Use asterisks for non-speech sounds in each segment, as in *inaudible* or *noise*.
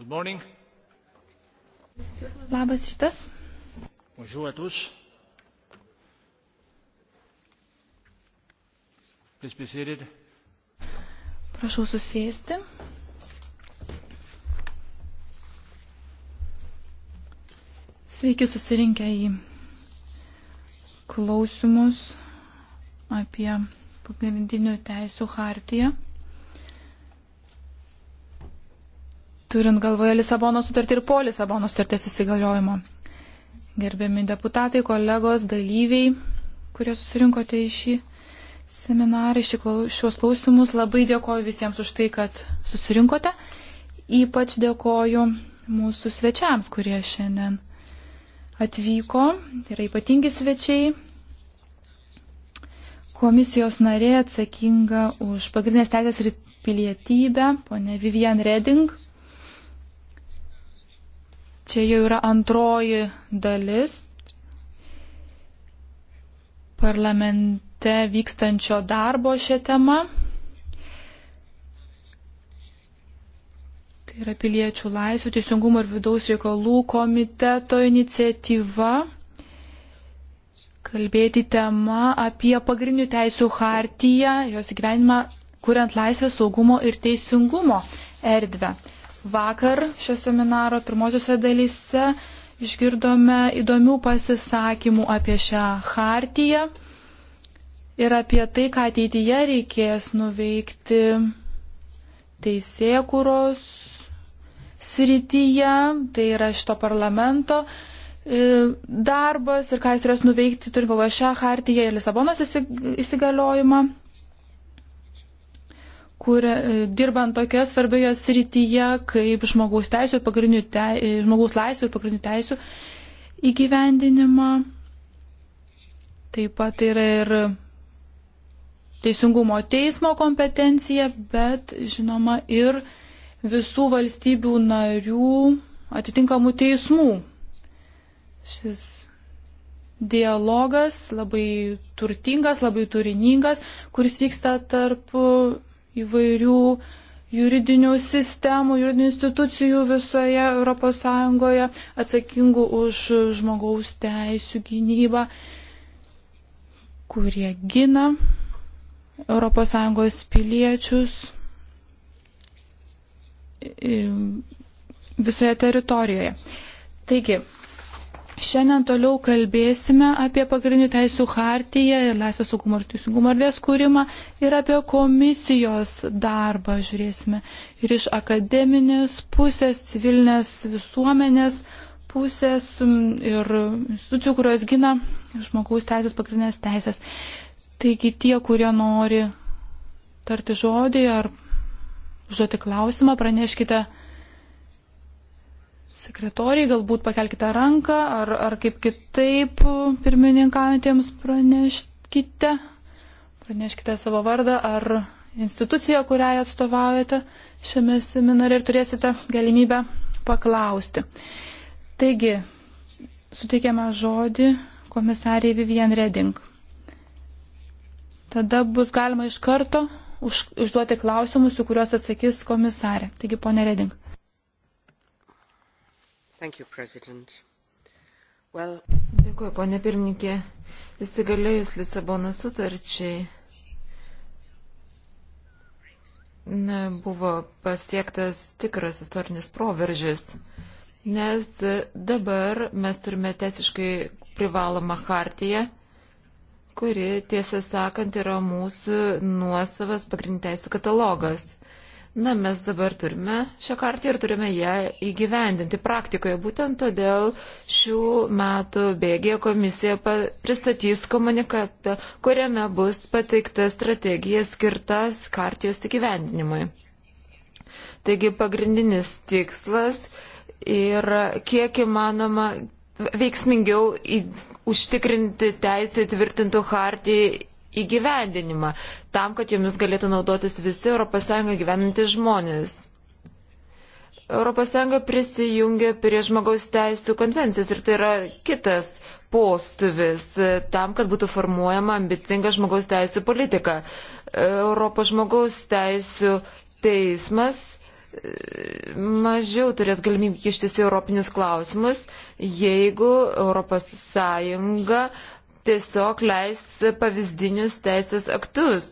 Good morning. Labas rytas. Bonjour à tous. Please be seated. Prašau susėsti. Sveiki susirinkę į klausimus apie pagrindinių teisų hartiją. turint galvoje Lisabono sutartį ir po Lisabono sutarties įsigaliojimo. Gerbiami deputatai, kolegos, dalyviai, kurie susirinkote į šį seminarą, šios klausimus, labai dėkoju visiems už tai, kad susirinkote. Ypač dėkoju mūsų svečiams, kurie šiandien atvyko. Tai yra ypatingi svečiai. Komisijos narė atsakinga už pagrindinės teisės ir pilietybę, ponė Vivian Reding. Čia jau yra antroji dalis parlamente vykstančio darbo šią temą. Tai yra piliečių laisvių, teisingumo ir vidaus reikalų komiteto iniciatyva kalbėti tema apie pagrindinių teisų hartiją, jos gyvenimą, kuriant laisvę, saugumo ir teisingumo erdvę. Vakar šio seminaro pirmosiuose dalyse išgirdome įdomių pasisakymų apie šią hartiją ir apie tai, ką ateityje reikės nuveikti teisėkuros srityje, tai yra šito parlamento e, darbas ir ką jis turės nuveikti, turi galvoje šią hartiją ir Lisabonos įsigaliojimą kur e, dirbant tokioje svarbioje srityje kaip žmogaus, teisų, te, e, žmogaus laisvių ir pagrindinių teisų įgyvendinimą. Taip pat yra ir teisingumo teismo kompetencija, bet žinoma ir visų valstybių narių atitinkamų teismų. Šis dialogas labai turtingas, labai turiningas, kuris vyksta tarp įvairių juridinių sistemų, juridinių institucijų visoje ES atsakingų už žmogaus teisų gynybą, kurie gina ES piliečius visoje teritorijoje. Taigi, Šiandien toliau kalbėsime apie pagrindinių teisų hartiją ir laisvės saugumo ir teisingumo erdvės kūrimą ir apie komisijos darbą žiūrėsime ir iš akademinės pusės, civilinės visuomenės pusės ir institucijų, kurios gina žmogaus teisės, pagrindinės teisės. Taigi tie, kurie nori tarti žodį ar užduoti klausimą, praneškite sekretoriai, galbūt pakelkite ranką ar, ar kaip kitaip pirmininkavintiems praneškite, praneškite savo vardą ar instituciją, kuriai atstovaujate šiame seminare ir turėsite galimybę paklausti. Taigi, suteikiame žodį komisariai Vivian Reding. Tada bus galima iš karto už, užduoti klausimus, į kuriuos atsakys komisarė. Taigi, ponė Reding. You, well... Dėkuoju, ponė pirmininkė. Įsigalėjus Lisabono sutarčiai na, buvo pasiektas tikras istorinis proveržis, nes dabar mes turime tiesiškai privalomą hartiją, kuri, tiesą sakant, yra mūsų nuosavas pagrindteisų katalogas. Na, mes dabar turime šią kartą ir turime ją įgyvendinti praktikoje. Būtent todėl šių metų bėgėje komisija pristatys komunikatą, kuriame bus pateikta strategija skirtas kartijos įgyvendinimui. Taigi pagrindinis tikslas yra kiek įmanoma veiksmingiau į, užtikrinti teisę įtvirtintų hartijai įgyvendinimą, tam, kad jomis galėtų naudotis visi ES gyvenantys žmonės. ES prisijungia prie žmogaus teisų konvencijos ir tai yra kitas postuvis tam, kad būtų formuojama ambicinga žmogaus teisų politika. Europos žmogaus teisų teismas mažiau turės galimybę kištis į europinius klausimus, jeigu ES tiesiog leis pavyzdinius teisės aktus,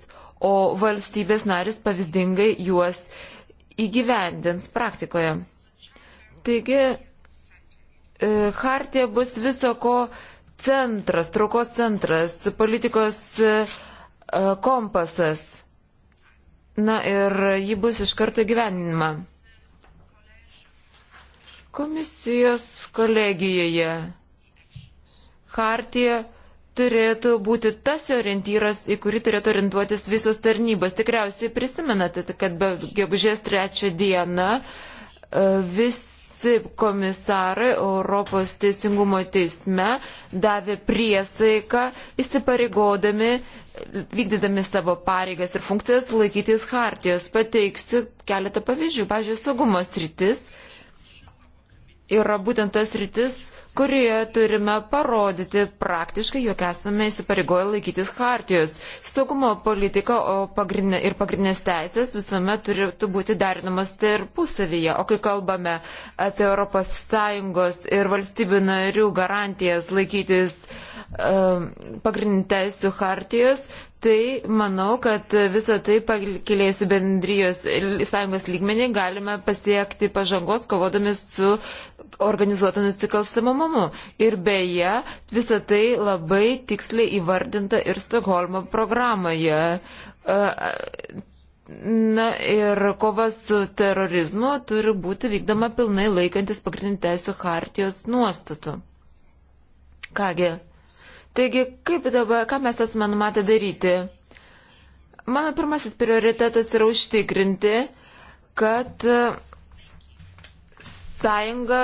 o valstybės narės pavyzdingai juos įgyvendins praktikoje. Taigi, e, Hartija bus viso ko centras, traukos centras, politikos e, e, kompasas. Na ir ji bus iš karto gyvenima. Komisijos kolegijoje. Hartija turėtų būti tas orientyras, į kurį turėtų orientuotis visos tarnybos. Tikriausiai prisimenate, kad be gegužės trečią dieną e, visi komisarai Europos teisingumo teisme davė priesaiką įsipareigodami, vykdydami savo pareigas ir funkcijas laikytis hartijos. Pateiksiu keletą pavyzdžių. Pavyzdžiui, saugumos rytis yra būtent tas rytis, kurioje turime parodyti praktiškai, jog esame įsipareigoję laikytis hartijos. Saugumo politika pagrindinė, ir pagrindinės teisės visuomet turėtų būti derinamas tarpusavyje. O kai kalbame apie ES ir valstybių narių garantijas laikytis um, pagrindinių teisų hartijos, tai manau, kad visą tai pakilėjusi bendrijos sąjungos lygmenį galime pasiekti pažangos kovodami su organizuotu nusikalstamumu. Ir beje, visą tai labai tiksliai įvardinta ir Stokholmo programoje. Na ir kova su terorizmu turi būti vykdoma pilnai laikantis pagrindinių teisų hartijos nuostatų. Kągi, Taigi, kaip dabar, ką mes esame numatę daryti? Mano pirmasis prioritetas yra užtikrinti, kad e, sąjunga,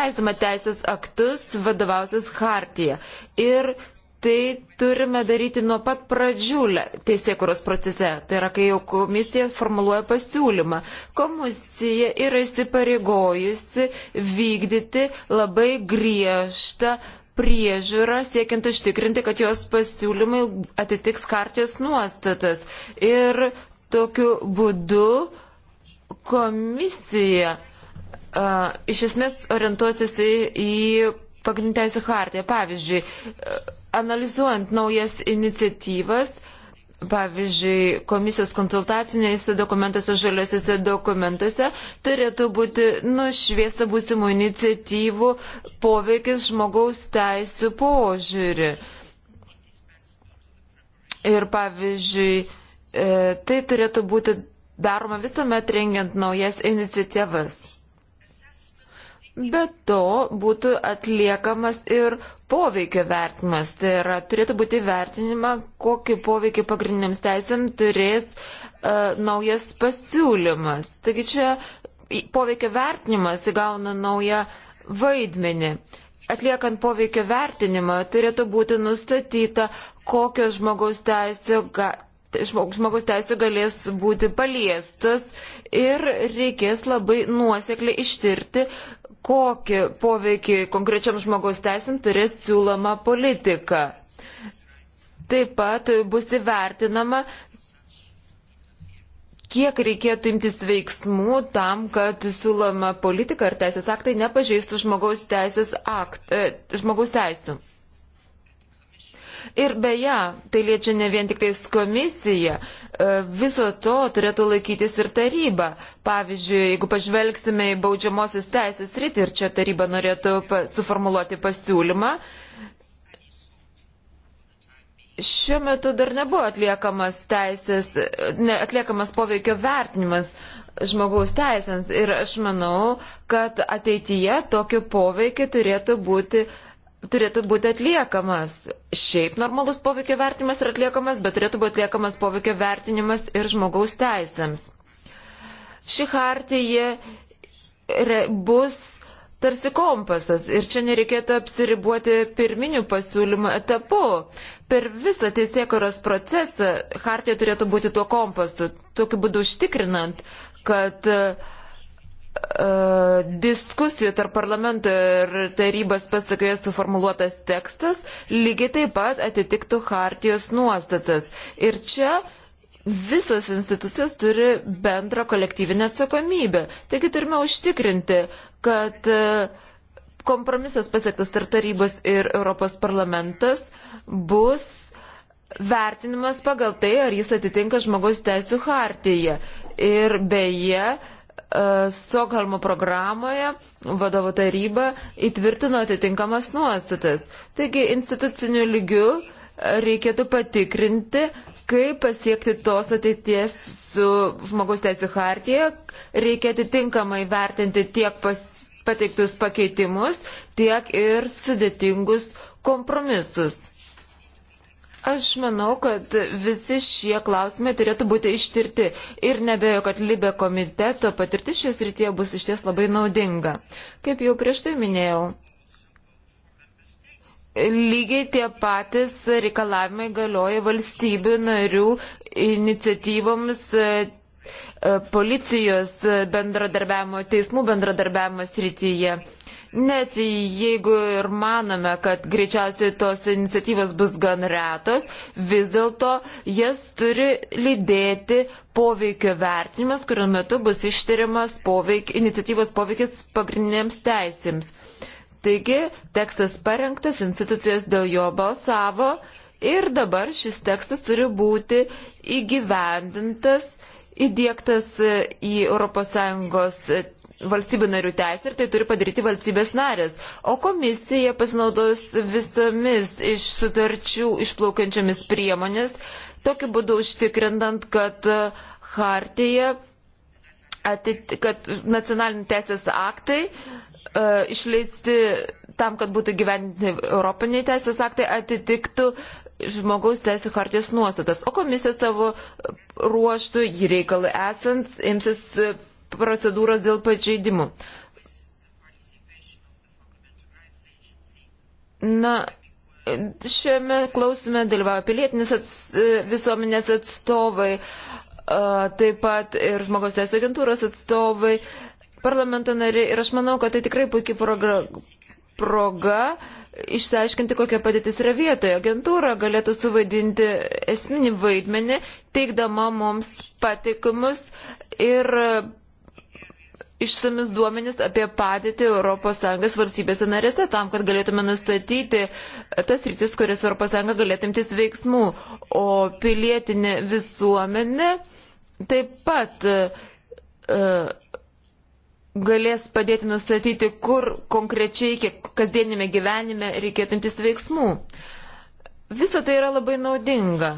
leisdama teisės aktus, vadovausis Hartija. Ir tai turime daryti nuo pat pradžių teisėkuros procese. Tai yra, kai jau komisija formuluoja pasiūlymą. Komisija yra įsipareigojusi vykdyti labai griežtą priežiūrą, siekiant užtikrinti, kad jos pasiūlymai atitiks kartijos nuostatas. Ir tokiu būdu komisija a, iš esmės orientuosis į, į pagrindinę teisų hartiją. Pavyzdžiui, analizuojant naujas iniciatyvas, a, Pavyzdžiui, komisijos konsultacinėse dokumentuose, žaliosiuose dokumentuose turėtų būti nušviesta būsimų iniciatyvų poveikis žmogaus teisų požiūrį. Ir pavyzdžiui, e, tai turėtų būti daroma visuomet rengiant naujas iniciatyvas. Bet to būtų atliekamas ir poveikio vertinimas. Tai yra, turėtų būti vertinima, kokį poveikį pagrindiniams teisėm turės uh, naujas pasiūlymas. Taigi čia poveikio vertinimas įgauna naują vaidmenį. Atliekant poveikio vertinimą turėtų būti nustatyta, kokios žmogaus teisės ga, žmogus teisė galės būti paliestas ir reikės labai nuosekliai ištirti, kokį poveikį konkrečiam žmogaus teisėm turės siūloma politika. Taip pat bus įvertinama, kiek reikėtų imtis veiksmų tam, kad siūloma politika ar teisės aktai nepažeistų žmogaus, akt, e, žmogaus teisų. Ir beje, tai liečia ne vien tik tais komisiją, E, viso to turėtų laikytis ir taryba. Pavyzdžiui, jeigu pažvelgsime į baudžiamosios teisės rytį ir čia taryba norėtų suformuluoti pasiūlymą, šiuo metu dar nebuvo atliekamas teisės, ne, atliekamas poveikio vertinimas žmogaus teisėms ir aš manau, kad ateityje tokio poveikio turėtų būti uh, turėtų būti atliekamas. Šiaip normalus poveikio vertinimas yra atliekamas, bet turėtų būti atliekamas poveikio vertinimas ir žmogaus teisėms. Ši hartija bus tarsi kompasas ir čia nereikėtų apsiribuoti pirminių pasiūlymų etapu. Per visą teisėkoros procesą hartija turėtų būti tuo kompasu, tokiu būdu užtikrinant, kad uh, E, diskusijų tarp parlamento ir tarybos pasakoje suformuluotas tekstas lygiai taip pat atitiktų hartijos nuostatas. Ir čia visos institucijos turi bendrą kolektyvinę atsakomybę. Taigi turime užtikrinti, kad e, kompromisas pasiektas tarp tarybos ir Europos parlamentas bus vertinimas pagal tai, ar jis atitinka žmogaus teisų hartiją. Ir beje, E, Stokholmo programoje vadovo taryba įtvirtino atitinkamas nuostatas. Taigi instituciniu lygiu e, reikėtų patikrinti, kaip pasiekti tos ateities su žmogaus teisų hartija, reikia atitinkamai vertinti tiek pas, pateiktus pakeitimus, tiek ir sudėtingus kompromisus. Aš manau, kad visi šie klausimai turėtų būti ištirti ir nebejoju, kad Libė komiteto patirtis šis rytyje bus išties labai naudinga. Kaip jau prieš tai minėjau, lygiai tie patys reikalavimai galioja valstybių narių iniciatyvoms e, e, policijos bendradarbiavimo, teismų bendradarbiavimo srityje. Net jeigu ir manome, kad greičiausiai tos iniciatyvos bus gan retos, vis dėlto jas turi lydėti poveikio vertinimas, kuriuo metu bus ištiriamas poveik, iniciatyvos poveikis pagrindiniams teisėms. Taigi, tekstas parengtas, institucijos dėl jo balsavo ir dabar šis tekstas turi būti įgyvendintas, įdėktas į ES valstybių narių teisė ir tai turi padaryti valstybės narės. O komisija pasinaudos visomis iš sutarčių išplaukiančiamis priemonės, tokiu būdu užtikrindant, kad e, hartija, atit, kad nacionaliniai teisės aktai uh, išleisti tam, kad būtų gyventi europiniai teisės aktai, atitiktų žmogaus teisų hartijos nuostatas. O komisija savo ruoštų, jį reikalui esant, imsis procedūros dėl pažeidimų. Na, šiame klausime dalyvavo pilietinis ats, visuomenės atstovai, taip pat ir žmogaus teisų agentūros atstovai, parlamento nariai ir aš manau, kad tai tikrai puikia proga, proga išsiaiškinti, kokia padėtis yra vietoje. Agentūra galėtų suvaidinti esminį vaidmenį, teikdama mums patikimus ir išsamis duomenis apie padėtį ES valstybėse narėse, tam, kad galėtume nustatyti tas rytis, kurias ES galėtų imtis veiksmų. O pilietinė visuomenė taip pat uh, galės padėti nustatyti, kur konkrečiai kasdienime gyvenime reikėtų imtis veiksmų. Visa tai yra labai naudinga.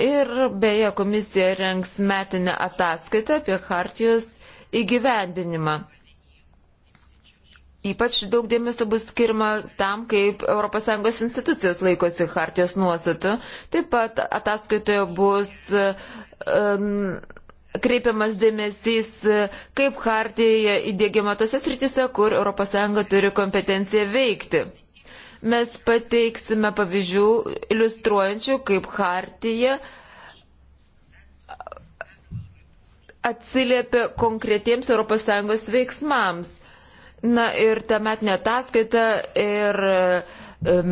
Ir beje, komisija rengs metinę ataskaitą apie Hartijos įgyvendinimą. Ypač daug dėmesio bus skirma tam, kaip ES institucijos laikosi hartijos nuostatų. Taip pat ataskaitoje bus um, kreipiamas dėmesys, kaip hartija įdėgiama tose srityse, kur ES turi kompetenciją veikti. Mes pateiksime pavyzdžių iliustruojančių, kaip hartija uh, atsiliepia konkretiems ES veiksmams. Na ir ta metinė ataskaita ir e,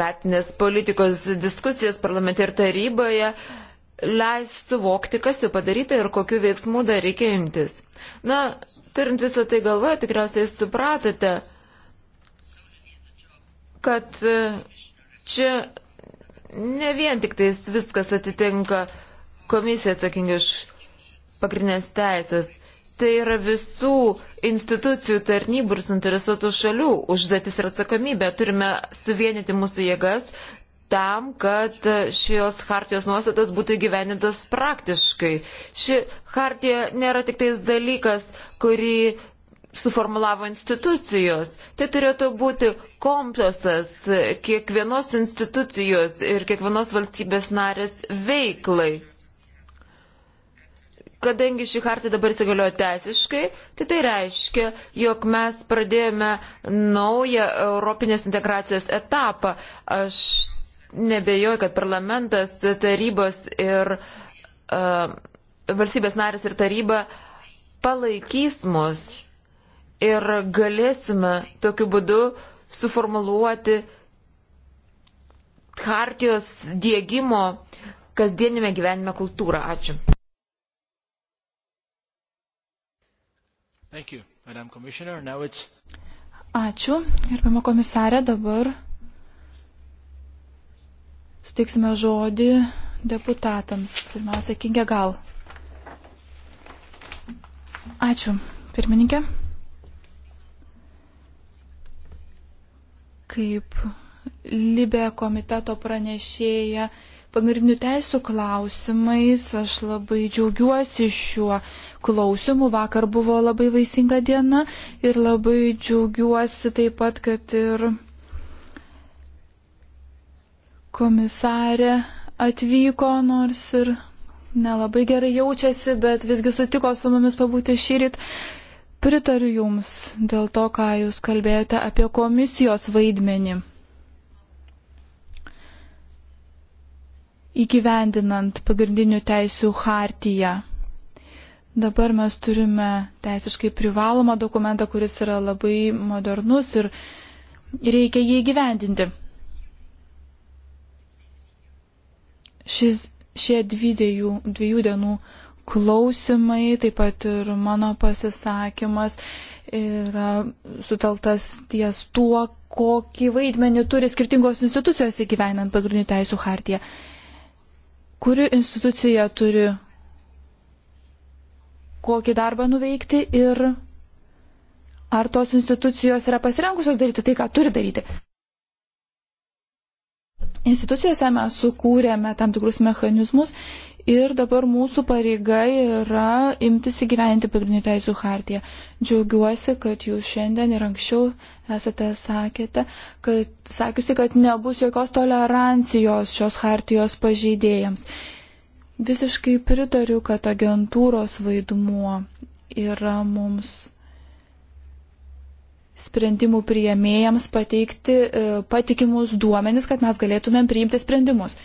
metinės politikos diskusijos parlamente ir taryboje leis suvokti, kas jau padaryta ir kokiu veiksmu dar reikia imtis. Na, turint visą tai galvoje, tikriausiai supratote, kad e, čia ne vien tik tais viskas atitinka komisija atsakingi už pagrindinės teisės. Tai yra visų institucijų tarnybų ir suinteresuotų šalių užduotis ir atsakomybė. Turime suvienyti mūsų jėgas tam, kad šios hartijos nuostatos būtų įgyvenintas praktiškai. Ši hartija nėra tik tais dalykas, kurį suformulavo institucijos. Tai turėtų būti kompleksas kiekvienos institucijos ir kiekvienos valstybės narės veiklai. Kadangi šį kartą dabar įsigalioja teisiškai, tai tai reiškia, jog mes pradėjome naują Europinės integracijos etapą. Aš nebejoju, kad parlamentas, tarybos ir uh, valstybės narės ir taryba palaikys mus ir galėsime tokiu būdu suformuluoti hartijos dėgymo kasdienime gyvenime kultūrą. Ačiū. Thank you, Madam Commissioner. Now it's... Ačiū, gerbama komisarė, dabar suteiksime žodį deputatams. Pirmiausia, Kingė Gal. Ačiū, pirmininkė. Kaip Libė komiteto pranešėja pagrindinių teisų klausimais. Aš labai džiaugiuosi šiuo klausimu. Vakar buvo labai vaisinga diena ir labai džiaugiuosi taip pat, kad ir komisarė atvyko, nors ir nelabai gerai jaučiasi, bet visgi sutiko su mumis pabūti šį rytą. Pritariu Jums dėl to, ką Jūs kalbėjote apie komisijos vaidmenį. įgyvendinant pagrindinių teisių hartiją. Dabar mes turime teisiškai privalomą dokumentą, kuris yra labai modernus ir reikia jį įgyvendinti. Šis, šie dviejų, dviejų dienų klausimai, taip pat ir mano pasisakymas yra suteltas ties tuo, kokį vaidmenį turi skirtingos institucijos įgyvenant pagrindinių teisų hartiją kuri institucija turi kokį darbą nuveikti ir ar tos institucijos yra pasirengusios daryti tai, ką turi daryti. Institucijose mes sukūrėme tam tikrus mechanizmus ir dabar mūsų pareiga yra imtis įgyventi pagrindinių teisų hartiją. Džiaugiuosi, kad jūs šiandien ir anksčiau esate sakėte, kad, sakiusi, kad nebus jokios tolerancijos šios hartijos pažeidėjams. Visiškai pritariu, kad agentūros vaidmuo yra mums sprendimų prieimėjams pateikti e, patikimus duomenis, kad mes galėtumėm priimti sprendimus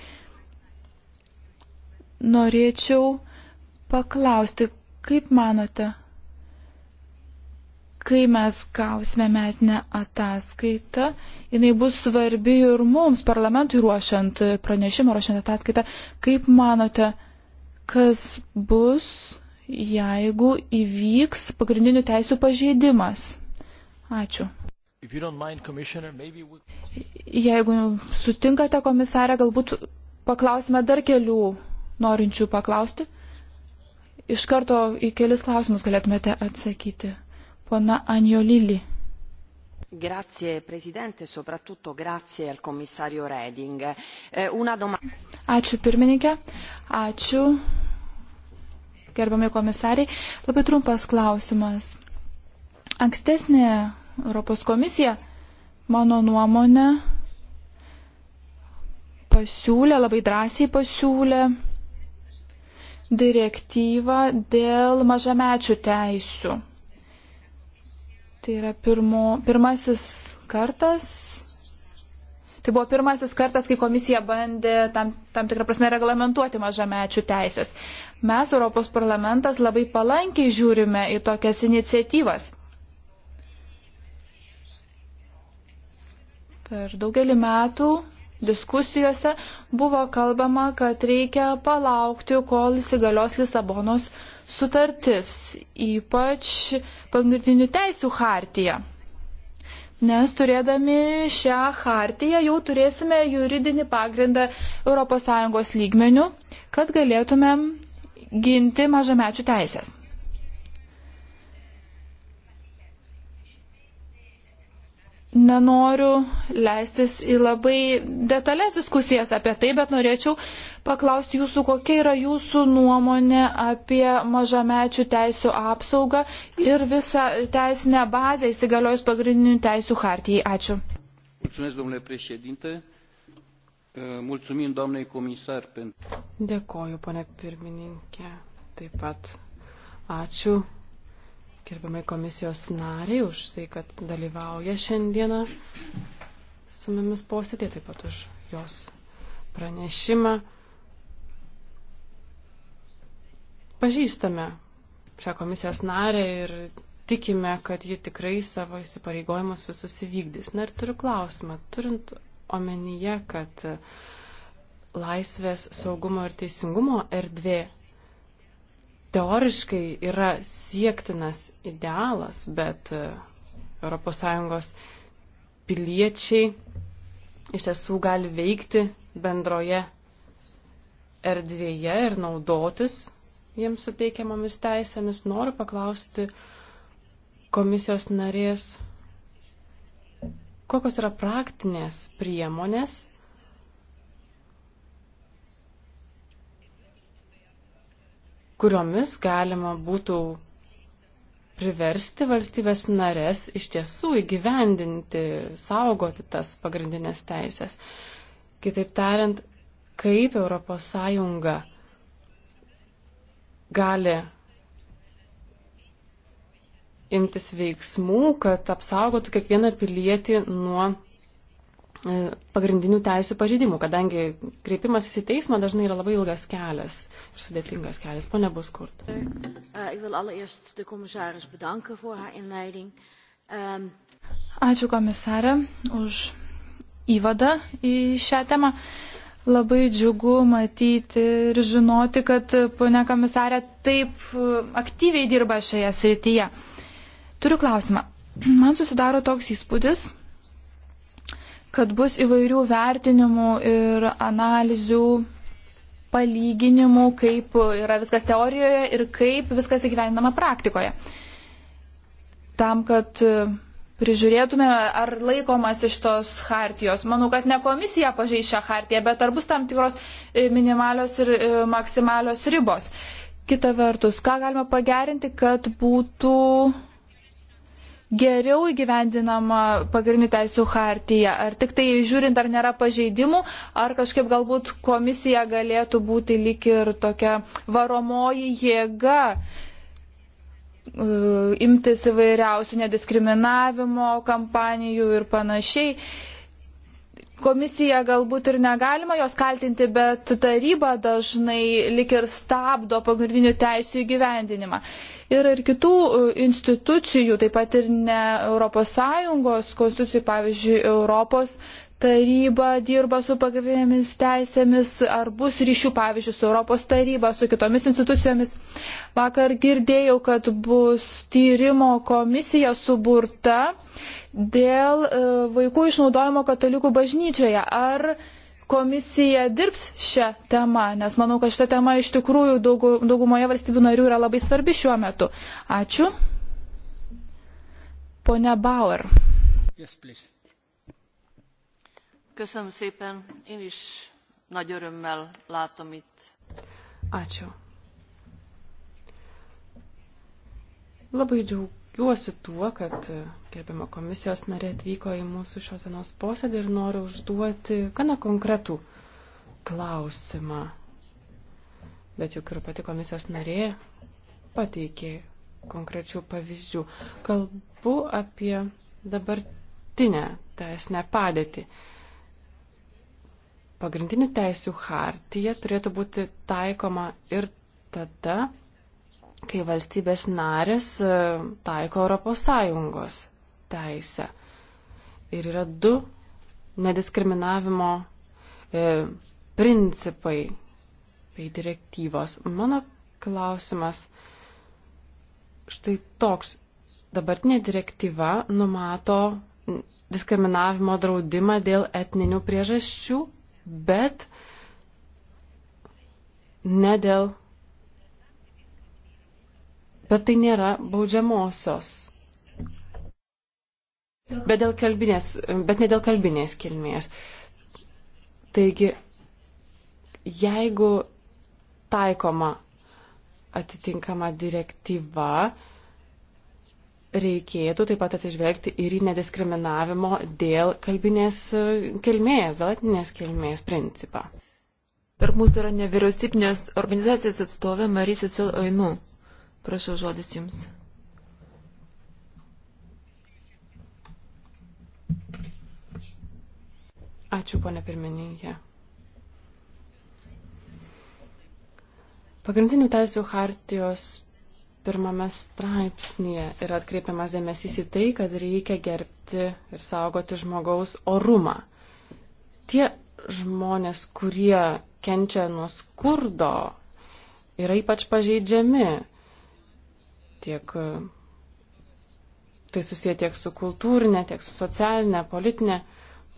norėčiau paklausti, kaip manote, kai mes gausime metinę ataskaitą, jinai bus svarbi ir mums, parlamentui ruošiant pranešimą, ruošiant ataskaitą, kaip manote, kas bus, jeigu įvyks pagrindinių teisų pažeidimas? Ačiū. Jeigu sutinkate, komisarė, galbūt paklausime dar kelių norinčių paklausti? Iš karto į kelis klausimus galėtumėte atsakyti. Pona Anjolili. Grazie Presidente, soprattutto grazie al Commissario Reding. Eh, una domanda. Ačiū pirmininkė, ačiū gerbiami komisariai. Labai trumpas klausimas. Ankstesnė Europos komisija, mano nuomonė, pasiūlė, labai drąsiai pasiūlė direktyvą dėl mažamečių teisių. Tai yra pirmo, pirmasis kartas. Tai buvo pirmasis kartas, kai komisija bandė tam, tam tikrą prasme reglamentuoti mažamečių teisės. Mes, Europos parlamentas, labai palankiai žiūrime į tokias iniciatyvas. Per daugelį metų diskusijose buvo kalbama, kad reikia palaukti, kol įsigalios Lisabonos sutartis, ypač pagrindinių teisų hartija. Nes turėdami šią hartiją jau turėsime juridinį pagrindą ES lygmenių, kad galėtumėm ginti mažamečių teisės. nenoriu leistis į labai detalės diskusijas apie tai, bet norėčiau paklausti jūsų, kokia yra jūsų nuomonė apie mažamečių teisų apsaugą ir visą teisinę bazę įsigaliojus pagrindinių teisų hartijai. Ačiū. Mulțumesc, domnule președinte. E, mulțumim, doamnei comisar, pentru. Dėkoju, pane pirmininkė. Taip pat ačiū gerbiamai komisijos nariai už tai, kad dalyvauja šiandieną su mumis posėdė, taip pat už jos pranešimą. Pažįstame šią komisijos narę ir tikime, kad ji tikrai savo įsipareigojimus visus įvykdys. Na ir turiu klausimą, turint omenyje, kad laisvės saugumo ir teisingumo erdvė teoriškai yra siektinas idealas, bet ES piliečiai iš tiesų gali veikti bendroje erdvėje ir naudotis jiems suteikiamomis teisėmis. Noriu paklausti komisijos narės, kokios yra praktinės priemonės kuriomis galima būtų priversti valstybės narės iš tiesų įgyvendinti, saugoti tas pagrindinės teisės. Kitaip tariant, kaip ES gali imtis veiksmų, kad apsaugotų kiekvieną pilietį nuo e, pagrindinių teisų pažydimų, kadangi kreipimasis į teismą dažnai yra labai ilgas kelias sudėtingas kelias. Pone Boskurt. Eh, ehm, Ačiū komisarė už įvadą į šią temą. Labai džiugu matyti ir žinoti, kad ponia komisarė taip eh, aktyviai dirba šioje srityje. Turiu klausimą. *clears throat* Man susidaro toks įspūdis, kad bus įvairių vertinimų ir analizių palyginimų, kaip yra viskas teorijoje ir kaip viskas įgyvendama praktikoje. Tam, kad e, prižiūrėtume, ar laikomas iš tos hartijos. Manau, kad ne komisija pažeis šią hartiją, bet ar bus tam tikros e, minimalios ir e, maksimalios ribos. Kita vertus, ką galima pagerinti, kad būtų geriau įgyvendinama pagrindinių teisų hartija? Ar tik tai žiūrint, ar nėra pažeidimų, ar kažkaip galbūt komisija galėtų būti lik ir tokia varomoji jėga e, imtis įvairiausių nediskriminavimo kampanijų ir panašiai. Komisija galbūt ir negalima jos kaltinti, bet taryba dažnai lik ir stabdo pagrindinių teisų įgyvendinimą. Yra ir kitų e, institucijų, taip pat ir ne ES konstitucijų, pavyzdžiui, Europos taryba dirba su pagrindinėmis teisėmis, ar bus ryšių, pavyzdžiui, su Europos taryba, su kitomis institucijomis. Vakar girdėjau, kad bus tyrimo komisija suburta dėl e, vaikų išnaudojimo katalikų bažnyčioje. Ar komisija dirbs šią temą, nes manau, kad šita tema iš tikrųjų daugu, daugumoje valstybių narių yra labai svarbi šiuo metu. Ačiū. Pone Bauer. Yes, please. Köszönöm szépen, én is nagy örömmel látom itt. Ačiū. Labai džiaugiuosi džiaugiuosi tuo, kad e, gerbimo komisijos narė atvyko į mūsų šios dienos posėdį ir noriu užduoti gana konkretų klausimą. Bet juk ir pati komisijos narė pateikė konkrečių pavyzdžių. Kalbu apie dabartinę teisinę padėtį. Pagrindinių teisių hartija turėtų būti taikoma ir tada, kai valstybės narės e, taiko ES teisę. Ir yra du nediskriminavimo e, principai bei direktyvos. Mano klausimas štai toks. Dabartinė direktyva numato diskriminavimo draudimą dėl etninių priežasčių, bet ne dėl bet tai nėra baudžiamosios. Bet, dėl kalbinės, bet ne dėl kalbinės kilmės. Taigi, jeigu taikoma atitinkama direktyva, reikėtų taip pat atsižvelgti ir į nediskriminavimo dėl kalbinės e, kilmės, dėl etinės kilmės principą. Per mūsų yra nevyriausybinės organizacijos atstovė Marisa Sil Oinu. Prašau žodis jums. Ačiū, ponė pirmininkė. Pagrindinių teisų hartijos pirmame straipsnėje yra atkreipiamas dėmesys į tai, kad reikia gerbti ir saugoti žmogaus orumą. Tie žmonės, kurie kenčia nuo skurdo, yra ypač pažeidžiami tiek e, tai susiję tiek su kultūrinė, tiek su socialinė, politinė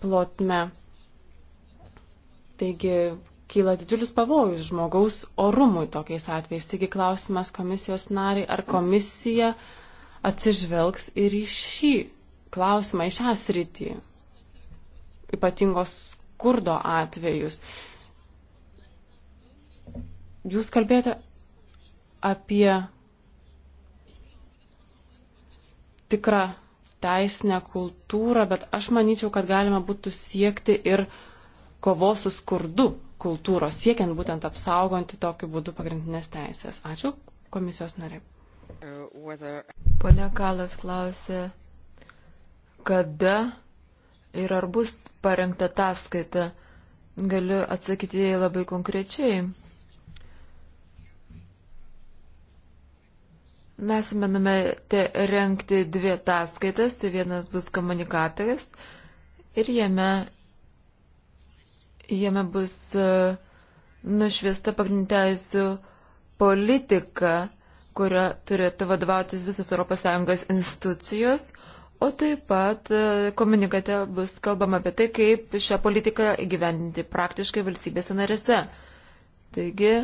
plotme. Taigi kyla didžiulis pavojus žmogaus orumui tokiais atvejais. Taigi klausimas komisijos nariai, ar komisija atsižvelgs ir į šį klausimą, į šią sritį, ypatingos skurdo atvejus. Jūs kalbėjote apie tikrą teisinę kultūrą, bet aš manyčiau, kad galima būtų siekti ir kovos su skurdu kultūros, siekiant būtent apsaugoti tokiu būdu pagrindinės teisės. Ačiū komisijos nariai. Pone Kalas klausė, kada ir ar bus parengta ataskaita. Galiu atsakyti jai labai konkrečiai. Mes manome renkti dvi ataskaitas, tai vienas bus komunikatorius ir jame, jame bus e, nušviesta pagrindinteisių politika, kurio turėtų vadovautis visas ES institucijos, o taip pat e, komunikate bus kalbama apie tai, kaip šią politiką įgyvendinti praktiškai valstybėse narėse. Taigi,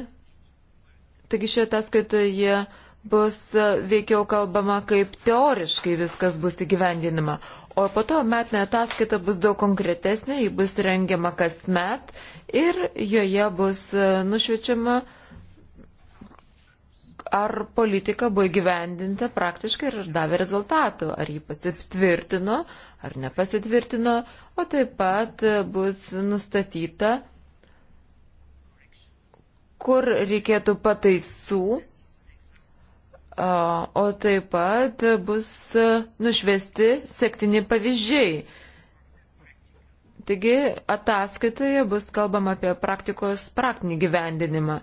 taigi šioje ataskaitoje jie bus e, veikiau kalbama, kaip teoriškai viskas bus įgyvendinama. O po to metinė ataskaita bus daug konkretesnė, ji bus rengiama kasmet ir joje bus e, nušvečiama, ar politika buvo įgyvendinta praktiškai ir davė rezultatų, ar jį pasitvirtino, ar nepasitvirtino, o taip pat e, bus nustatyta, kur reikėtų pataisų O taip pat bus nušvesti septyni pavyzdžiai. Taigi ataskaitoje bus kalbama apie praktikos praktinį gyvendinimą.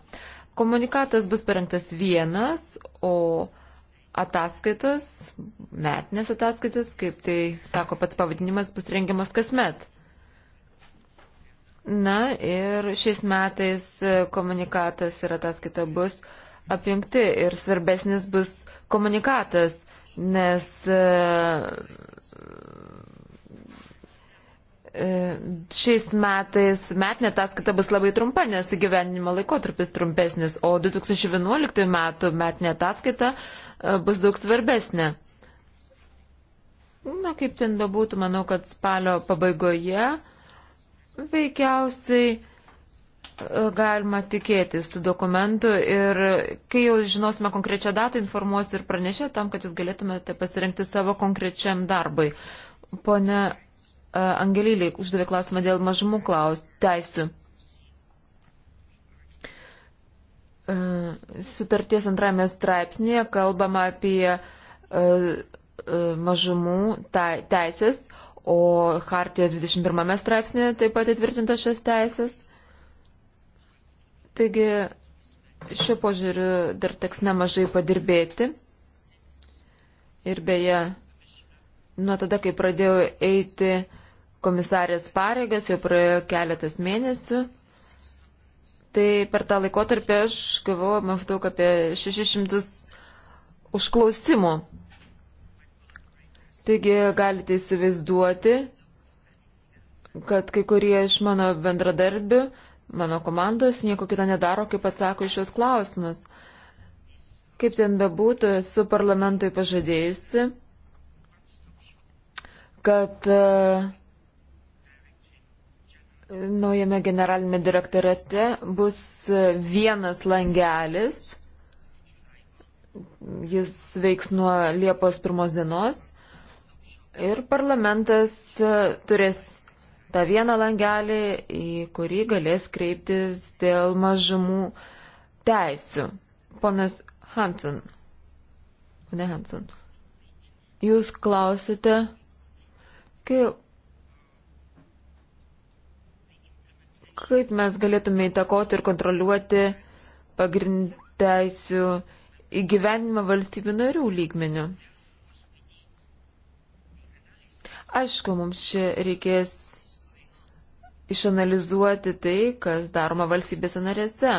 Komunikatas bus parengtas vienas, o ataskaitas, metinės ataskaitas, kaip tai sako pats pavadinimas, bus rengiamas kasmet. Na ir šiais metais komunikatas ir ataskaita bus uh, apjungti ir svarbesnis bus komunikatas, nes e, e, šiais metais metinė ataskaita bus labai trumpa, nes gyvenimo laikotarpis trumpesnis, o 2011 metų metinė ataskaita e, bus daug svarbesnė. Na, kaip ten bebūtų, manau, kad spalio pabaigoje veikiausiai galima tikėtis tų dokumentų ir kai jau žinosime konkrečią datą, informuosiu ir pranešę tam, kad jūs galėtumėte pasirinkti savo konkrečiam darbui. Pone e, Angelylį uždavė klausimą dėl mažumų klaus teisų. E, sutarties antrame straipsnėje kalbama apie e, mažumų teisės, o Hartijos 21 straipsnėje taip pat įtvirtintos šios teisės. Taigi šio požiūriu dar teks nemažai padirbėti. Ir beje, nuo tada, kai pradėjau eiti komisarės pareigas, jau praėjo keletas mėnesių, tai per tą laikotarpį aš gavau maždaug apie 600 užklausimų. Taigi galite įsivaizduoti, kad kai kurie iš mano bendradarbių mano komandos nieko kito nedaro, kaip atsako iš šios klausimus. Kaip ten bebūtų, esu parlamentui pažadėjusi, kad e, naujame generalinėme direktorate bus vienas langelis, jis veiks nuo Liepos pirmos dienos ir parlamentas e, turės tą vieną langelį, į kurį galės kreiptis dėl mažumų teisių. Ponas Hansen. Pone Hansen. Jūs klausite, kai, kaip mes galėtume įtakoti ir kontroliuoti pagrindteisių įgyvenimą valstybių narių lygmenių. Aišku, mums čia reikės išanalizuoti tai, kas daroma valstybėse narėse.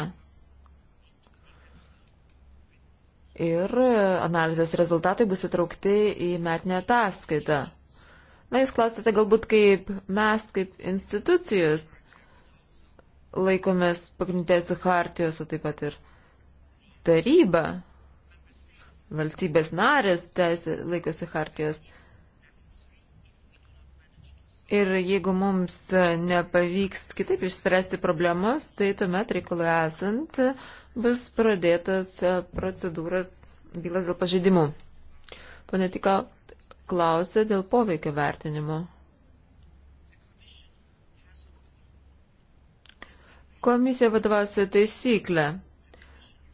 Ir analizės rezultatai bus įtraukti į metinę ataskaitą. Na, jūs klausite galbūt, kaip mes, kaip institucijos, laikomės pagrindėsių hartijos, o taip pat ir taryba, valstybės narės teisė laikosi hartijos. Ir jeigu mums nepavyks kitaip išspręsti problemas, tai tuomet reikalui esant bus pradėtas e, procedūras bylas dėl pažeidimų. Pane Tika klausė dėl poveikio vertinimo. Komisija vadovausia taisyklę,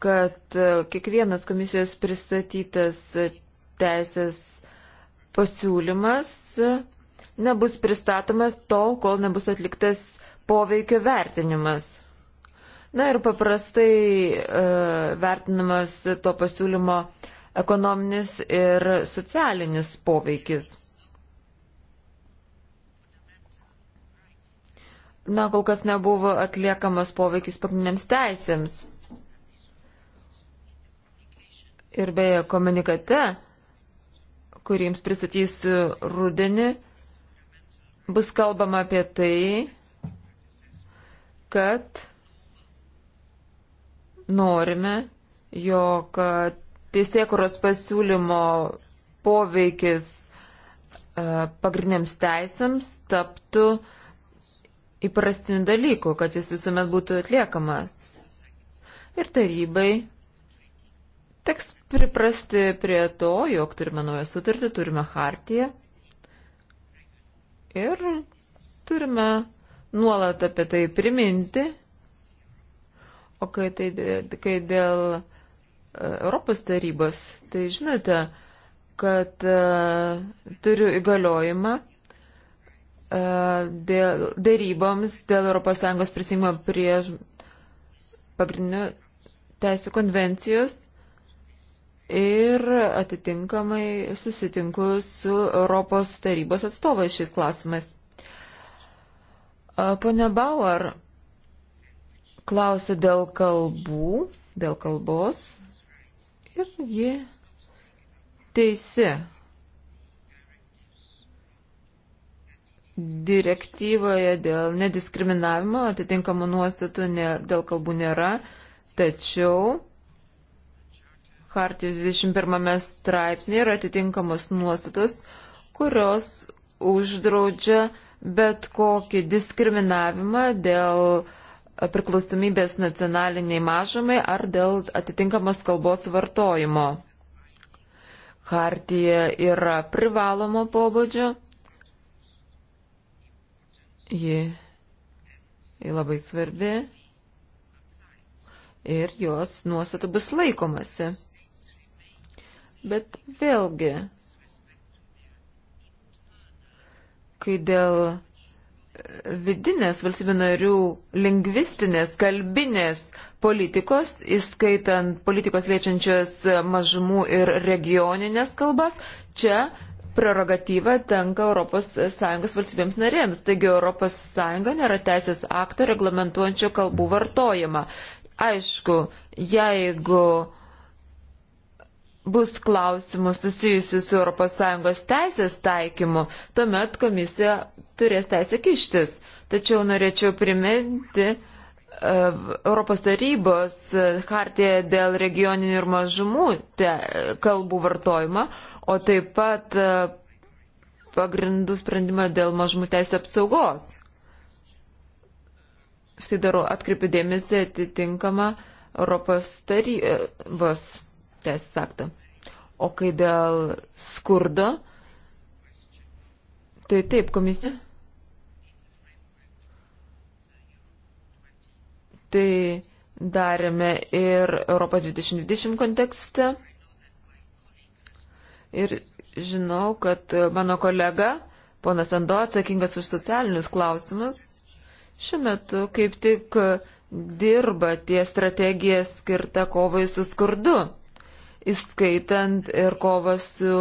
kad e, kiekvienas komisijos pristatytas teisės pasiūlymas nebus pristatomas tol, kol nebus atliktas poveikio vertinimas. Na ir paprastai e, vertinamas to pasiūlymo ekonominis ir socialinis poveikis. Na, kol kas nebuvo atliekamas poveikis pagrindiniams teisėms. Ir beje, komunikate, kurį jums pristatysiu rudenį, bus kalbama apie tai, kad norime, jog teisėkuros pasiūlymo poveikis e, pagrindiniams teisėms taptų įprastiniu dalyku, kad jis visuomet būtų atliekamas. Ir tarybai teks priprasti prie to, jog turime naują sutartį, turime hartiją. Ir turime nuolat apie tai priminti. O kai, tai, kai dėl e, Europos tarybos, tai žinote, kad uh, turiu įgaliojimą uh, dėl, dėryboms dėl ES prisijungimo prie pagrindinių teisų konvencijos ir atitinkamai susitinku su Europos tarybos atstovais šiais klausimais. Pone Bauer klausė dėl kalbų, dėl kalbos ir ji teisi. Direktyvoje dėl nediskriminavimo atitinkamų nuostatų nė, dėl kalbų nėra, tačiau Hartijos 21 straipsnėje yra atitinkamos nuostatos, kurios uždraudžia bet kokį diskriminavimą dėl e, priklausomybės nacionaliniai mažumai ar dėl atitinkamos kalbos vartojimo. Hartija yra privalomo pobūdžio. Ji, ji labai svarbi ir jos nuostatų bus laikomasi. Bet vėlgi, kai dėl e, vidinės valstybių narių lingvistinės, kalbinės politikos, įskaitant politikos liečiančios mažumų ir regioninės kalbas, čia prerogatyva tenka ES valstybėms narėms. Taigi ES nėra teisės akto reglamentuojančio kalbų vartojimą. Aišku, jeigu bus klausimų susijusių su ES teisės taikymu, tuomet komisija turės teisę kištis. Tačiau norėčiau priminti e, Europos tarybos hartiją dėl regioninių ir mažumų kalbų vartojimą, o taip pat e, pagrindų sprendimą dėl mažumų teisės apsaugos. Štai darau atkreipiu dėmesį atitinkamą Europos tarybos teisės aktą. O kai dėl skurdo, tai taip, komisija. Tai darėme ir Europo 2020 kontekste. Ir žinau, kad mano kolega, ponas Ando, atsakingas už socialinius klausimus, šiuo metu kaip tik dirba tie strategija skirta kovai su skurdu įskaitant ir kovą su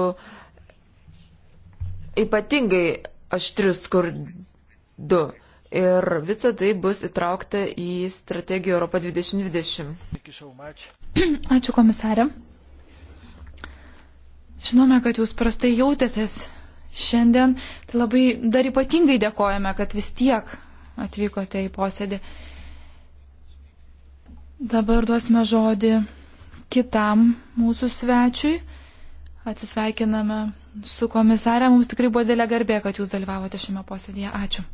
ypatingai aštriu skurdu. Ir visa tai bus įtraukta į strategiją Europą 2020. *clears throat* Ačiū komisarė. Žinome, kad jūs prastai jautėtės šiandien. Tai labai dar ypatingai dėkojame, kad vis tiek atvykote į posėdį. Dabar duosime žodį kitam mūsų svečiui. Atsisveikiname su komisarė. Mums tikrai buvo dėlė garbė, kad jūs dalyvavote šiame posėdėje. Ačiū.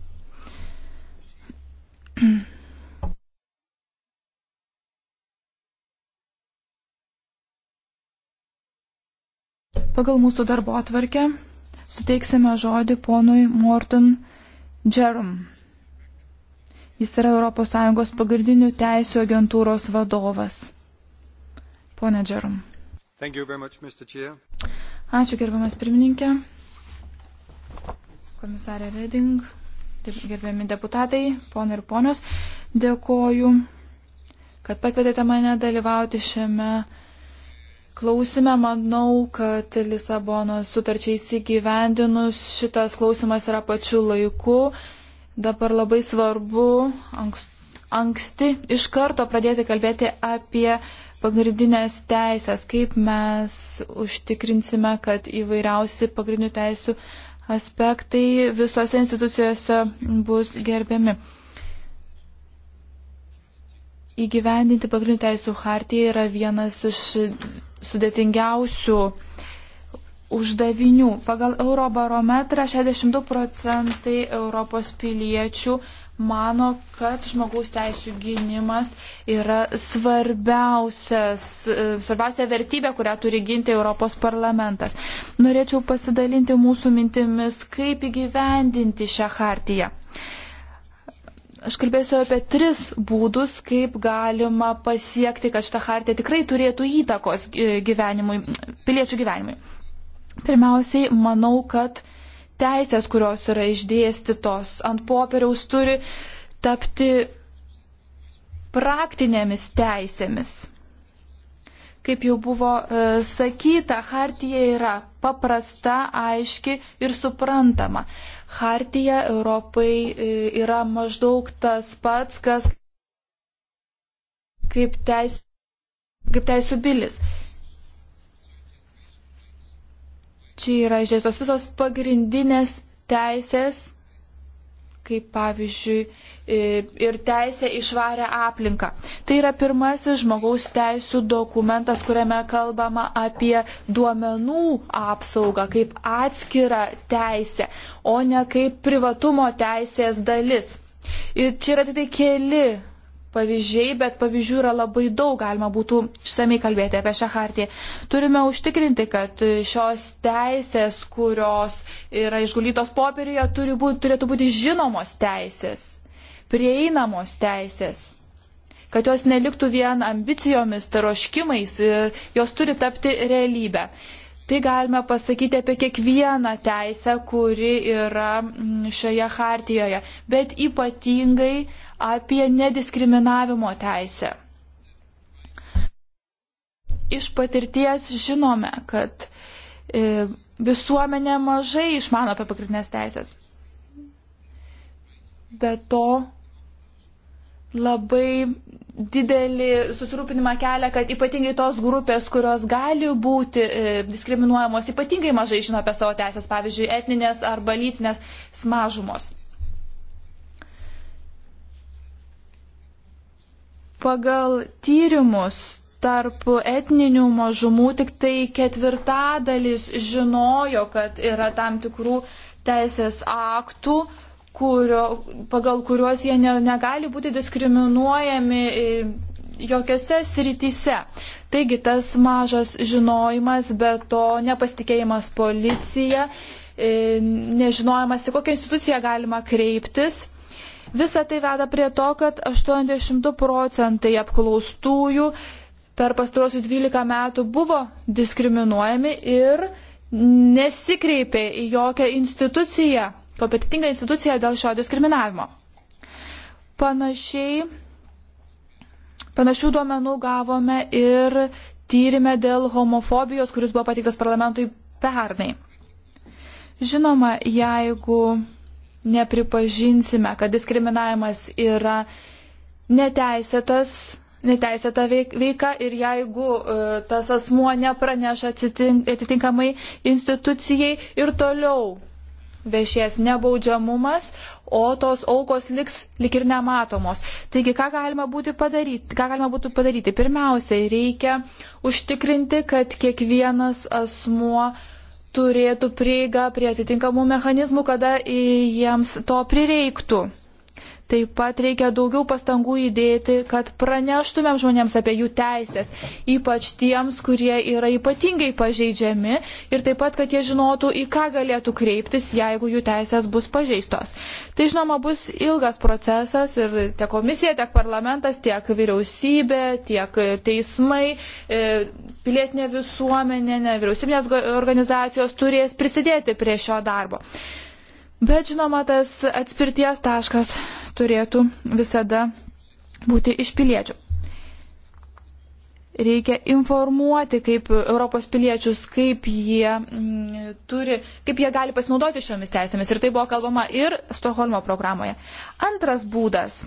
Pagal mūsų darbo atvarkę suteiksime žodį ponui Morton Jerom. Jis yra ES pagrindinių teisų agentūros vadovas. Pone Džerom. Ačiū gerbiamas pirmininkė, komisarė Reding, gerbiami deputatai, ponai ir ponios. Dėkoju, kad pakvietėte mane dalyvauti šiame klausime. Manau, kad Lisabono sutarčiai įsigyvendinus šitas klausimas yra pačiu laiku. Dabar labai svarbu anksti iš karto pradėti kalbėti apie pagrindinės teisės, kaip mes užtikrinsime, kad įvairiausi pagrindinių teisų aspektai visose institucijose bus gerbiami. Įgyvendinti pagrindinių teisų hartiją yra vienas iš sudėtingiausių uždavinių. Pagal Eurobarometrą 62 procentai Europos piliečių mano, kad žmogaus teisų gynimas yra svarbiausia vertybė, kurią turi ginti Europos parlamentas. Norėčiau pasidalinti mūsų mintimis, kaip įgyvendinti šią hartiją. Aš kalbėsiu apie tris būdus, kaip galima pasiekti, kad šita hartija tikrai turėtų įtakos e, gyvenimui, piliečių gyvenimui. Pirmiausiai, manau, kad teisės, kurios yra išdėstytos ant popieriaus, turi tapti praktinėmis teisėmis. Kaip jau buvo e, sakyta, hartija yra paprasta, aiški ir suprantama. Hartija Europai e, yra maždaug tas pats, kas kaip teisų, kaip teisų bilis. Čia yra išdėstos visos pagrindinės teisės, kaip pavyzdžiui, e, ir teisė išvarę aplinką. Tai yra pirmasis žmogaus teisų dokumentas, kuriame kalbama apie duomenų apsaugą kaip atskirą teisę, o ne kaip privatumo teisės dalis. Ir čia yra tik tai keli pavyzdžiai, bet pavyzdžių yra labai daug, galima būtų išsamei kalbėti apie šią hartiją. Turime užtikrinti, kad šios teisės, kurios yra išgulytos popieriuje, turi būt, turėtų būti žinomos teisės, prieinamos teisės kad jos neliktų vien ambicijomis, taroškimais ir jos turi tapti realybę. Tai galime pasakyti apie kiekvieną teisę, kuri yra mm, šioje hartijoje, bet ypatingai apie nediskriminavimo teisę. Iš patirties žinome, kad e, visuomenė mažai išmano apie pagrindinės teisės. Be to, labai didelį susirūpinimą kelia, kad ypatingai tos grupės, kurios gali būti e, diskriminuojamos, ypatingai mažai žino apie savo teisės, pavyzdžiui, etninės arba lytinės mažumos. Pagal tyrimus tarp etninių mažumų tik tai ketvirtadalis žinojo, kad yra tam tikrų teisės aktų, kurio, pagal kuriuos jie ne, negali būti diskriminuojami e, jokiose srityse. Taigi tas mažas žinojimas, bet to nepasitikėjimas policija, e, nežinojimas, į kokią instituciją galima kreiptis. Visa tai veda prie to, kad 80 procentai apklaustųjų per pastarosius 12 metų buvo diskriminuojami ir nesikreipė į jokią instituciją kompetitinga institucija dėl šio diskriminavimo. Panašiai, panašių duomenų gavome ir tyrimė dėl homofobijos, kuris buvo patiktas parlamentui pernai. Žinoma, jeigu nepripažinsime, kad diskriminavimas yra neteisėtas, neteisėta veika ir jeigu e, tas asmuo nepraneša atitinkamai institucijai ir toliau viešies nebaudžiamumas, o tos aukos liks lik ir nematomos. Taigi, ką galima, padaryti, ką galima būtų padaryti? Pirmiausiai, reikia užtikrinti, kad kiekvienas asmuo turėtų prieigą prie atitinkamų mechanizmų, kada jiems to prireiktų. Taip pat reikia daugiau pastangų įdėti, kad praneštumėm žmonėms apie jų teisės, ypač tiems, kurie yra ypatingai pažeidžiami ir taip pat, kad jie žinotų, į ką galėtų kreiptis, jeigu jų teisės bus pažeistos. Tai žinoma, bus ilgas procesas ir tiek komisija, tiek parlamentas, tiek vyriausybė, tiek teismai, e, pilietinė visuomenė, nevyriausybinės organizacijos turės prisidėti prie šio darbo. Bet žinoma, tas atspirties taškas turėtų visada būti iš piliečių. Reikia informuoti kaip Europos piliečius, kaip jie, m, mm, turi, kaip jie gali pasinaudoti šiomis teisėmis. Ir tai buvo kalbama ir Stoholmo programoje. Antras būdas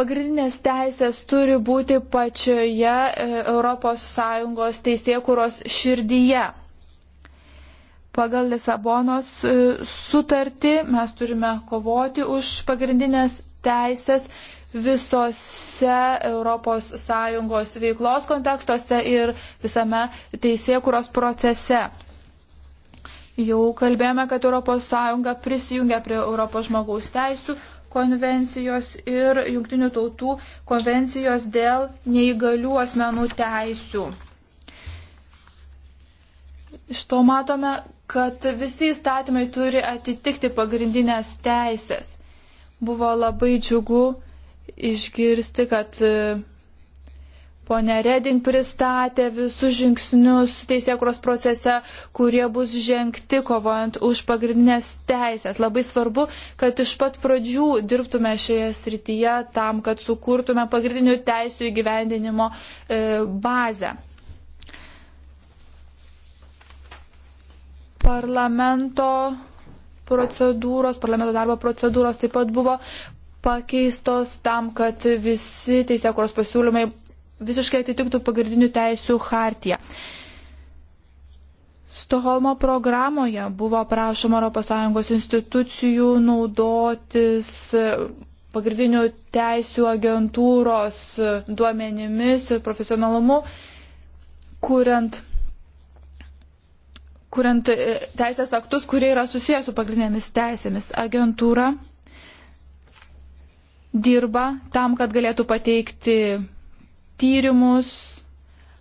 pagrindinės teisės turi būti pačioje ES teisėkuros širdyje. Pagal Lisabonos e, sutartį mes turime kovoti už pagrindinės teisės visose ES veiklos kontekstuose ir visame teisėkuros procese. Jau kalbėjome, kad ES prisijungia prie Europos žmogaus teisų konvencijos ir Junktinių tautų konvencijos dėl neįgalių asmenų teisių. Iš to matome, kad visi įstatymai turi atitikti pagrindinės teisės. Buvo labai džiugu išgirsti, kad e, Pone Reding pristatė visus žingsnius teisėkros procese, kurie bus žengti kovojant už pagrindinės teisės. Labai svarbu, kad iš pat pradžių dirbtume šioje srityje tam, kad sukurtume pagrindinių teisų įgyvendinimo e, bazę. Parlamento procedūros, parlamento darbo procedūros taip pat buvo pakeistos tam, kad visi teisėkuros pasiūlymai visiškai atitiktų pagrindinių teisių hartiją. Stoholmo programoje buvo prašoma ES institucijų naudotis pagrindinių teisių agentūros duomenimis ir profesionalumu, kuriant kuriant e, teisės aktus, kurie yra susijęs su pagrindinėmis teisėmis. Agentūra dirba tam, kad galėtų pateikti tyrimus,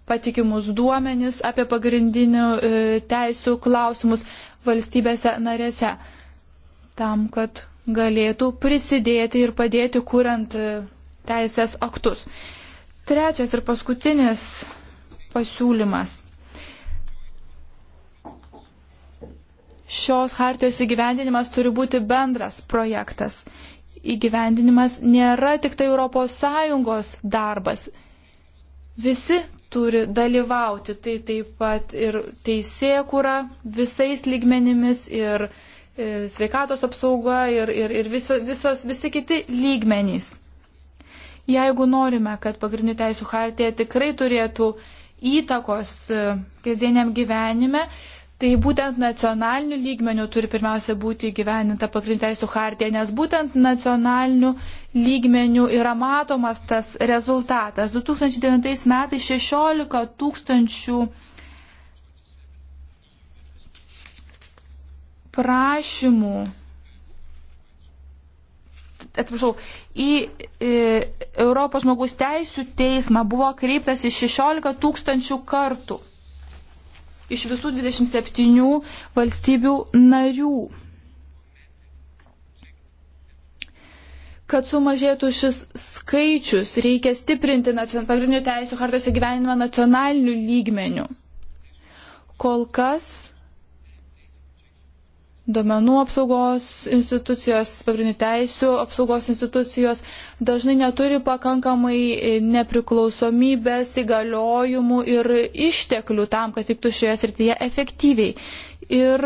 patikimus duomenis apie pagrindinių e, teisų klausimus valstybėse narėse, tam, kad galėtų prisidėti ir padėti kuriant e, teisės aktus. Trečias ir paskutinis pasiūlymas šios hartijos įgyvendinimas turi būti bendras projektas. Įgyvendinimas nėra tik tai ES darbas. Visi turi dalyvauti, tai taip pat ir teisėkura visais lygmenimis ir, ir e, sveikatos apsauga ir, ir, ir viso, visos, visi kiti lygmenys. Jeigu norime, kad pagrindinių teisų hartija tikrai turėtų įtakos e, kasdieniam gyvenime, Tai būtent nacionaliniu lygmeniu turi pirmiausia būti gyveninta pagrindinė teisų hartija, nes būtent nacionaliniu lygmeniu yra matomas tas rezultatas. 2009 metais 16 tūkstančių prašymų. Atsiprašau, į e, Europos žmogus teisų teismą buvo kreiptas į 16 tūkstančių kartų iš visų 27 valstybių narių. Kad sumažėtų šis skaičius, reikia stiprinti pagrindinių teisų hartose gyvenimą nacionaliniu lygmeniu. Kol kas Domenų apsaugos institucijos, pagrindinių teisų apsaugos institucijos dažnai neturi pakankamai e, nepriklausomybės, įgaliojimų ir išteklių tam, kad tiktų šioje srityje efektyviai. Ir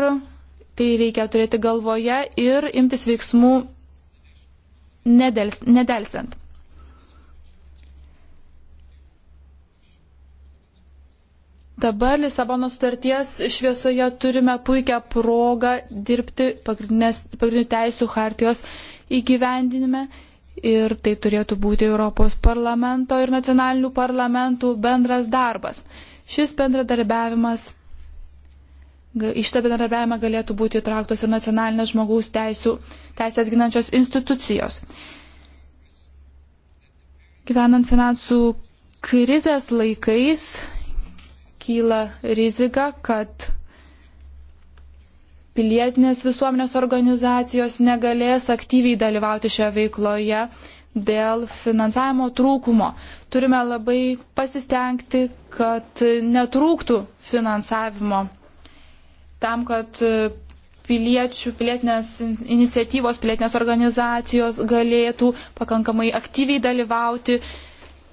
tai reikia turėti galvoje ir imtis veiksmų nedelsiant. Dabar Lisabono sutarties šviesoje turime puikią progą dirbti pagrindinių teisų hartijos įgyvendinime ir tai turėtų būti Europos parlamento ir nacionalinių parlamentų bendras darbas. Šis bendradarbiavimas, iš tą bendradarbiavimą galėtų būti įtrauktos ir nacionalinės žmogaus teisų, teisės ginančios institucijos. Gyvenant finansų krizės laikais kyla rizika, kad pilietinės visuomenės organizacijos negalės aktyviai dalyvauti šioje veikloje dėl finansavimo trūkumo. Turime labai pasistengti, kad netrūktų finansavimo tam, kad piliečių, pilietinės iniciatyvos, pilietinės organizacijos galėtų pakankamai aktyviai dalyvauti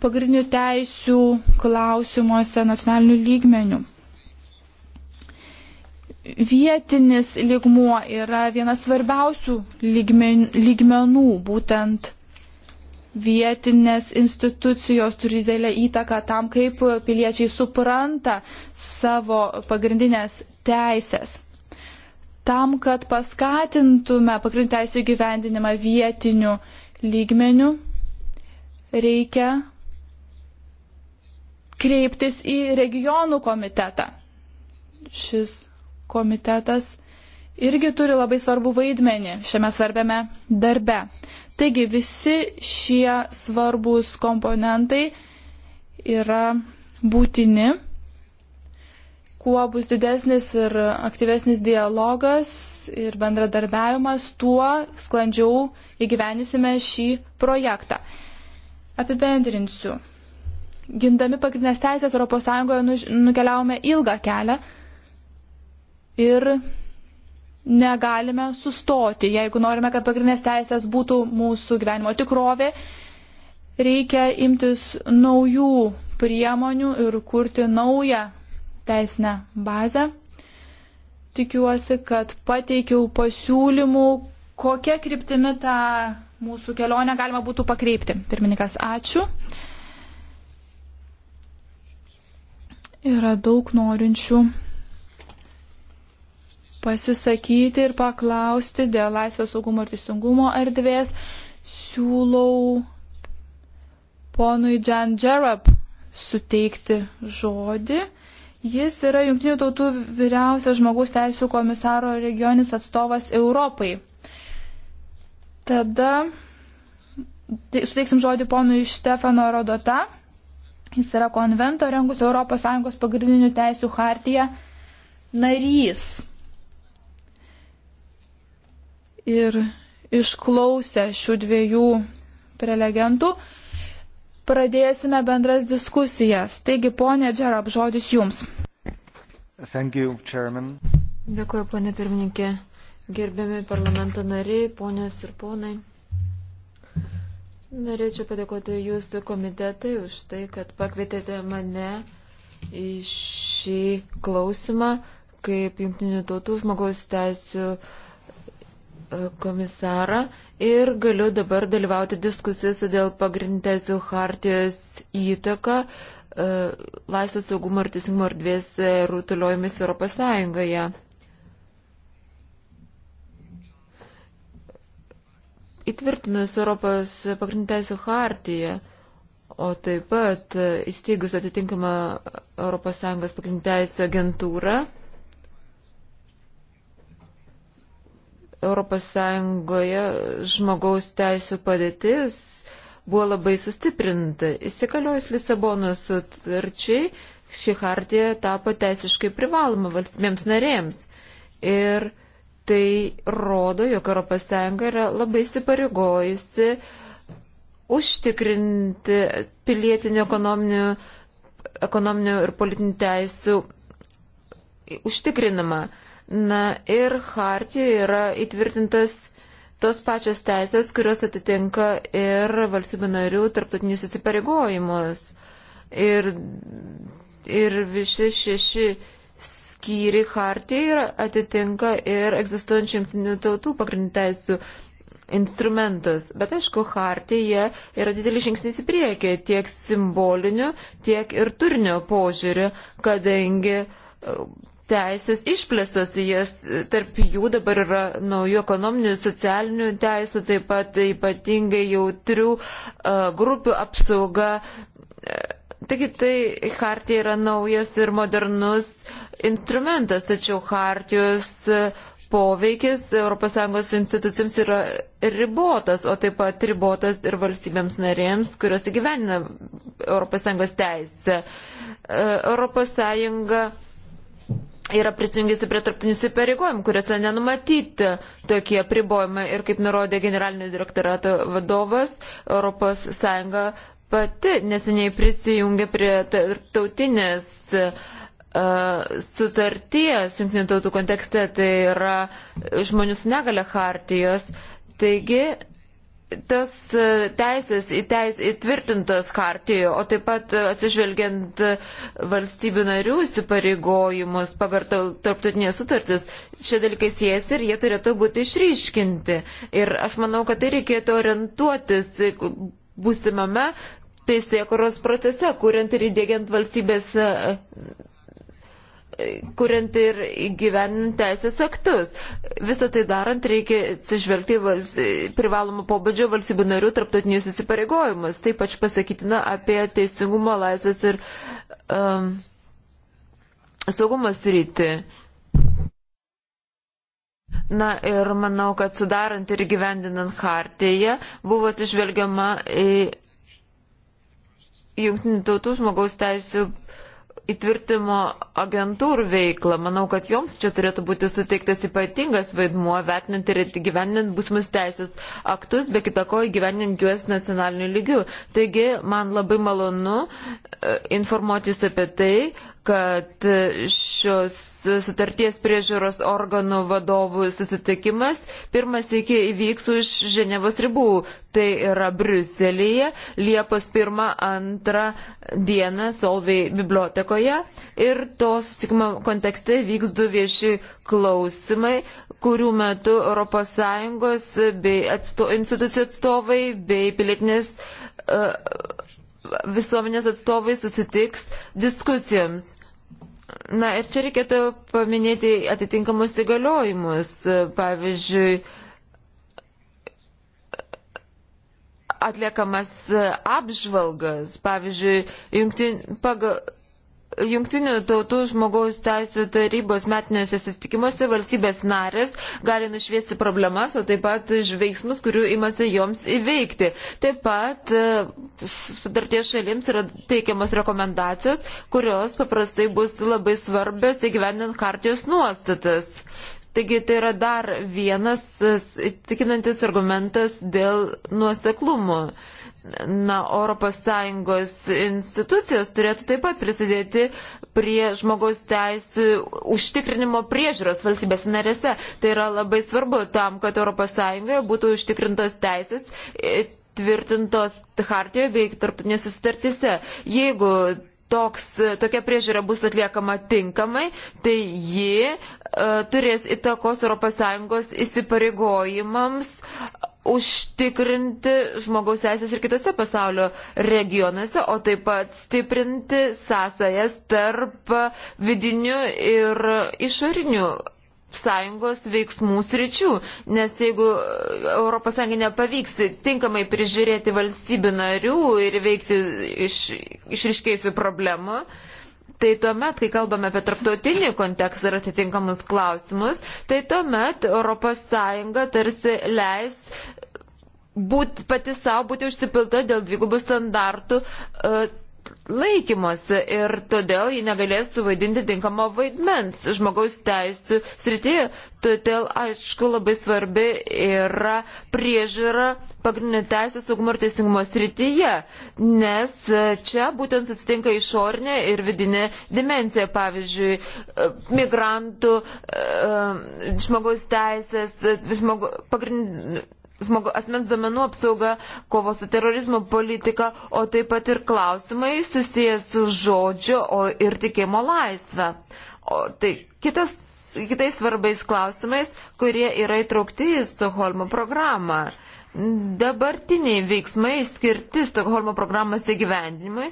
pagrindinių teisių klausimuose nacionalinių lygmenių. Vietinis lygmuo yra vienas svarbiausių lygmen, lygmenų, būtent vietinės institucijos turi didelę įtaką tam, kaip piliečiai supranta savo pagrindinės teisės. Tam, kad paskatintume pagrindinių teisų įgyvendinimą vietiniu lygmeniu, reikia kreiptis į regionų komitetą. Šis komitetas irgi turi labai svarbų vaidmenį šiame svarbiame darbe. Taigi visi šie svarbus komponentai yra būtini. Kuo bus didesnis ir aktyvesnis dialogas ir bendradarbiavimas, tuo sklandžiau įgyvenysime šį projektą. Apibendrinsiu gindami pagrindinės teisės ES nukeliavome ilgą kelią ir negalime sustoti. Jeigu norime, kad pagrindinės teisės būtų mūsų gyvenimo tikrovė, reikia imtis naujų priemonių ir kurti naują teisinę bazę. Tikiuosi, kad pateikiau pasiūlymų, kokia kryptimi tą mūsų kelionę galima būtų pakreipti. Pirmininkas, ačiū. Yra daug norinčių pasisakyti ir paklausti dėl laisvės saugumo ir teisingumo erdvės. Siūlau ponui Jan Jerab suteikti žodį. Jis yra Junktinių tautų vyriausias žmogaus teisų komisaro regionis atstovas Europai. Tada suteiksim žodį ponui Štefano Rodota. Jis yra konvento rengus ES pagrindinių teisių hartiją narys. Ir išklausę šių dviejų prelegentų, pradėsime bendras diskusijas. Taigi, ponė Džerab, žodis jums. Thank you, Chairman. Dėkuoju, ponė pirmininkė. Gerbiami parlamento nariai, ponios ir ponai. Norėčiau padėkoti jūsų komitetai už tai, kad pakvietėte mane į šį klausimą kaip Junktinių tautų žmogaus teisų e, komisarą ir galiu dabar dalyvauti diskusijose dėl pagrindinėsių hartijos įtaka e, laisvės saugumo ir teisingumo erdvės e, rutuliojimis Europos Sąjungoje. Įtvirtinus Europos pagrindinių teisų hartiją, o taip pat įsteigus atitinkamą ES pagrindinių teisų agentūrą, ES žmogaus teisų padėtis buvo labai sustiprinta. Įsikaliojus Lisabonos sutarčiai, ši hartija tapo teisiškai privaloma valstybėms narėms. Ir tai rodo, jog ES yra labai įsipareigojusi užtikrinti pilietinių ekonominių, ekonominių ir politinių teisų užtikrinimą. Na ir hartijoje yra įtvirtintas tos pačios teisės, kurios atitinka ir valstybių narių tarptautinius įsipareigojimus. Ir, ir visi šeši. šeši skyri hartijai ir atitinka ir egzistuojančių jungtinių tautų pagrindinių teisų instrumentus. Bet aišku, hartija yra didelis žingsnis į priekį tiek simboliniu, tiek ir turinio požiūriu, kadangi e, teisės išplėstos, jas e, tarp jų dabar yra naujų ekonominių, socialinių teisų, taip pat ypatingai jautrių e, grupių apsauga Taigi tai hartija yra naujas ir modernus instrumentas, tačiau hartijos poveikis ES institucijams yra ribotas, o taip pat ribotas ir valstybėms narėms, kurios įgyvenina ES teisę. ES yra prisijungiasi prie tarptinių įsipareigojimų, kuriuose nenumatyti tokie pribojimai ir kaip nurodė generalinio direktorato vadovas, ES pati neseniai prisijungė prie tautinės e, sutarties jungtinių tautų kontekste, tai yra žmonių su negale hartijos. Taigi, tas e, teisės įteis, įtvirtintas hartijoje, o taip pat atsižvelgiant valstybių narių įsipareigojimus pagal tarptautinės sutartis, šie dalykai siejasi ir jie turėtų būti išryškinti. Ir aš manau, kad tai reikėtų orientuotis būsimame teisėkuros procese, kuriant ir įdėgiant valstybės e, e, kuriant ir gyvenant teisės aktus. Visą tai darant reikia atsižvelgti valsy, privalomų pobūdžio valstybių narių tarptautinius įsipareigojimus. Taip pat pasakytina apie teisingumo laisvės ir um, saugumos rytį. Uh, Na ir manau, kad sudarant ir gyvendinant hartiją buvo atsižvelgiama į Junktinių tautų žmogaus teisų įtvirtimo agentūrų veiklą. Manau, kad joms čia turėtų būti suteiktas ypatingas vaidmuo, vertinant ir įgyvendinant būsimus teisės aktus, be kitako įgyvendinant juos nacionaliniu lygiu. Taigi, man labai malonu e, informuotis apie tai, kad šios sutarties priežiūros organų vadovų susitikimas pirmas iki įvyks už Ženevos ribų. Tai yra Briuselėje Liepos 1-2 dieną Solvei bibliotekoje ir to susitikimo kontekste vyks du vieši klausimai, kurių metu ES bei atsto, institucijų atstovai bei pilietinės uh, visuomenės atstovai susitiks diskusijoms. Na ir čia reikėtų paminėti atitinkamus įgaliojimus. Pavyzdžiui, atliekamas apžvalgas, pavyzdžiui, jungtin, pagal Jungtinių tautų žmogaus teisų tarybos metiniuose susitikimuose valstybės narės gali nušviesti problemas, o taip pat veiksmus, kurių imasi joms įveikti. Taip pat e, sutarties šalims yra teikiamos rekomendacijos, kurios paprastai bus labai svarbios įgyvendinant kartijos nuostatas. Taigi tai yra dar vienas tikinantis argumentas dėl nuoseklumo. Na, ES institucijos turėtų taip pat prisidėti prie žmogaus teisų užtikrinimo priežiūros valstybės narėse. Tai yra labai svarbu tam, kad ES būtų užtikrintos teisės e, tvirtintos hartijoje bei tarptautinėse sutartyse. Jeigu toks, tokia priežiūra bus atliekama tinkamai, tai ji uh, turės įtakos ES įsipareigojimams uh, užtikrinti žmogaus teisės ir kitose pasaulio regionuose, o taip pat stiprinti sąsajas tarp vidinių ir išorinių sąjungos veiksmų sričių, nes jeigu ES nepavyks tinkamai prižiūrėti valstybių narių ir veikti iš, išriškėjusių problemų, tai tuomet, kai kalbame apie tarptautinį kontekstą ir atitinkamus klausimus, tai tuomet ES tarsi leis būt, pati savo būti užsipilta dėl dvigubų standartų. Uh, laikymosi ir todėl ji negalės suvaidinti tinkamo vaidmens žmogaus teisų srityje. Todėl, aišku, labai svarbi yra priežiūra pagrindinė teisė saugumo ir teisingumo srityje, nes čia būtent susitinka išornė ir vidinė dimencija, pavyzdžiui, migrantų, e, e, žmogaus teisės, žmogu, pagrindinė žmogu, asmens duomenų apsauga, kovo su terorizmo politika, o taip pat ir klausimai susijęs su žodžio o, ir tikėjimo laisvė. O tai kitas, kitais svarbiais klausimais, kurie yra įtraukti į Stokholmo programą. Dabartiniai veiksmai skirti Stokholmo programos įgyvendinimui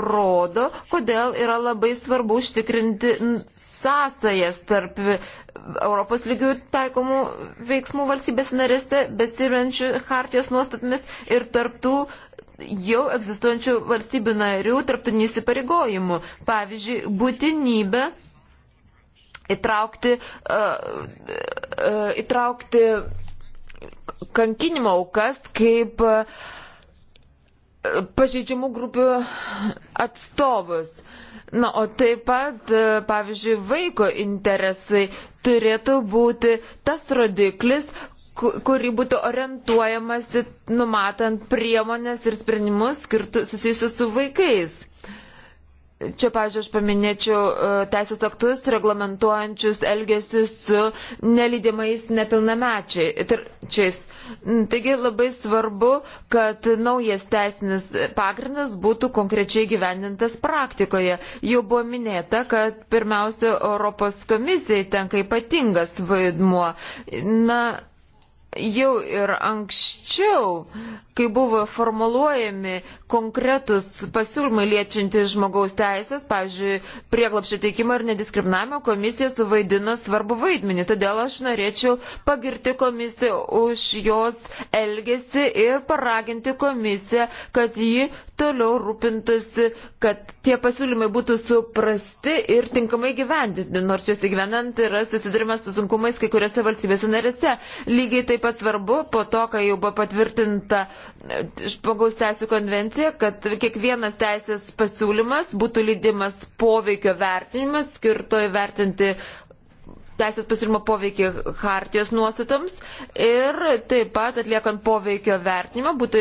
rodo, kodėl yra labai svarbu užtikrinti sąsajas tarp Europos lygių taikomų veiksmų valstybės narėse, besirenčių hartijos nuostatomis ir tarptų jau egzistuojančių valstybių narių tarptautinių įsipareigojimų. Pavyzdžiui, būtinybė įtraukti, uh, uh, įtraukti kankinimo aukas kaip uh, pažeidžiamų grupių atstovus. Uh, Na, o taip pat, e, pavyzdžiui, vaiko interesai turėtų būti tas rodiklis, kurį būtų orientuojamasi numatant priemonės ir sprendimus skirtus susijusius su vaikais. Čia, pažiūrėjau, aš paminėčiau e, teisės aktus reglamentuojančius elgesį su nelydimais nepilnamečiais. Mm, taigi labai svarbu, kad naujas teisinis pagrindas būtų konkrečiai gyvendintas praktikoje. Jau buvo minėta, kad pirmiausia Europos komisijai tenka ypatingas vaidmuo. Na, jau ir anksčiau, kai buvo formuluojami konkretus pasiūlymai liečianti žmogaus teisės, pavyzdžiui, prieglapšio teikimo ir nediskriminavimo komisija suvaidino svarbu vaidmenį. Todėl aš norėčiau pagirti komisiją už jos elgesį ir paraginti komisiją, kad ji toliau rūpintųsi, kad tie pasiūlymai būtų suprasti ir tinkamai gyvendinti, nors juos įgyvenant yra susidurima su sunkumais kai kuriuose valstybėse narėse. Lygiai taip pat svarbu, po to, kai jau buvo patvirtinta e, žmogaus teisų konvencija, kad kiekvienas teisės pasiūlymas būtų lydimas poveikio vertinimas, skirto įvertinti teisės pasirimo poveikį hartijos nuostatams ir taip pat atliekant poveikio vertinimą būtų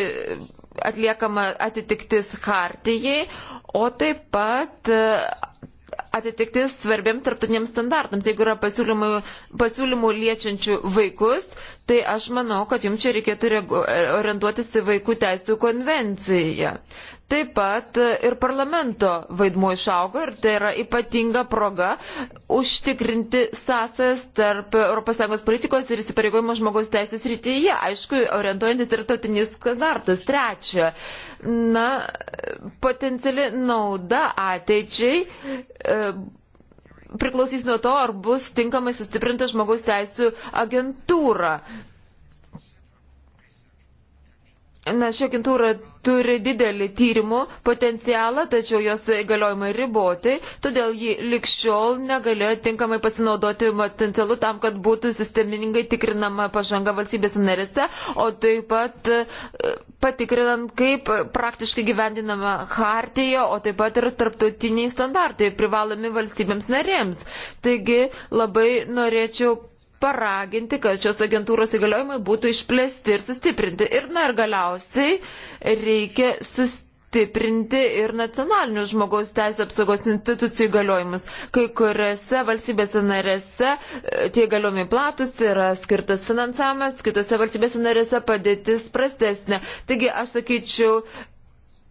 atliekama atitiktis hartijai, o taip pat e, atitiktis svarbiams tarptautiniams standartams. Jeigu yra pasiūlymų, pasiūlymų liečiančių vaikus, tai aš manau, kad jums čia reikėtų orientuotis į vaikų teisų konvenciją. Uh, Taip pat ir parlamento vaidmuo išaugo ir tai yra ypatinga proga užtikrinti sąsas tarp ES politikos ir įsipareigojimo žmogaus teisės rytyje, aišku, orientuojantis ir tautinis standartus. Trečia, na, potenciali nauda ateičiai. E, priklausys nuo to, ar bus tinkamai sustiprinta žmogaus teisų agentūra. Na, ši agentūra turi didelį tyrimų potencialą, tačiau jos įgaliojimai riboti, todėl ji likščiol negalėjo tinkamai pasinaudoti potencialu tam, kad būtų sistemingai tikrinama pažanga valstybės narėse, o taip pat e, patikrinant, kaip praktiškai gyvendinama hartija, o taip pat ir tarptautiniai standartai privalomi valstybėms narėms. Taigi labai norėčiau paraginti, kad šios agentūros įgaliojimai būtų išplėsti ir sustiprinti. Ir, na, ir galiausiai reikia sustiprinti ir nacionalinių žmogaus teisų apsaugos institucijų įgaliojimus. Kai kuriuose valstybėse narėse e, tie įgaliojimai platus yra skirtas finansavimas, kitose valstybėse narėse padėtis prastesnė. Taigi, aš sakyčiau,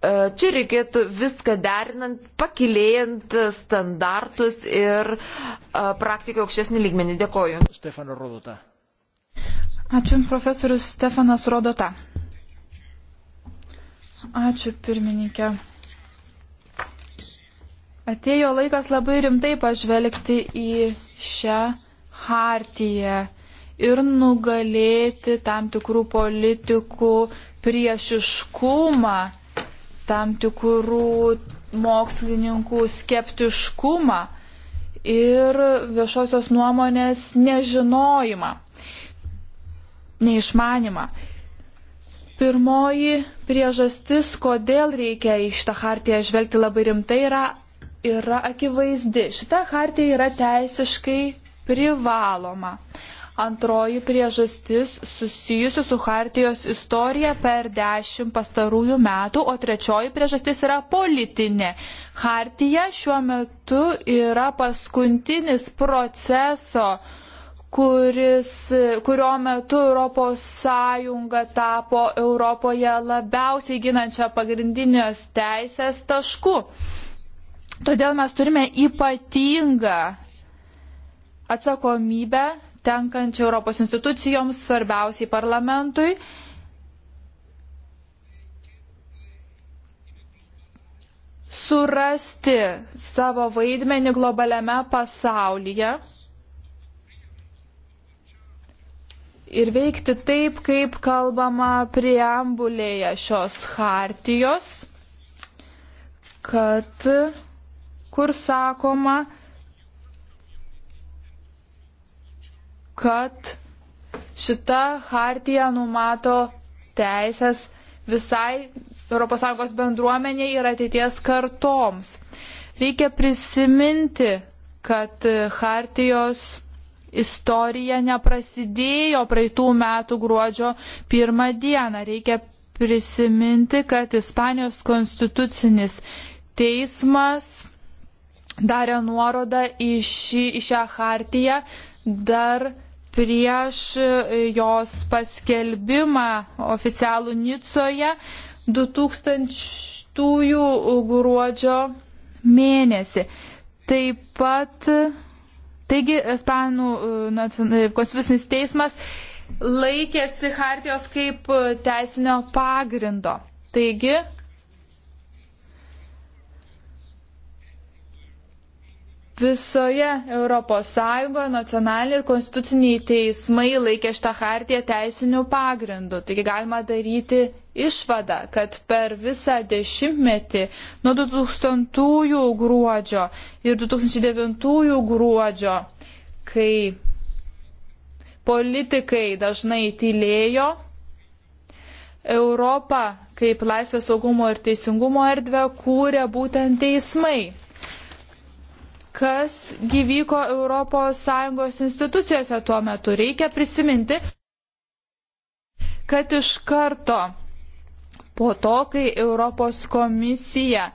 E, čia reikėtų viską derinant, pakilėjant standartus ir e, praktiką aukštesnį lygmenį. Dėkoju. Stefano Rodota. Ačiū, profesorius Stefanas Rodota. Ačiū, pirmininkė. Atėjo laikas labai rimtai pažvelgti į šią hartiją ir nugalėti tam tikrų politikų priešiškumą tam tikrų mokslininkų skeptiškumą ir viešosios nuomonės nežinojimą, neišmanimą. Pirmoji priežastis, kodėl reikia į šitą hartiją žvelgti labai rimtai, yra, yra akivaizdi. Šita hartija yra teisiškai privaloma. Antroji priežastis susijusi su Hartijos istorija per dešimt pastarųjų metų, o trečioji priežastis yra politinė. Hartija šiuo metu yra paskutinis proceso kuris, kurio metu ES tapo Europoje labiausiai ginančią pagrindinės teisės tašku. Todėl mes turime ypatingą atsakomybę tenkančią Europos institucijoms, svarbiausiai parlamentui. surasti savo vaidmenį globaliame pasaulyje ir veikti taip, kaip kalbama preambulėje šios hartijos, kad kur sakoma, kad šita hartija numato teisės visai ES bendruomeniai ir ateities kartoms. Reikia prisiminti, kad hartijos istorija neprasidėjo praeitų metų gruodžio pirmą dieną. Reikia prisiminti, kad Ispanijos konstitucinis teismas darė nuorodą į, šį, į šią hartiją dar prieš e, jos paskelbimą oficialų Nicoje 2000 gruodžio mėnesį. Taip pat, taigi, Ispanų e, e, konstitucinis teismas laikėsi hartijos kaip teisinio pagrindo. Taigi, Visoje ES nacionaliniai ir konstituciniai teismai laikė šitą hartiją teisinių pagrindų. Taigi galima daryti išvadą, kad per visą dešimtmetį nuo 2000 gruodžio ir 2009 gruodžio, kai politikai dažnai tylėjo, Europą kaip laisvės saugumo ir teisingumo erdvę kūrė būtent teismai kas gyvyko ES institucijose tuo metu. Reikia prisiminti, kad iš karto po to, kai Europos komisija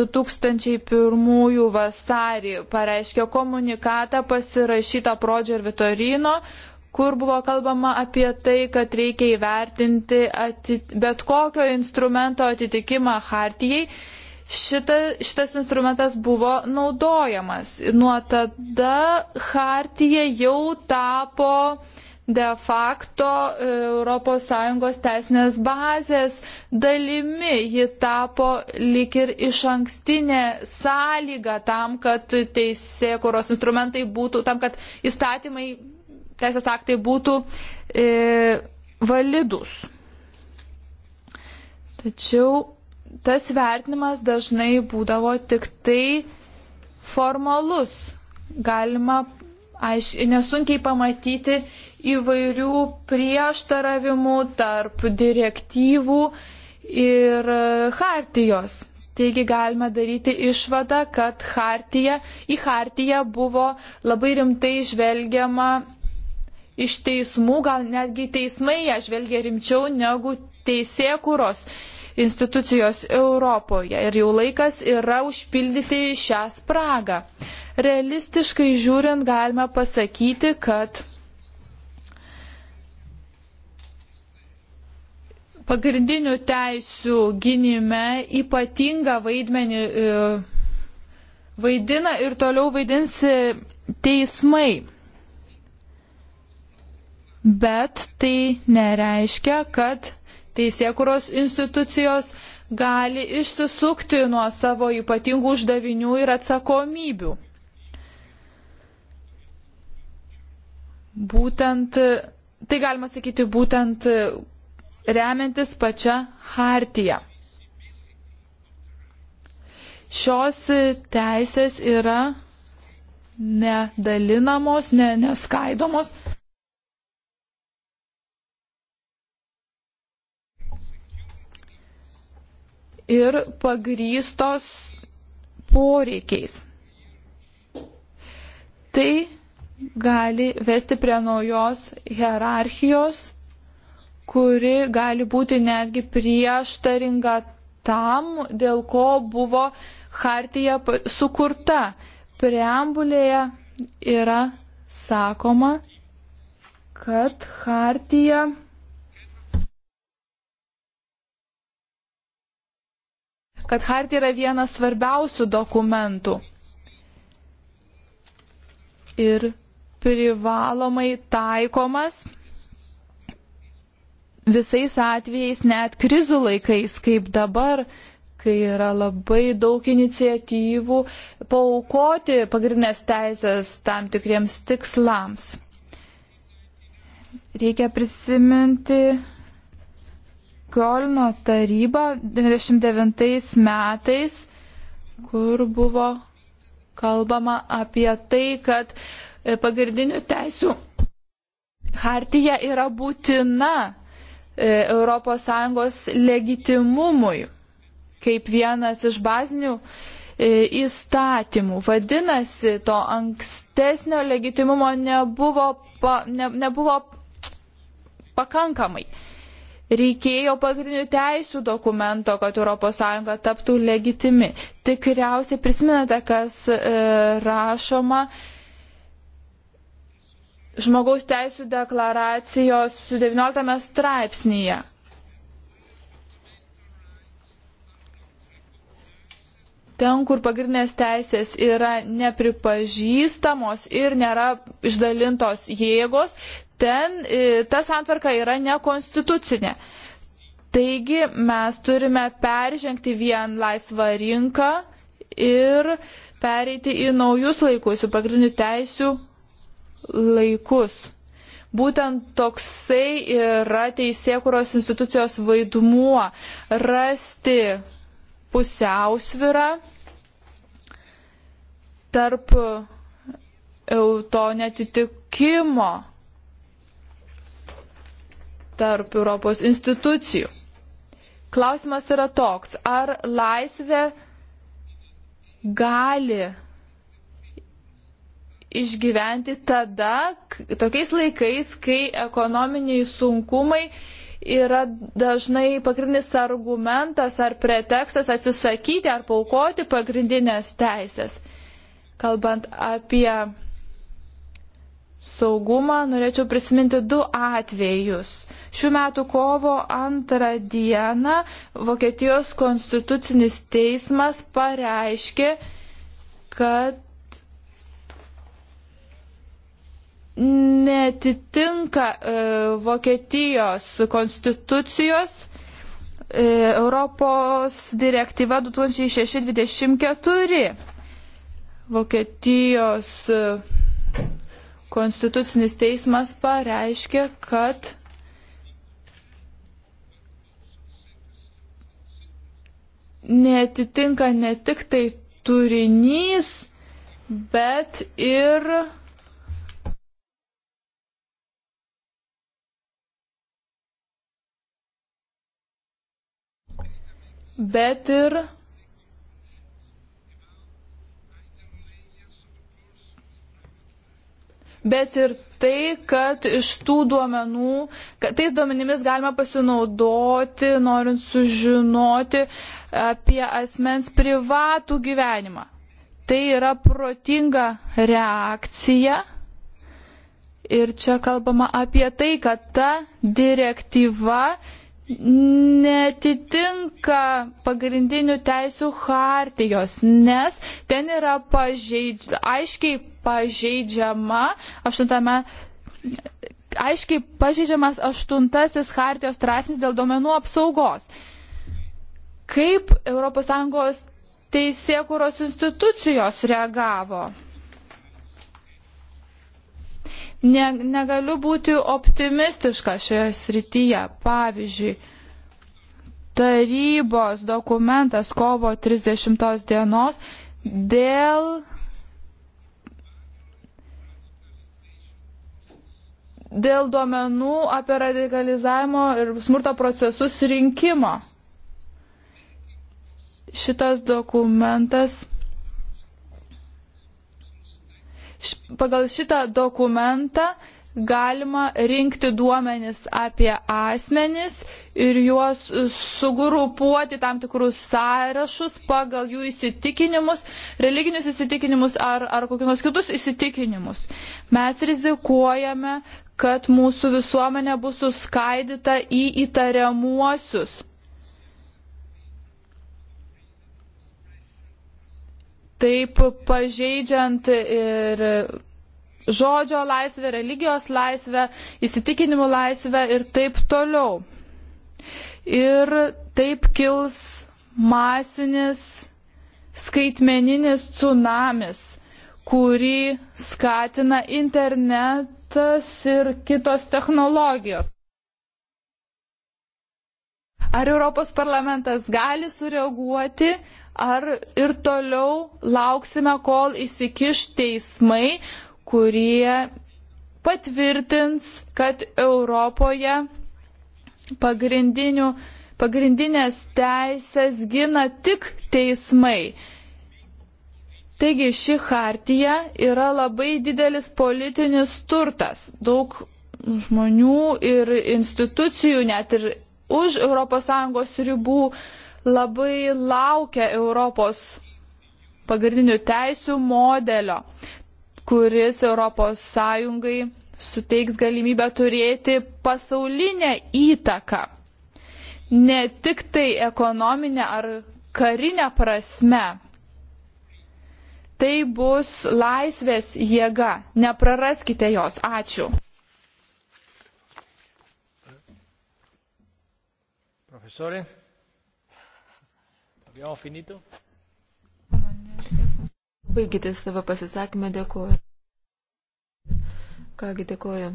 2001 vasarį pareiškė komunikatą pasirašytą Prodžio ir Vitorino, kur buvo kalbama apie tai, kad reikia įvertinti atit... bet kokio instrumento atitikimą hartijai šita, šitas instrumentas buvo naudojamas. Nuo tada Hartija jau tapo de facto ES teisinės bazės dalimi. Ji tapo lik ir iš ankstinė sąlyga tam, kad teisė, kuros instrumentai būtų, tam, kad įstatymai, teisės aktai būtų e, validus. Tačiau tas vertinimas dažnai būdavo tik tai formalus. Galima aš nesunkiai pamatyti įvairių prieštaravimų tarp direktyvų ir hartijos. Taigi galime daryti išvadą, kad hartija, į hartiją buvo labai rimtai žvelgiama iš teismų, gal netgi teismai ją žvelgia rimčiau negu teisėkuros. kuros institucijos Europoje ir jau laikas yra užpildyti šią spragą. Realistiškai žiūrint galime pasakyti, kad pagrindinių teisių gynime ypatingą vaidmenį e, vaidina ir toliau vaidins teismai. Bet tai nereiškia, kad teisėkuros institucijos gali išsisukti nuo savo ypatingų uždavinių ir atsakomybių. Būtent, tai galima sakyti, būtent remiantis pačią hartiją. Šios teisės yra nedalinamos, ne, neskaidomos. ir pagrystos poreikiais. Tai gali vesti prie naujos hierarchijos, kuri gali būti netgi prieštaringa tam, dėl ko buvo hartija sukurta. Preambulėje yra sakoma, kad hartija kad Hartija yra vienas svarbiausių dokumentų. Ir privalomai taikomas visais atvejais, net krizų laikais, kaip dabar, kai yra labai daug iniciatyvų paukoti pagrindinės teisės tam tikriems tikslams. Reikia prisiminti Kolno taryba 99 metais, kur buvo kalbama apie tai, kad e, pagrindinių teisų hartija yra būtina ES legitimumui kaip vienas iš bazinių e, įstatymų. Vadinasi, to ankstesnio legitimumo nebuvo, pa, ne, nebuvo pakankamai reikėjo pagrindinių teisų dokumento, kad ES taptų legitimi. Tikriausiai prisimenate, kas e, rašoma žmogaus teisų deklaracijos 19 straipsnyje. ten, kur pagrindinės teisės yra nepripažįstamos ir nėra išdalintos jėgos, ten e, ta santvarka yra nekonstitucinė. Taigi mes turime peržengti vien laisvą rinką ir pereiti į naujus laikus, į pagrindinių teisių laikus. Būtent toksai yra teisėkuros institucijos vaidmuo - rasti pusiausvirą tarp to netitikimo tarp Europos institucijų. Klausimas yra toks, ar laisvė gali išgyventi tada, tokiais laikais, kai ekonominiai sunkumai yra dažnai pagrindinis argumentas ar pretekstas atsisakyti ar paukoti pagrindinės teisės. Kalbant apie saugumą, norėčiau prisiminti du atvejus Šių metų kovo antrą dieną Vokietijos konstitucinis teismas pareiškė, kad netitinka e, Vokietijos konstitucijos e, Europos direktyva 2624. Vokietijos e, konstitucinis teismas pareiškė, kad netitinka ne tik tai turinys, bet ir bet ir bet ir tai, kad iš tų duomenų, kad tais duomenimis galima pasinaudoti, norint sužinoti apie asmens privatų gyvenimą. Tai yra protinga reakcija. Ir čia kalbama apie tai, kad ta direktyva netitinka pagrindinių teisų hartijos, nes ten yra pažeidž... aiškiai pažeidžiama aštuntame. Aiškiai pažeidžiamas aštuntasis hartijos straipsnis dėl duomenų apsaugos. Kaip ES teisėkuros institucijos reagavo? Ne, negaliu būti optimistiška šioje srityje. Pavyzdžiui, tarybos dokumentas kovo 30 dienos dėl dėl duomenų apie radikalizavimo ir smurto procesus rinkimo. Šitas dokumentas. Pagal šitą dokumentą galima rinkti duomenis apie asmenis ir juos sugrupuoti tam tikrus sąrašus pagal jų įsitikinimus, religinius įsitikinimus ar, ar kokius nors kitus įsitikinimus. Mes rizikuojame, kad mūsų visuomenė bus suskaidyta į įtariamuosius. Taip pažeidžiant ir žodžio laisvę, religijos laisvę, įsitikinimų laisvę ir taip toliau. Ir taip kils masinis skaitmeninis tsunamis, kurį skatina internet internetas ir kitos technologijos. Ar Europos parlamentas gali sureaguoti, ar ir toliau lauksime, kol įsikiš teismai, kurie patvirtins, kad Europoje pagrindinės teisės gina tik teismai. Taigi ši hartija yra labai didelis politinis turtas. Daug žmonių ir institucijų, net ir už ES ribų, labai laukia Europos pagrindinių teisių modelio, kuris ES suteiks galimybę turėti pasaulinę įtaką. Ne tik tai ekonominę ar karinę prasme, Tai bus laisvės jėga. Nepraraskite jos. Ačiū. Profesore, abbiamo finito? Baigite savo pasisakymą, dėkuoju. Kągi dėkuoju.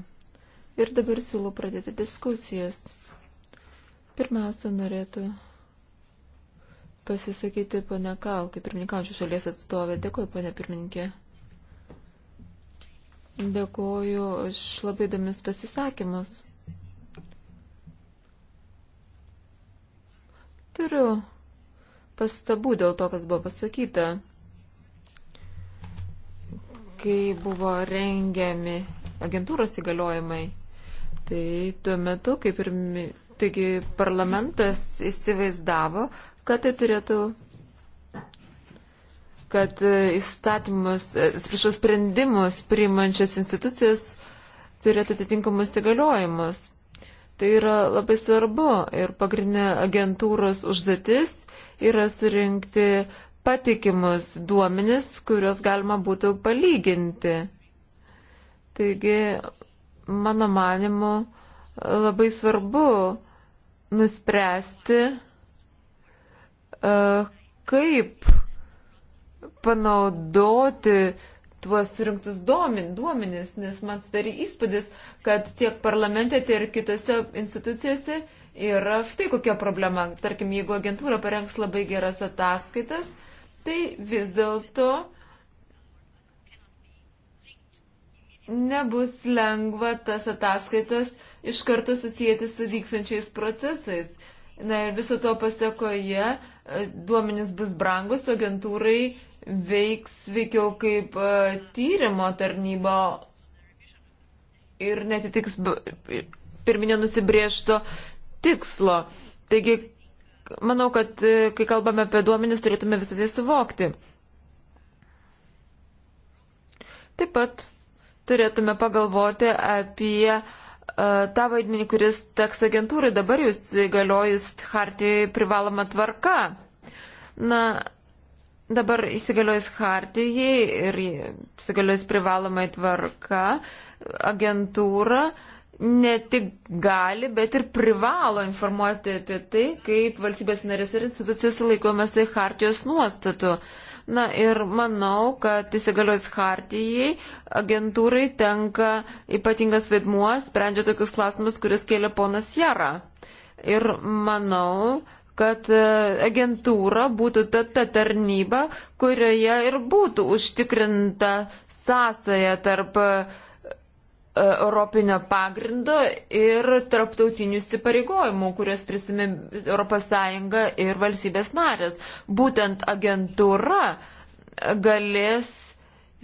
Ir dabar siūlau pradėti diskusijas. Pirmiausia, norėtų pasisakyti ponia Kal, kaip pirmininkaujančių šalies atstovė. Dėkuoju, ponia pirmininkė. Dėkuoju už labai įdomius pasisakymus. Turiu pastabų dėl to, kas buvo pasakyta, kai buvo rengiami agentūros įgaliojimai. Tai tuo metu, kaip ir, taigi parlamentas įsivaizdavo, kad tai turėtų kad e, įstatymus, e, atsiprašau, sprendimus priimančios institucijos turėtų atitinkamus įgaliojimus. Tai yra labai svarbu ir pagrindinė agentūros užduotis yra surinkti patikimus duomenis, kuriuos galima būtų palyginti. Taigi, mano manimu, labai svarbu nuspręsti, kaip panaudoti tuos surinktus duomenis, nes man sudarė įspūdis, kad tiek parlamente, tiek ir kitose institucijose yra štai kokia problema. Tarkim, jeigu agentūra parengs labai geras ataskaitas, tai vis dėlto nebus lengva tas ataskaitas iš karto susijęti su vykstančiais procesais. Na ir viso to pasiekoje E, duomenys bus brangus, agentūrai veiks veikiau kaip e, tyrimo tarnyba ir netitiks pirminio nusibriežto tikslo. Taigi, manau, kad e, kai kalbame apie duomenis, turėtume visą tai suvokti. Taip pat turėtume pagalvoti apie E, tą vaidmenį, kuris teks agentūrai dabar jūs įgaliojus hartijai privaloma tvarka. Na, dabar įsigaliojus hartijai ir įsigaliojus privalomai tvarka, agentūra ne tik gali, bet ir privalo informuoti apie tai, kaip valstybės narės ir institucijos laikomasi hartijos nuostatų. Uh, Na ir manau, kad įsigaliojus hartijai agentūrai tenka ypatingas vaidmuo, sprendžia tokius klausimus, kuris kėlė ponas Jara. Ir manau, kad e, agentūra būtų ta, ta tarnyba, kurioje ir būtų užtikrinta sąsaja tarp uh, E, europinio pagrindo ir tarptautinių įsipareigojimų, kurias prisimė ES ir valstybės narės. Būtent agentūra galės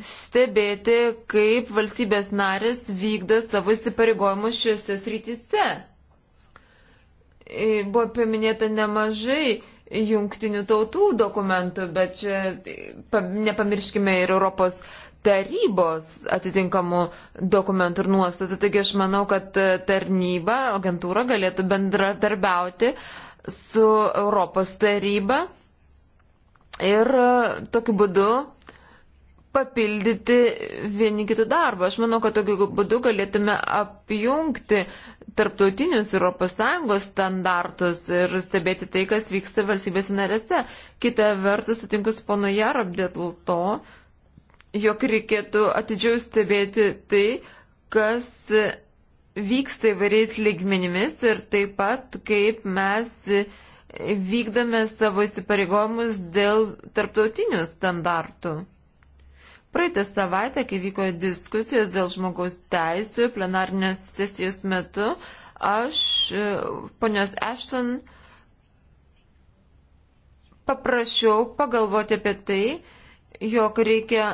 stebėti, kaip valstybės narės vykdo savo įsipareigojimus šiuose srityse. E, buvo paminėta nemažai jungtinių tautų dokumentų, bet čia e, nepamirškime ir Europos tarybos atitinkamų dokumentų ir nuostatų. Taigi aš manau, kad tarnyba, agentūra galėtų bendradarbiauti su Europos taryba ir e, tokiu būdu papildyti vieni kitų darbą. Aš manau, kad tokiu būdu galėtume apjungti tarptautinius ES standartus ir stebėti tai, kas vyksta valstybės narėse. Kita vertus, sutinku su pono Jarab dėl to, jog reikėtų atidžiau stebėti tai, kas vyksta įvairiais lygmenimis ir taip pat, kaip mes vykdome savo įsipareigojimus dėl tarptautinių standartų. Praeitą savaitę, kai vyko diskusijos dėl žmogaus teisų plenarnės sesijos metu, aš e, ponios Ešton paprašiau pagalvoti apie tai, jog reikia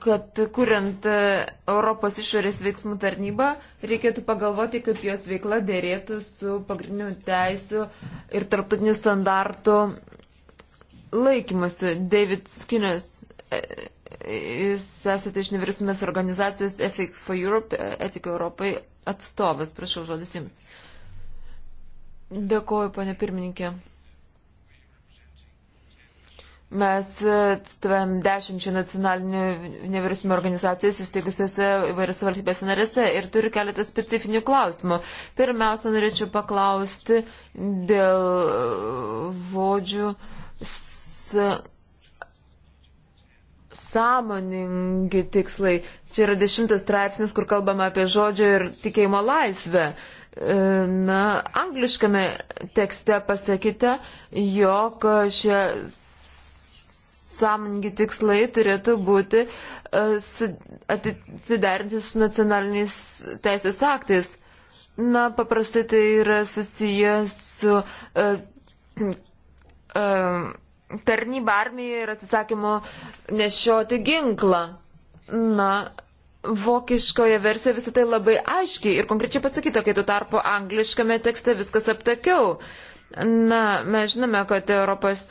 kad kuriant e, Europos išorės veiksmų tarnybą, reikėtų pagalvoti, kaip jos veikla dėrėtų su pagrindinių teisų ir tarptautinių standartų laikymasi. David Skinner, e, e, jūs esate iš nevyriausybės organizacijos Ethics for Europe, Etika Europai atstovas, prašau žodis jums. Dėkuoju, ponė pirmininkė. Mes atstovėm e, dešimčių nacionalinių nevyriausybinio organizacijų įsteigusiuose įvairiose valstybėse narėse ir turiu keletą specifinių klausimų. Pirmiausia, norėčiau paklausti dėl e, žodžių sąmoningi tikslai. Čia yra dešimtas straipsnis, kur kalbama apie žodžio ir tikėjimo laisvę. E, na, angliškame tekste pasakyta, jog šie sąmoningi tikslai turėtų būti e, suderinti su nacionaliniais teisės aktais. Na, paprastai tai yra susiję su uh, uh, tarnyba armijoje ir atsisakymu nešioti ginklą. Na, vokiškoje versijoje visą tai labai aiškiai ir konkrečiai pasakyta, kai tuo tarpu angliškame tekste viskas aptakiau. Uh, Na, mes žinome, kad ES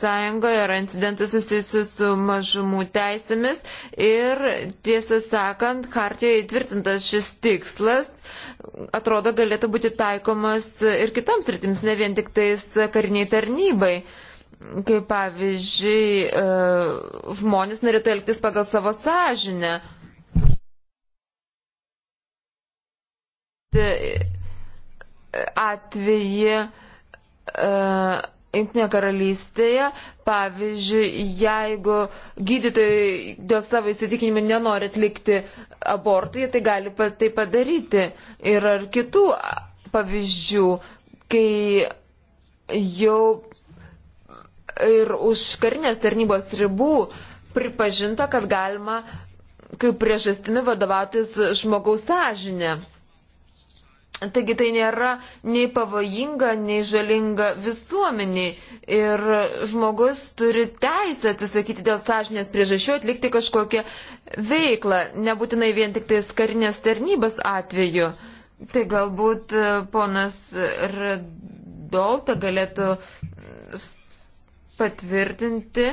yra incidentų susijusių su mažumų teisėmis ir, tiesą sakant, kartijoje įtvirtintas šis tikslas atrodo galėtų būti taikomas ir kitoms rytims, ne vien tik tais kariniai tarnybai. Kaip pavyzdžiui, e, žmonės norėtų elgtis pagal savo sąžinę. E, atveji uh, Junktinėje karalystėje, pavyzdžiui, jeigu gydytojai dėl savo įsitikinimų nenori atlikti abortų, jie tai gali tai padaryti. Ir ar kitų pavyzdžių, kai jau ir už karinės tarnybos ribų pripažinta, kad galima kaip priežastimi vadovautis žmogaus sąžinė. Taigi tai nėra nei pavojinga, nei žalinga visuomeniai. Ir žmogus turi teisę atsisakyti dėl sąžinės priežasčių atlikti kažkokią veiklą, nebūtinai vien tik tais karinės tarnybos atveju. Tai galbūt e, ponas Redolta galėtų patvirtinti,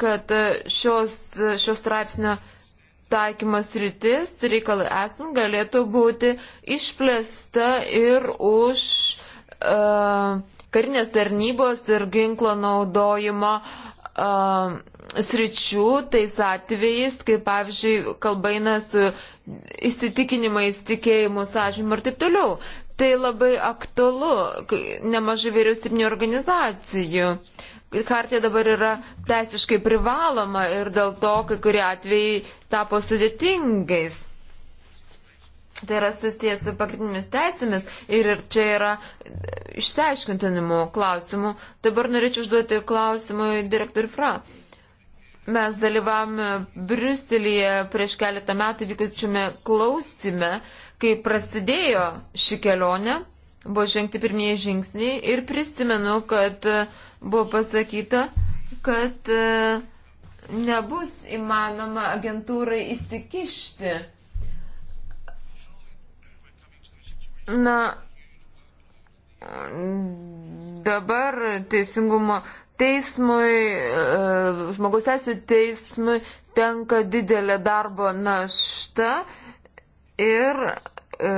kad e, šios, e, šios straipsnio taikymas rytis reikalai esant galėtų būti išplėsta ir už uh, karinės tarnybos ir ginklo naudojimo uh, sričių, tais atvejais, kaip pavyzdžiui, kalbaina su įsitikinimais, tikėjimu, sąžymu ir taip toliau. Tai labai aktualu nemažai vyriausybinių organizacijų. Uh, Hartija dabar yra teisiškai privaloma ir dėl to kai kurie atvejai tapo sudėtingais. Tai yra susijęs su pagrindinėmis teisėmis ir, ir čia yra išsiaiškintinimų klausimų. Dabar norėčiau užduoti klausimą direktoriui Fra. Mes dalyvavome Briuselėje prieš keletą metų vykusčiame klausime, kai prasidėjo ši kelionė buvo žengti pirmieji žingsniai ir prisimenu, kad e, buvo pasakyta, kad e, nebus įmanoma agentūrai įsikišti. Na, dabar teisingumo teismui, e, žmogus teisų teismui tenka didelė darbo našta ir E,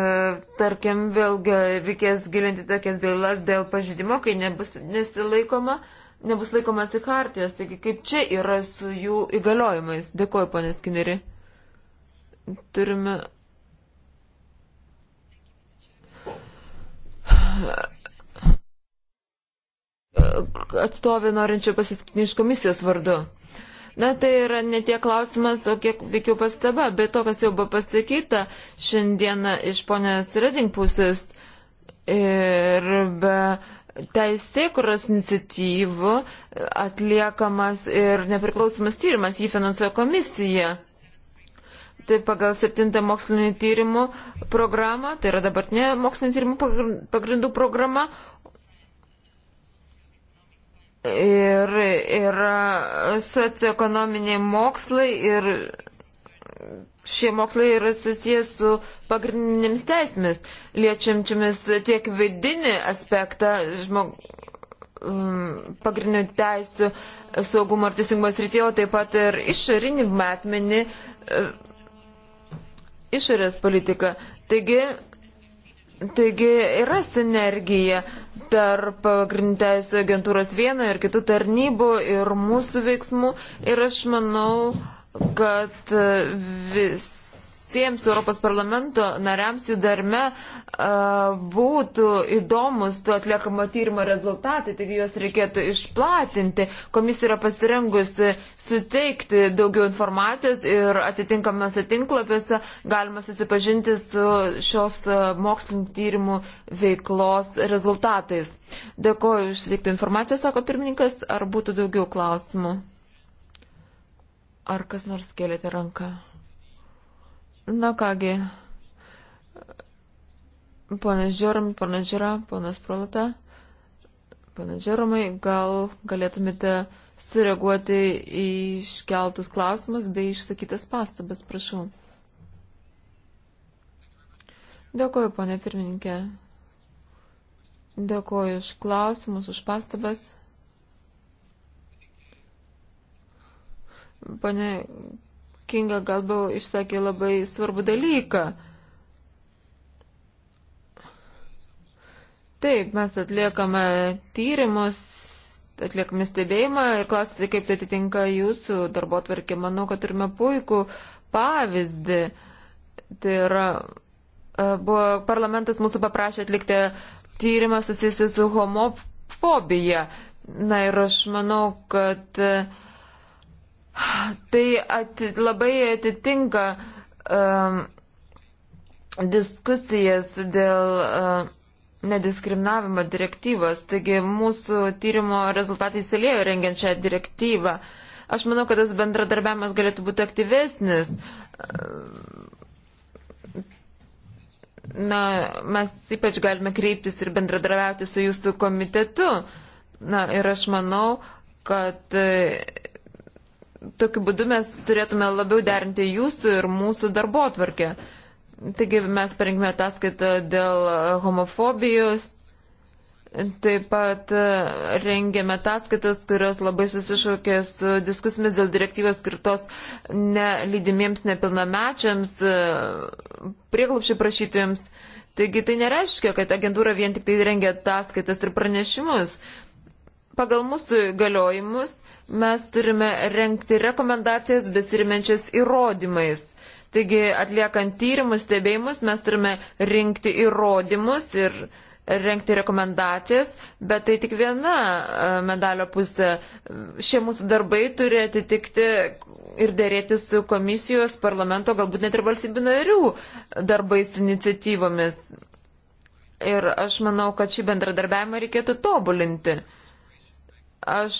tarkim, vėlgi reikės gilinti tokias bylas dėl pažydimo, kai nebus nesilaikoma, nebus laikomas į hartijas. Taigi, kaip čia yra su jų įgaliojimais? Dėkuoju, ponė Skineri. Turime. Atstovė norinčia pasiskaitinti iš komisijos vardu. Uh, Na, tai yra ne tiek klausimas, o kiek veikiau pastaba, bet to, kas jau buvo pasakyta šiandieną iš ponės Reding pusės ir be teisėkuros iniciatyvų atliekamas ir nepriklausomas tyrimas, jį finansuoja komisija. Tai pagal septintą mokslinio tyrimų programą, tai yra dabartinė mokslinio tyrimų pagrindų programa, ir, ir socioekonominiai mokslai ir šie mokslai yra susijęs su pagrindinėmis teisėmis, liečiamčiamis tiek vidinį aspektą žmog, mm, pagrindinių teisų saugumo ir teisingumo srityje, o taip pat ir išorinį matmenį, e, išorės politiką. Taigi, taigi yra sinergija tarp pagrindės agentūros vieno ir kitų tarnybų ir mūsų veiksmų. Ir aš manau, kad visiems Europos parlamento nariams jų darme būtų įdomus to atliekamo tyrimo rezultatai, taigi juos reikėtų išplatinti. Komisija yra pasirengusi suteikti daugiau informacijos ir atitinkamose tinklapiuose galima susipažinti su šios mokslinio tyrimų veiklos rezultatais. Dėkoju išsitikti informaciją, sako pirmininkas, ar būtų daugiau klausimų. Ar kas nors kėlėte ranką? Na kągi. Ponas Žiūrim, ponas Žiūra, ponas Prolata, ponas Žiūrumai, gal galėtumėte sureaguoti į iškeltus klausimus bei išsakytas pastabas, prašau. Dėkuoju, ponė pirmininkė. Dėkuoju už klausimus, už pastabas. Pane Kinga galbūt išsakė labai svarbų dalyką. Taip, mes atliekame tyrimus, atliekame stebėjimą ir klausite, kaip tai atitinka jūsų darbo tvarkė. Manau, kad turime puikų pavyzdį. Tai yra, e, buvo parlamentas mūsų paprašė atlikti tyrimą susijusiu su homofobija. Na ir aš manau, kad e, tai ati, labai atitinka um, diskusijas dėl. Uh, nediskriminavimo direktyvos, taigi mūsų tyrimo rezultatai įsilėjo rengiant šią direktyvą. Aš manau, kad tas bendradarbiavimas galėtų būti aktyvesnis. Na, mes ypač galime kreiptis ir bendradarbiauti su jūsų komitetu. Na, ir aš manau, kad e, tokiu būdu mes turėtume labiau derinti jūsų ir mūsų darbo atvarkę. Taigi mes parengėme ataskaitą dėl e, homofobijos, taip pat e, rengėme ataskaitas, kurios labai susišaukė su diskusimis dėl direktyvos skirtos nelydimiems nepilnamečiams, e, prieglupšiai prašytojams. Taigi tai nereiškia, kad agentūra vien tik tai rengia ataskaitas ir pranešimus. Pagal mūsų galiojimus mes turime renkti rekomendacijas besirimenčias įrodymais. Taigi, atliekant tyrimus, stebėjimus, mes turime rinkti įrodymus ir renkti rekomendacijas, bet tai tik viena e, medalio pusė. Šie mūsų darbai turi atitikti ir dėrėti su komisijos, parlamento, galbūt net ir valstybių narių darbais iniciatyvomis. Ir aš manau, kad šį bendradarbiavimą reikėtų tobulinti. Aš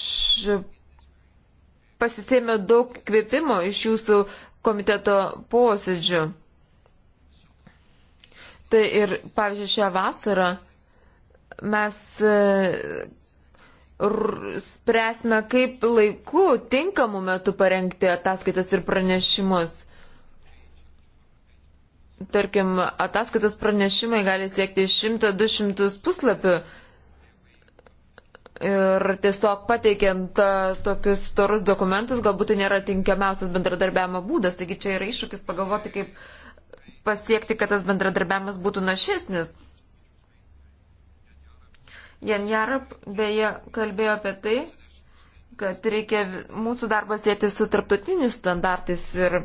pasisėmiau daug kvėpimo iš jūsų komiteto posėdžių. Tai ir, pavyzdžiui, šią vasarą mes e, spręsime, kaip laiku, tinkamu metu parengti ataskaitas ir pranešimus. Tarkim, ataskaitas pranešimai gali siekti 100-200 puslapių, Ir tiesiog pateikiant e, tokius storus dokumentus, galbūt tai nėra tinkiamiausias bendradarbiavimo būdas. Taigi čia yra iššūkis pagalvoti, kaip pasiekti, kad tas bendradarbiavimas būtų našesnis. Jan Jarap beje kalbėjo apie tai, kad reikia mūsų darbą sėti su tarptautiniais standartais ir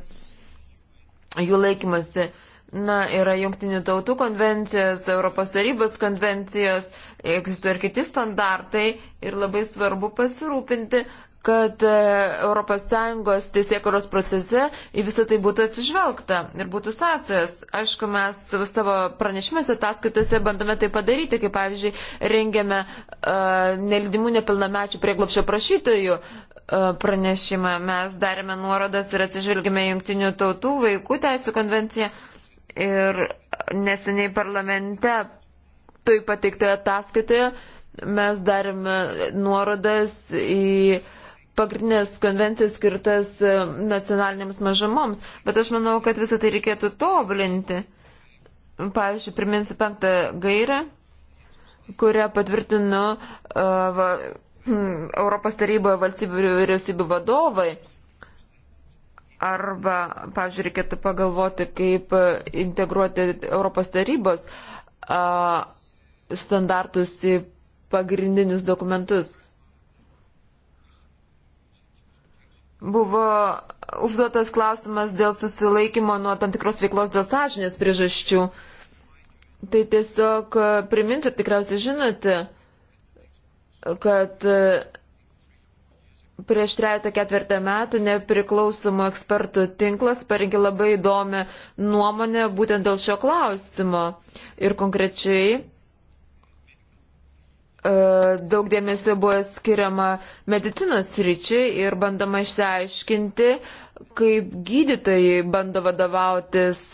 jų laikymasi. Na, yra jungtinių tautų konvencijos, Europos tarybos konvencijos, egzistuoja ir kiti standartai ir labai svarbu pasirūpinti, kad ES teisėkuros procese į visą tai būtų atsižvelgta ir būtų sąsajas. Aišku, mes savo pranešimėse ataskaitose bandome tai padaryti, kaip pavyzdžiui, rengiame uh, e, nelidimų nepilnamečių prieglopšio prašytojų uh, pranešimą. Mes darėme nuorodas ir atsižvelgime jungtinių tautų vaikų teisų konvenciją. Uh, Ir neseniai parlamente, tai pateiktoje ataskaitoje mes darėme nuorodas į pagrindinės konvencijas skirtas e, nacionalinėms mažamoms, bet aš manau, kad visą tai reikėtų tobulinti. Pavyzdžiui, priminsiu penktą gairę, kurią patvirtinu uh, e, va, *clears throat* Europos taryboje valstybių vyriausybių vadovai. Uh, Arba, pavyzdžiui, reikėtų pagalvoti, kaip integruoti Europos tarybos a, standartus į pagrindinius dokumentus. Buvo užduotas klausimas dėl susilaikymo nuo tam tikros veiklos dėl sąžinės priežasčių. Tai tiesiog priminsit, tikriausiai žinote, kad prieš trejata ketvirtą metų nepriklausomų ekspertų tinklas parengė labai įdomią nuomonę būtent dėl šio klausimo. Ir konkrečiai e, daug dėmesio buvo skiriama medicinos ryčiai ir bandoma išsiaiškinti, kaip gydytojai bando vadovautis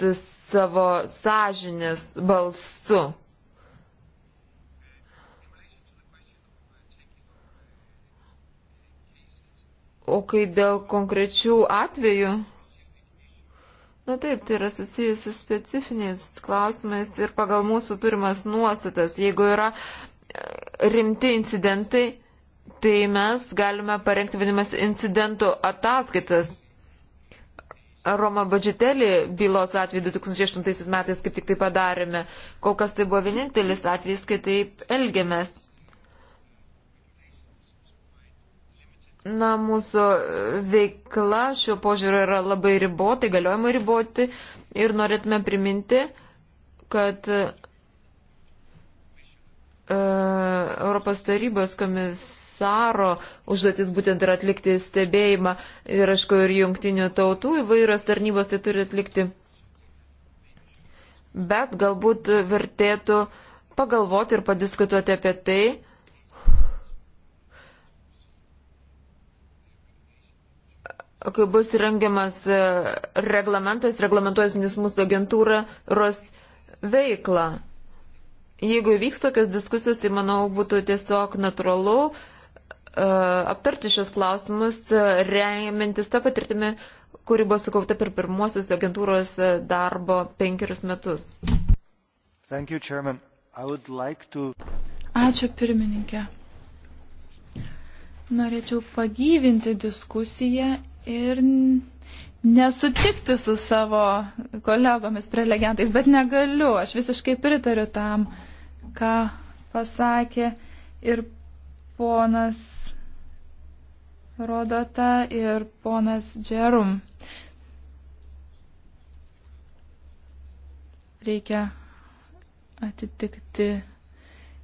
savo sąžinės balsu. O kai dėl konkrečių atvejų, na taip, tai yra susijusi su specifiniais klausimais ir pagal mūsų turimas nuostatas, jeigu yra e, rimti incidentai, tai mes galime parengti vadinamas incidentų ataskaitas. Roma Badžitelį bylos atveju 2008 metais kaip tik tai padarėme. Kol kas tai buvo vienintelis atvejis, kai taip elgiamės. Na, mūsų e, veikla šiuo požiūriu yra labai ribota, galiojama riboti ir norėtume priminti, kad e, Europos tarybos komisaro užduotis būtent yra atlikti stebėjimą ir, aišku, ir jungtinių tautų įvairios tarnybos tai turi atlikti. Bet galbūt vertėtų pagalvoti ir padiskutuoti apie tai, kai bus rengiamas e, reglamentas, reglamentuosinis mūsų agentūra ROS veiklą. Jeigu vyks tokios diskusijos, tai manau būtų tiesiog natūralu uh, aptarti šios klausimus, e, remiantis tą patirtimį, kuri buvo sukaupta per pirmosius agentūros darbo penkerius metus. Thank you, like to... Ačiū pirmininkė. Norėčiau pagyvinti diskusiją ir nesutikti su savo kolegomis prelegentais, bet negaliu, aš visiškai pritariu tam, ką pasakė ir ponas Rodota ir ponas Džerum. Reikia atitikti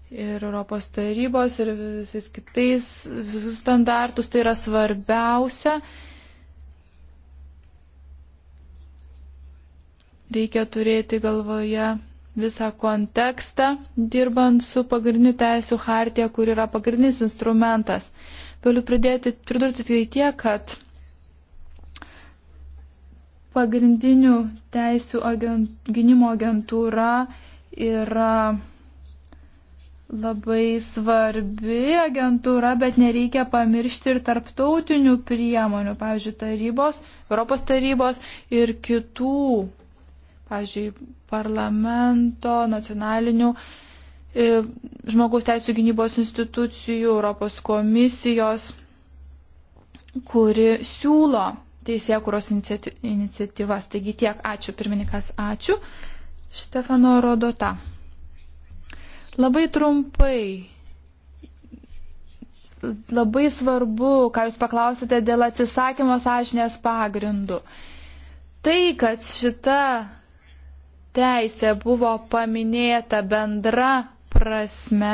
ir Europos tarybos, ir visais kitais, visus standartus, tai yra svarbiausia. reikia turėti galvoje visą kontekstą, dirbant su pagrindiniu teisų hartija, kur yra pagrindinis instrumentas. Galiu pridėti, pridurti tai tie, kad pagrindinių teisų agent, gynimo agentūra yra labai svarbi agentūra, bet nereikia pamiršti ir tarptautinių priemonių, pavyzdžiui, tarybos, Europos tarybos ir kitų pavyzdžiui, parlamento, nacionalinių e, žmogaus teisų gynybos institucijų, Europos komisijos, kuri siūlo teisėkuros iniciatyvas. Taigi tiek ačiū, pirmininkas, ačiū. Štefano Rodota. Labai trumpai. Labai svarbu, ką Jūs paklausėte dėl atsisakymo sąžinės pagrindų. Tai, kad šita teisė buvo paminėta bendra prasme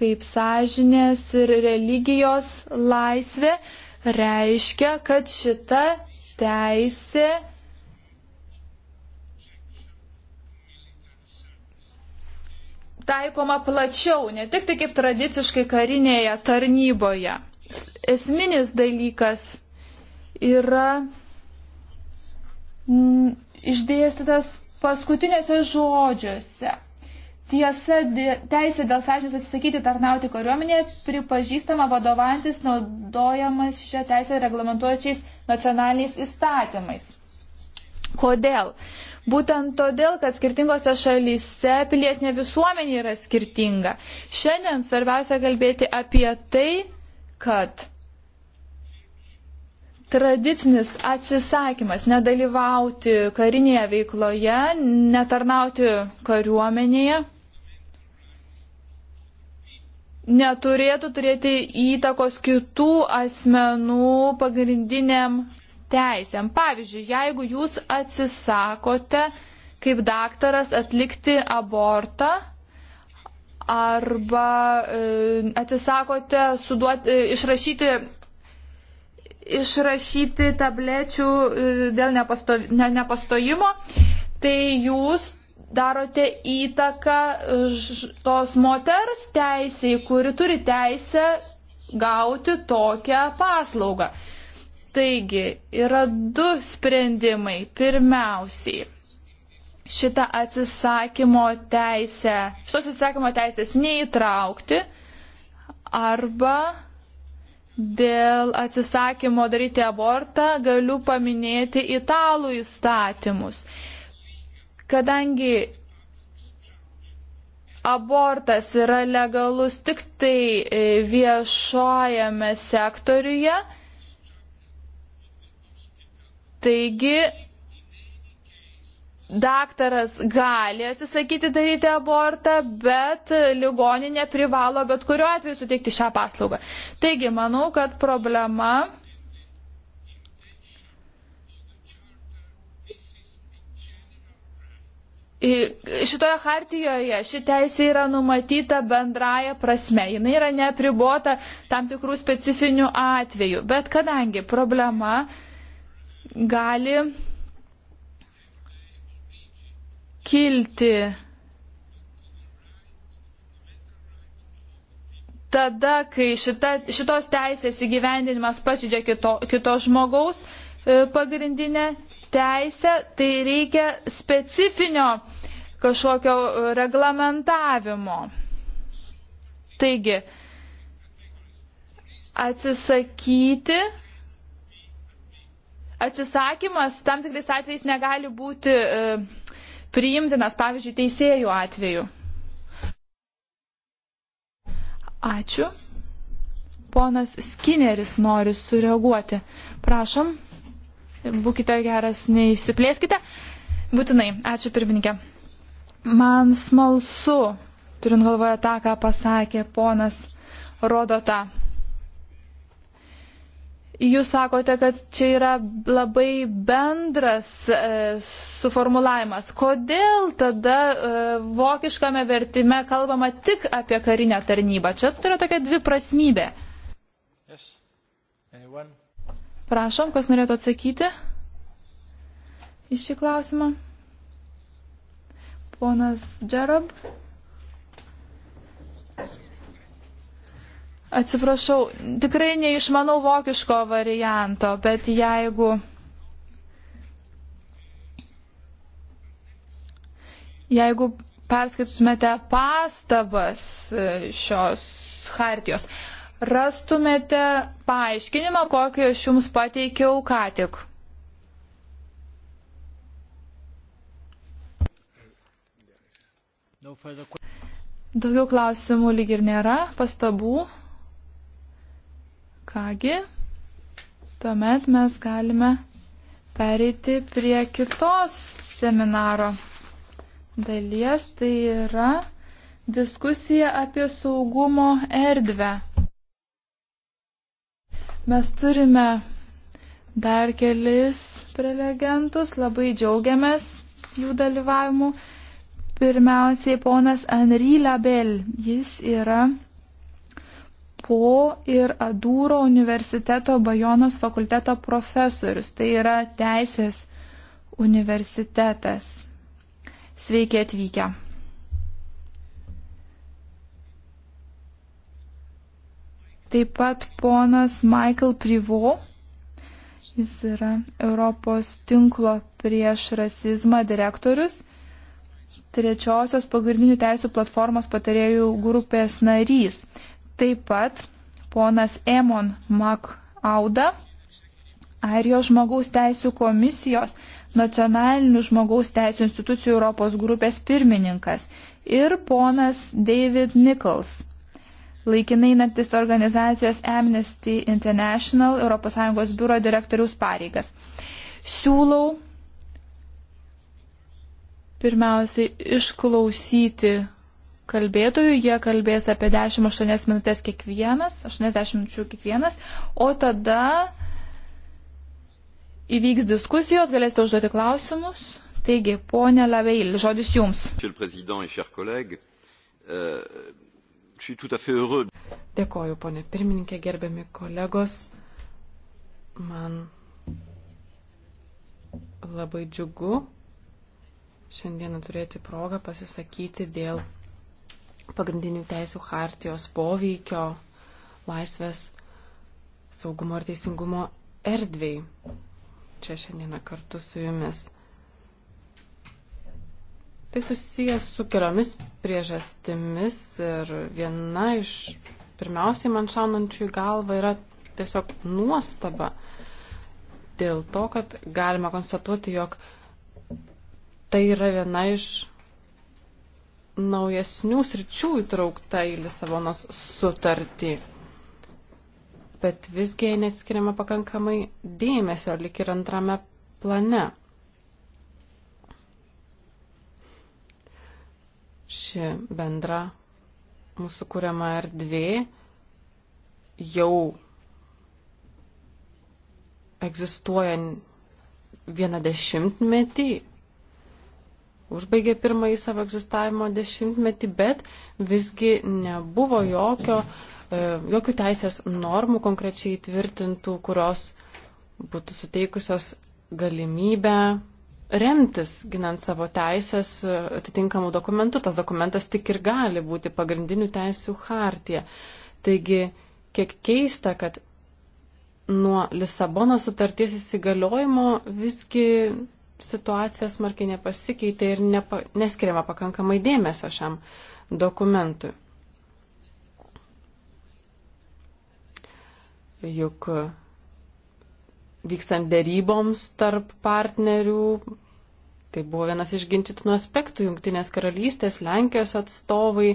kaip sąžinės ir religijos laisvė, reiškia, kad šita teisė taikoma plačiau, ne tik tai kaip tradiciškai karinėje tarnyboje. Esminis dalykas yra išdėstytas paskutiniuose žodžiuose. Tiesa, teisė dėl sąžinės atsisakyti tarnauti kariuomenėje pripažįstama vadovantis naudojamas šią teisę reglamentuojančiais nacionaliniais įstatymais. Kodėl? Būtent todėl, kad skirtingose šalyse pilietinė visuomenė yra skirtinga. Šiandien svarbiausia kalbėti apie tai, kad tradicinis atsisakymas nedalyvauti karinėje veikloje, netarnauti kariuomenėje neturėtų turėti įtakos kitų asmenų pagrindiniam teisėm. Pavyzdžiui, jeigu jūs atsisakote kaip daktaras atlikti abortą arba e, atsisakote suduoti, e, išrašyti išrašyti tablečių e, dėl nepasto, ne, nepastojimo, tai jūs darote įtaką e, tos moters teisiai, kuri turi teisę gauti tokią paslaugą. Taigi, yra du sprendimai. Pirmiausiai, šitą atsisakymo teisę, šitos atsisakymo teisės neįtraukti arba Dėl atsisakymo daryti abortą galiu paminėti italų įstatymus. Kadangi abortas yra legalus tik tai e, viešojame sektoriuje, taigi daktaras gali atsisakyti daryti abortą, bet ligoninė privalo bet kuriuo atveju suteikti šią paslaugą. Taigi, manau, kad problema. Šitoje hartijoje ši teisė yra numatyta bendraja prasme, jinai yra nepribota tam tikrų specifinių atvejų, bet kadangi problema gali kilti tada, kai šita, šitos teisės įgyvendinimas pažydžia kito, kito žmogaus e, pagrindinę teisę, tai reikia specifinio kažkokio reglamentavimo. Taigi, atsisakyti, atsisakymas tam tikrais atvejais negali būti e, priimtinas, pavyzdžiui, teisėjų atveju. Ačiū. Ponas Skineris nori sureaguoti. Prašom, būkite geras, neįsiplėskite. Būtinai, ačiū pirmininkė. Man smalsu, turint galvoje tą, ką pasakė ponas Rodota. Jūs sakote, kad čia yra labai bendras e, suformulavimas. Kodėl tada e, vokiškame vertime kalbama tik apie karinę tarnybą? Čia yra tokia dviprasmybė. Yes. Anyone? Prašom, kas norėtų atsakyti į šį klausimą? Ponas Džerob. Thank you. Atsiprašau, tikrai neišmanau vokiško varianto, bet jeigu. Jeigu perskaitytumėte pastabas e, šios hartijos, rastumėte paaiškinimą, kokį aš jums pateikiau ką tik. Daugiau klausimų lyg ir nėra, pastabų. Kągi, tuomet mes galime pereiti prie kitos seminaro dalies, tai yra diskusija apie saugumo erdvę. Mes turime dar kelis prelegentus, labai džiaugiamės jų dalyvavimu. Pirmiausiai ponas Henri Label, jis yra Po ir Adūro universiteto Bajonos fakulteto profesorius. Tai yra teisės universitetas. Sveiki atvykę. Taip pat ponas Michael Privo. Jis yra Europos tinklo prieš rasizmą direktorius, trečiosios pagrindinių teisų platformos patarėjų grupės narys. Taip pat ponas Emon Makauda, Airijos žmogaus teisų komisijos, nacionalinių žmogaus teisų institucijų Europos grupės pirmininkas ir ponas David Nichols, laikinai einantis organizacijos Amnesty International ES biuro direktoriaus pareigas. Siūlau pirmiausiai išklausyti kalbėtojų, jie kalbės apie 10-8 minutės kiekvienas, 80 minučių kiekvienas, o tada įvyks diskusijos, galėsite užduoti klausimus. Taigi, ponė Laveil, žodis jums. Euh, Dėkoju, ponė pirmininkė, gerbiami kolegos. Man labai džiugu šiandieną turėti progą pasisakyti dėl pagrindinių teisų hartijos poveikio laisvės saugumo ir teisingumo erdviai. Čia šiandieną kartu su jumis. Tai susijęs su keliomis priežastimis ir viena iš pirmiausiai man šaunančių į galvą yra tiesiog nuostaba dėl to, kad galima konstatuoti, jog tai yra viena iš naujesnių sričių įtraukta į Lisabonos sutartį. Bet visgi neskiriama pakankamai dėmesio, lik ir antrame plane. Ši bendra mūsų kuriama erdvė jau egzistuoja vieną dešimtmetį užbaigė pirmąjį savo egzistavimo dešimtmetį, bet visgi nebuvo jokio, e, jokių teisės normų konkrečiai įtvirtintų, kurios būtų suteikusios galimybę remtis, ginant savo teisės e, atitinkamų dokumentų. Tas dokumentas tik ir gali būti pagrindinių teisų hartija. Taigi, kiek keista, kad nuo Lisabono sutarties įsigaliojimo visgi situacija smarkiai nepasikeitė ir nepa, neskiriama pakankamai dėmesio šiam dokumentui. Juk vykstant dėryboms tarp partnerių, tai buvo vienas iš ginčytinų aspektų, Junktinės karalystės, Lenkijos atstovai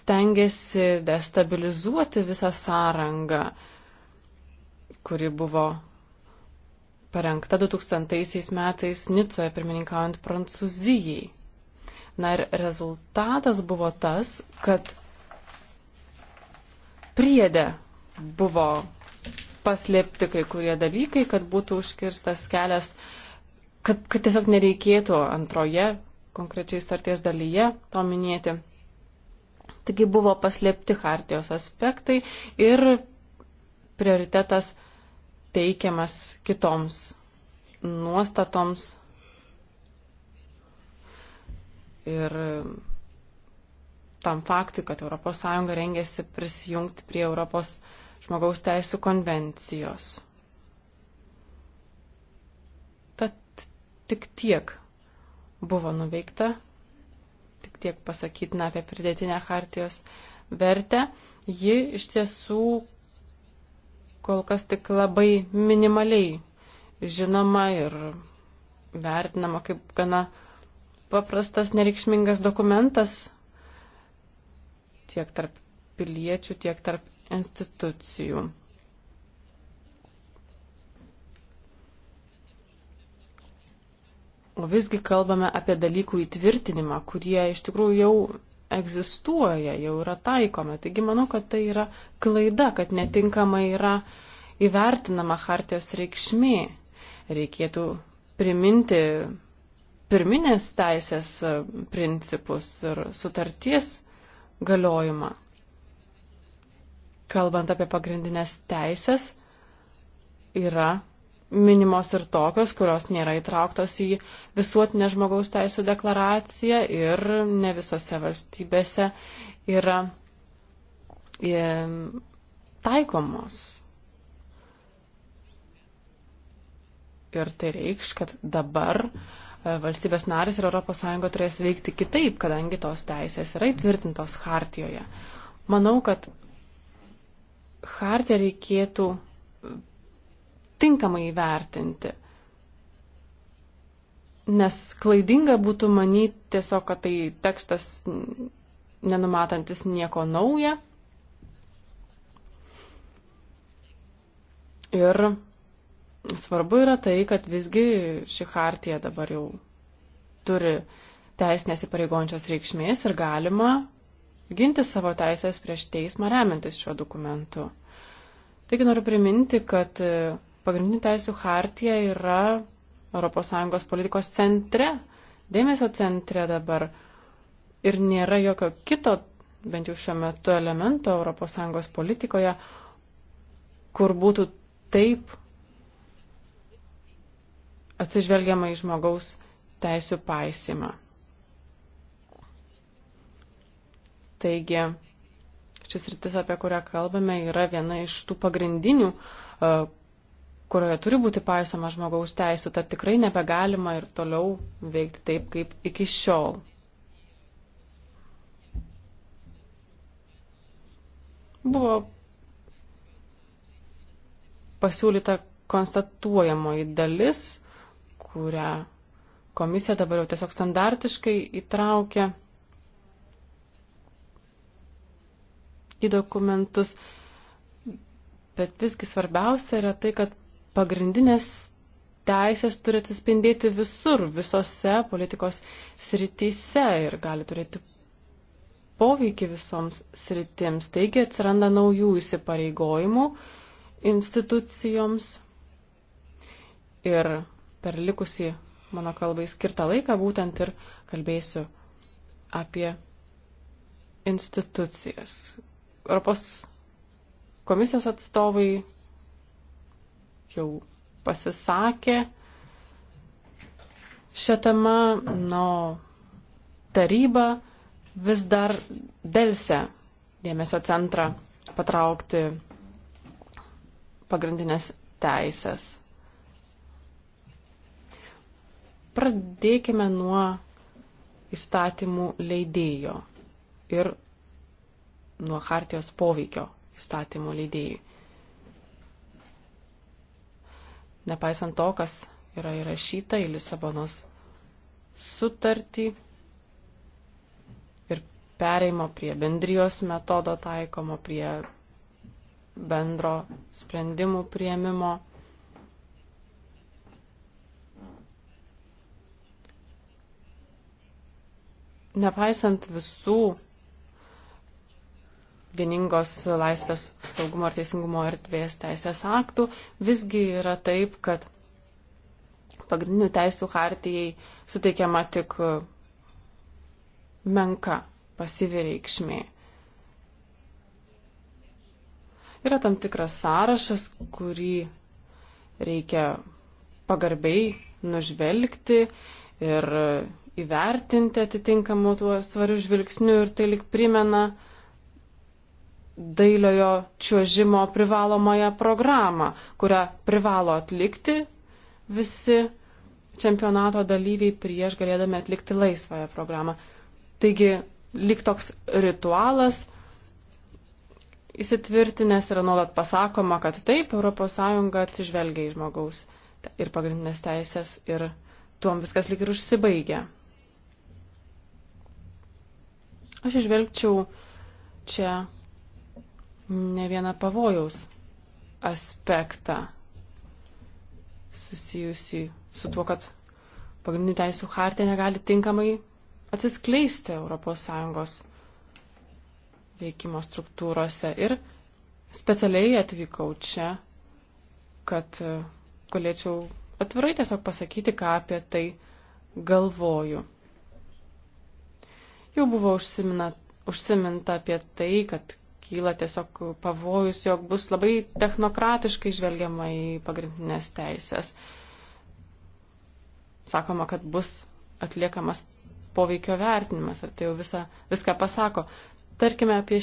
stengiasi destabilizuoti visą sąrangą, kuri buvo parengta 2000 metais Nicoje pirmininkaujant Prancūzijai. Na ir rezultatas buvo tas, kad priedė buvo paslėpti kai kurie dalykai, kad būtų užkirstas kelias, kad, kad tiesiog nereikėtų antroje konkrečiai starties dalyje to minėti. Taigi buvo paslėpti hartijos aspektai ir prioritetas teikiamas kitoms nuostatoms. Ir tam faktui, kad ES rengėsi prisijungti prie Europos žmogaus teisų konvencijos. Tad tik tiek buvo nuveikta, tik tiek pasakytina apie pridėtinę hartijos vertę. Ji iš tiesų kol kas tik labai minimaliai žinoma ir vertinama kaip gana paprastas nereikšmingas dokumentas tiek tarp piliečių, tiek tarp institucijų. O visgi kalbame apie dalykų įtvirtinimą, kurie iš tikrųjų jau egzistuoja, jau yra taikoma. Taigi manau, kad tai yra klaida, kad netinkamai yra įvertinama hartijos reikšmė. Reikėtų priminti pirminės teisės e, principus ir sutarties galiojimą. Kalbant apie pagrindinės teisės, yra minimos ir tokios, kurios nėra įtrauktos į visuotinę žmogaus teisų deklaraciją ir ne visose valstybėse yra e, taikomos. Ir tai reikš, kad dabar e, valstybės narės ir ES turės veikti kitaip, kadangi tos teisės yra įtvirtintos hartijoje. Manau, kad hartiją reikėtų tinkamai įvertinti. Nes klaidinga būtų manyti tiesiog, kad tai tekstas nenumatantis nieko nauja. Ir svarbu yra tai, kad visgi ši hartija dabar jau turi teisinės įpareigojančios reikšmės ir galima ginti savo teisės prieš teismą remiantis šiuo dokumentu. Taigi noriu priminti, kad Pagrindinių teisų hartija yra ES politikos centre, dėmesio centre dabar. Ir nėra jokio kito, bent jau šiuo metu, elemento ES politikoje, kur būtų taip atsižvelgiama į žmogaus teisų paisimą. Taigi, šis rytis, apie kurią kalbame, yra viena iš tų pagrindinių, e, kurioje turi būti paisoma žmogaus teisų, tad tikrai nebegalima ir toliau veikti taip, kaip iki šiol. Buvo pasiūlyta konstatuojamoji dalis, kurią komisija dabar jau tiesiog standartiškai įtraukia į dokumentus. Bet visgi svarbiausia yra tai, kad pagrindinės teisės turi atsispindėti visur, visose politikos srityse ir gali turėti poveikį visoms sritims. Taigi atsiranda naujų įsipareigojimų institucijoms ir per likusį mano kalbai skirtą laiką būtent ir kalbėsiu apie institucijas. Europos komisijos atstovai jau pasisakė šią temą, na, taryba vis dar dėlse dėmesio centrą patraukti pagrindinės teisės. Pradėkime nuo įstatymų leidėjo ir nuo hartijos poveikio įstatymų leidėjai. nepaisant to, kas yra įrašyta į Lisabonos sutartį ir pereimo prie bendrijos metodo taikomo, prie bendro sprendimų prieimimo. Nepaisant visų vieningos laisvės saugumo ir teisingumo erdvės teisės aktų, visgi yra taip, kad pagrindinių teisų hartijai suteikiama tik e, menka pasyvi reikšmė. Yra tam tikras sąrašas, kurį reikia pagarbiai nužvelgti ir e, įvertinti atitinkamu tuo svariu žvilgsniu ir tai lik primena, uh, dailiojo čiuožimo privalomąją programą, kurią privalo atlikti visi čempionato dalyviai prieš galėdami atlikti laisvąją programą. Taigi, lyg toks ritualas įsitvirtinęs yra nuolat pasakoma, kad taip, ES atsižvelgia į žmogaus ir pagrindinės teisės ir tuom viskas lyg ir užsibaigia. Aš išvelgčiau čia ne vieną pavojaus aspektą susijusi su tuo, kad pagrindinių teisų hartė negali tinkamai atsiskleisti ES veikimo struktūrose. Ir specialiai atvykau čia, kad e, galėčiau atvirai tiesiog pasakyti, ką apie tai galvoju. Jau buvo užsimina, užsiminta apie tai, kad kyla tiesiog pavojus, jog bus labai technokratiškai žvelgiama į pagrindinės teisės. Sakoma, kad bus atliekamas poveikio vertinimas, ar tai jau visa, viską pasako. Tarkime apie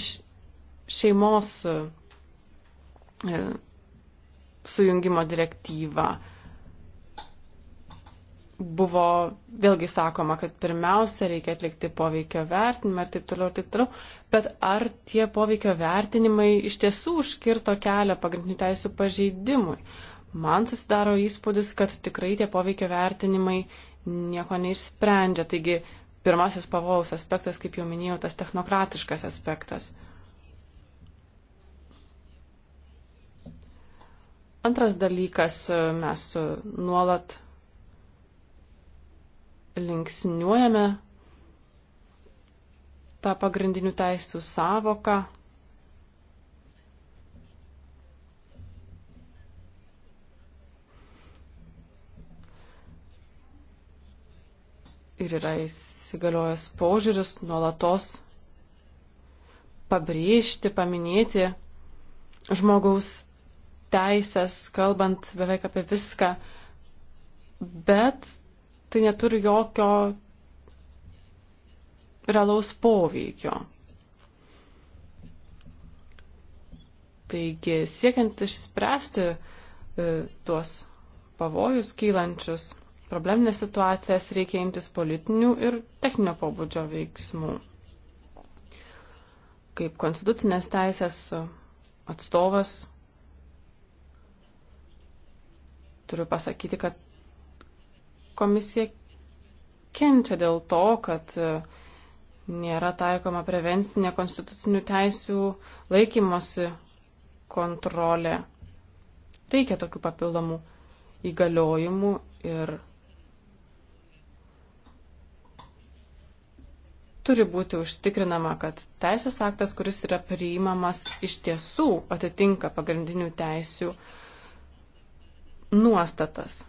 šeimos e, sujungimo direktyvą buvo vėlgi sakoma, kad pirmiausia reikia atlikti poveikio vertinimą ir taip toliau ir taip toliau, bet ar tie poveikio vertinimai iš tiesų užkirto kelią pagrindinių teisų pažeidimui? Man susidaro įspūdis, kad tikrai tie poveikio vertinimai nieko neišsprendžia. Taigi pirmasis pavojaus aspektas, kaip jau minėjau, tas technokratiškas aspektas. Antras dalykas, mes nuolat linksniuojame tą pagrindinių teisų savoką. Ir yra įsigaliojęs požiūris nuolatos pabrėžti, paminėti žmogaus teisės, kalbant beveik apie viską, bet tai neturi jokio realaus poveikio. Taigi, siekiant išspręsti e, tuos pavojus kylančius, probleminės situacijas reikia imtis politinių ir techninio pobūdžio veiksmų. Kaip konstitucinės teisės atstovas turiu pasakyti, kad Komisija kenčia dėl to, kad e, nėra taikoma prevencinė konstitucinių teisių laikymosi kontrolė. Reikia tokių papildomų įgaliojimų ir turi būti užtikrinama, kad teisės aktas, kuris yra priimamas, iš tiesų atitinka pagrindinių teisių nuostatas.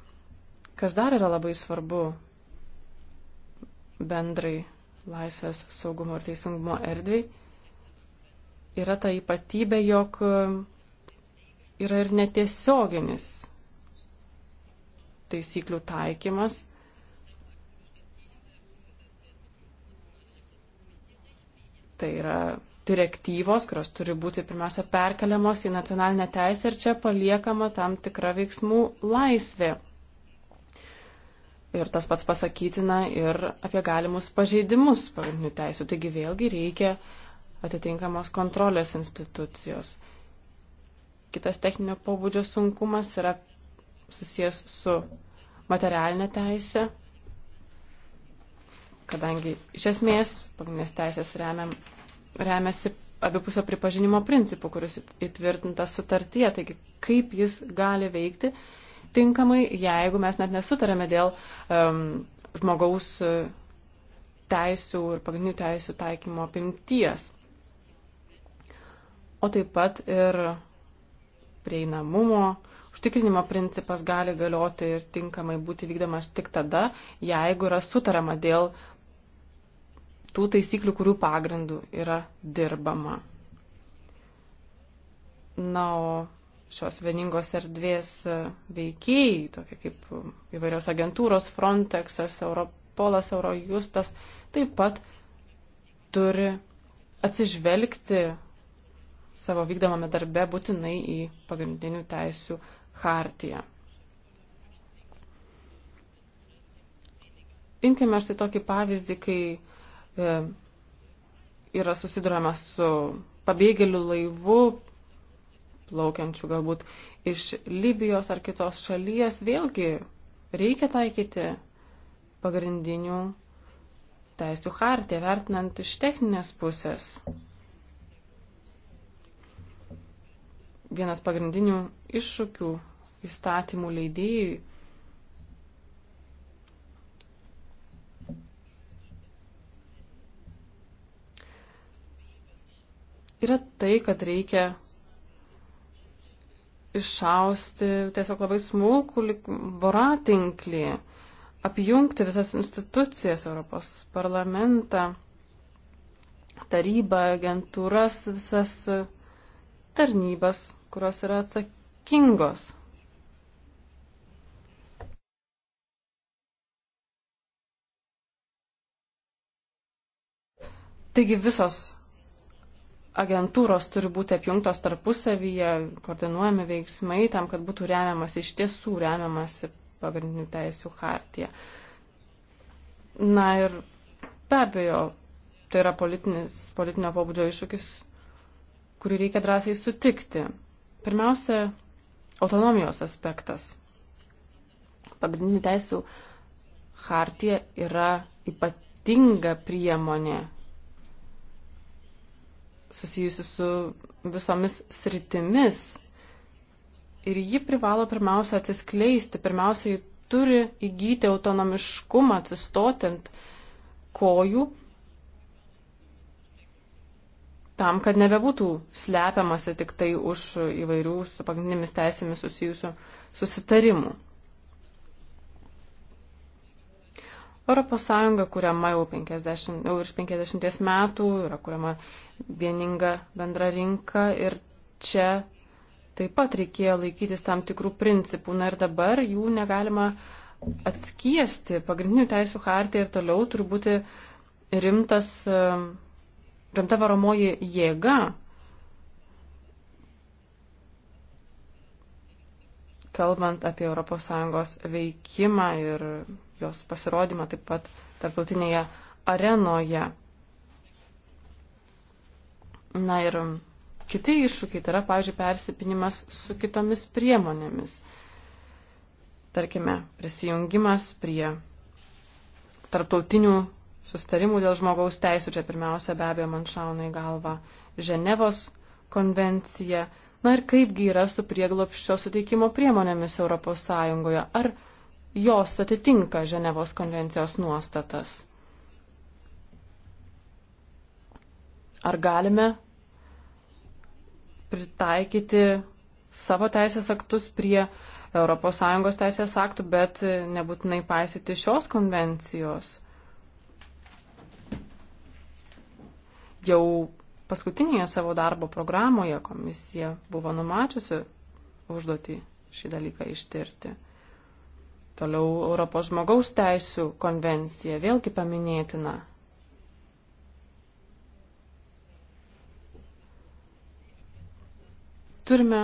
Kas dar yra labai svarbu bendrai laisvės saugumo ir teisingumo erdviai, yra ta ypatybė, jog e, yra ir netiesioginis taisyklių taikymas. Tai yra direktyvos, kurios turi būti pirmiausia perkeliamos į nacionalinę teisę ir čia paliekama tam tikra veiksmų laisvė Ir tas pats pasakytina ir apie galimus pažeidimus pagrindinių teisų. Taigi vėlgi reikia atitinkamos kontrolės institucijos. Kitas techninio pobūdžio sunkumas yra susijęs su materialinė teisė, kadangi iš esmės pagrindinės teisės remiam, remiasi abipusio pripažinimo principu, kuris įtvirtintas sutartyje. Taigi kaip jis gali veikti, tinkamai, jeigu mes net nesutarėme dėl um, žmogaus e, teisų ir pagrindinių teisų taikymo apimties. O taip pat ir prieinamumo, užtikrinimo principas gali galioti ir tinkamai būti vykdomas tik tada, jeigu yra sutarama dėl tų taisyklių, kurių pagrindų yra dirbama. Na, o šios vieningos erdvės e, veikėjai, tokie kaip e, įvairios agentūros, Frontexas, Europolas, Eurojustas, taip pat turi atsižvelgti savo vykdomame darbe būtinai į pagrindinių teisių hartiją. Imkime štai tokį pavyzdį, kai e, yra susidurama su pabėgėlių laivu plaukiančių galbūt iš Libijos ar kitos šalies, vėlgi reikia taikyti pagrindinių teisų hartiją, vertinant iš techninės pusės. Vienas pagrindinių iššūkių įstatymų leidėjui yra tai, kad reikia išausti tiesiog labai smulkų voratinklį, apjungti visas institucijas, Europos parlamentą, tarybą, agentūras, visas tarnybas, kurios yra atsakingos. Taigi visos agentūros turi būti apjungtos tarpusavyje, koordinuojami veiksmai tam, kad būtų remiamas iš tiesų remiamas pagrindinių teisų hartija. Na ir be abejo, tai yra politinis, politinio pobūdžio iššūkis, kurį reikia drąsiai sutikti. Pirmiausia, autonomijos aspektas. Pagrindinių teisų hartija yra ypatinga priemonė susijusi su visomis sritimis. Ir ji privalo pirmiausia atsiskleisti, pirmiausia, ji turi įgyti autonomiškumą, atsistoti ant kojų, tam, kad nebebūtų slepiamasi tik tai už įvairių su pagrindinėmis teisėmis susijusių susitarimų. ES kuriama jau, 50, jau virš 50 metų, yra kuriama vieninga bendra rinka ir čia taip pat reikėjo laikytis tam tikrų principų. Na ir dabar jų negalima atskiesti. Pagrindinių teisų hartija ir toliau turi būti rimtas, rimta varomoji jėga kalbant apie ES veikimą ir jos pasirodymą taip pat tarptautinėje arenoje. Na ir kiti iššūkiai, tai yra, pavyzdžiui, persipinimas su kitomis priemonėmis. Tarkime, prisijungimas prie tarptautinių sustarimų dėl žmogaus teisų, čia pirmiausia be abejo man šauna į galvą Ženevos konvencija, Na ir kaipgi yra su prieglopščio suteikimo priemonėmis ES? Ar jos atitinka Ženevos konvencijos nuostatas? Ar galime pritaikyti savo teisės aktus prie ES teisės aktų, bet nebūtinai paisyti šios konvencijos? Jau Paskutinėje savo darbo programoje komisija buvo numačiusi užduoti šį dalyką ištirti. Toliau Europos žmogaus teisų konvencija vėlgi paminėtina. Turime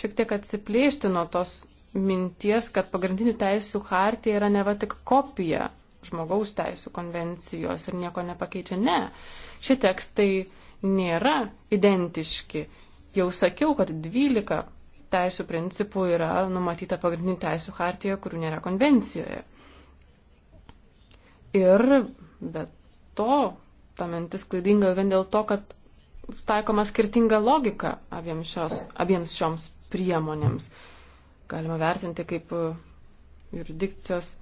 šiek tiek atsiplėšti nuo tos minties, kad pagrindinių teisų hartija yra ne va tik kopija žmogaus teisų konvencijos ir nieko nepakeičia. Ne, Šie tekstai nėra identiški. Jau sakiau, kad 12 teisų principų yra numatyta pagrindinių teisų hartijoje, kurių nėra konvencijoje. Ir be to, ta mintis klaidinga vien dėl to, kad taikoma skirtinga logika abiems, šios, abiems šioms priemonėms. Galima vertinti kaip juridikcijos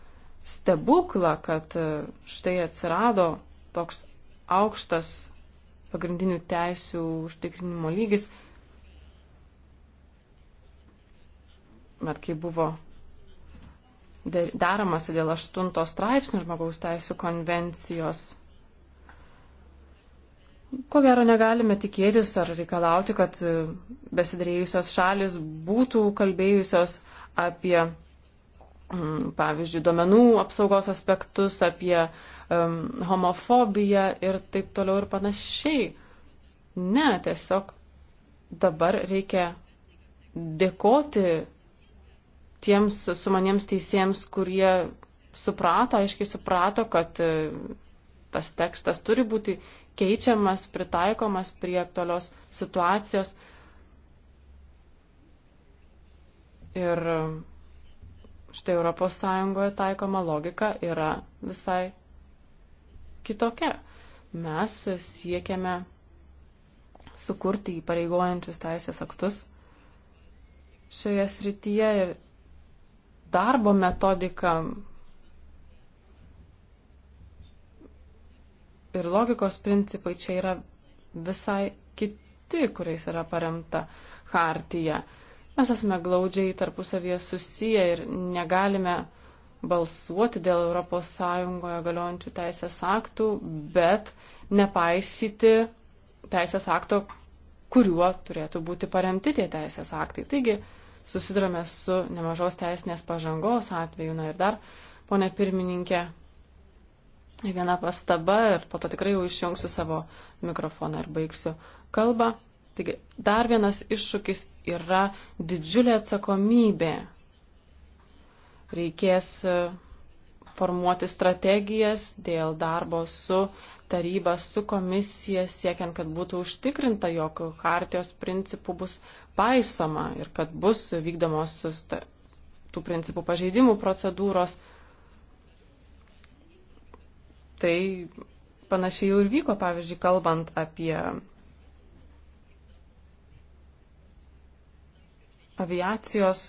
stebuklą, kad štai atsirado toks aukštas pagrindinių teisių užtikrinimo lygis. Bet kai buvo deramasi dėl 8 straipsnių žmogaus teisų konvencijos, ko gero negalime tikėtis ar reikalauti, kad besidarėjusios šalis būtų kalbėjusios apie, mm, pavyzdžiui, duomenų apsaugos aspektus, apie uh, um, homofobija ir taip toliau ir panašiai. Ne, tiesiog dabar reikia dėkoti tiems sumaniems teisėjams, kurie suprato, aiškiai suprato, kad uh, tas tekstas turi būti keičiamas, pritaikomas prie aktualios situacijos. Ir uh, štai ES taikoma logika yra visai kitokia. Mes siekiame sukurti įpareigojančius teisės aktus šioje srityje ir darbo metodika ir logikos principai čia yra visai kiti, kuriais yra paremta hartija. Mes esame glaudžiai tarpusavėje susiję ir negalime balsuoti dėl ES galiojančių teisės aktų, bet nepaisyti teisės akto, kuriuo turėtų būti paremti tie teisės aktai. Taigi susidurime su nemažos teisinės pažangos atveju. Na ir dar, ponė pirmininkė, viena pastaba ir po to tikrai jau išjungsiu savo mikrofoną ir baigsiu kalbą. Taigi dar vienas iššūkis yra didžiulė atsakomybė reikės e, formuoti strategijas dėl darbo su taryba, su komisija, siekiant, kad būtų užtikrinta, jog hartijos principų bus paisoma ir kad bus vykdomos tų principų pažeidimų procedūros. Tai panašiai jau ir vyko, pavyzdžiui, kalbant apie aviacijos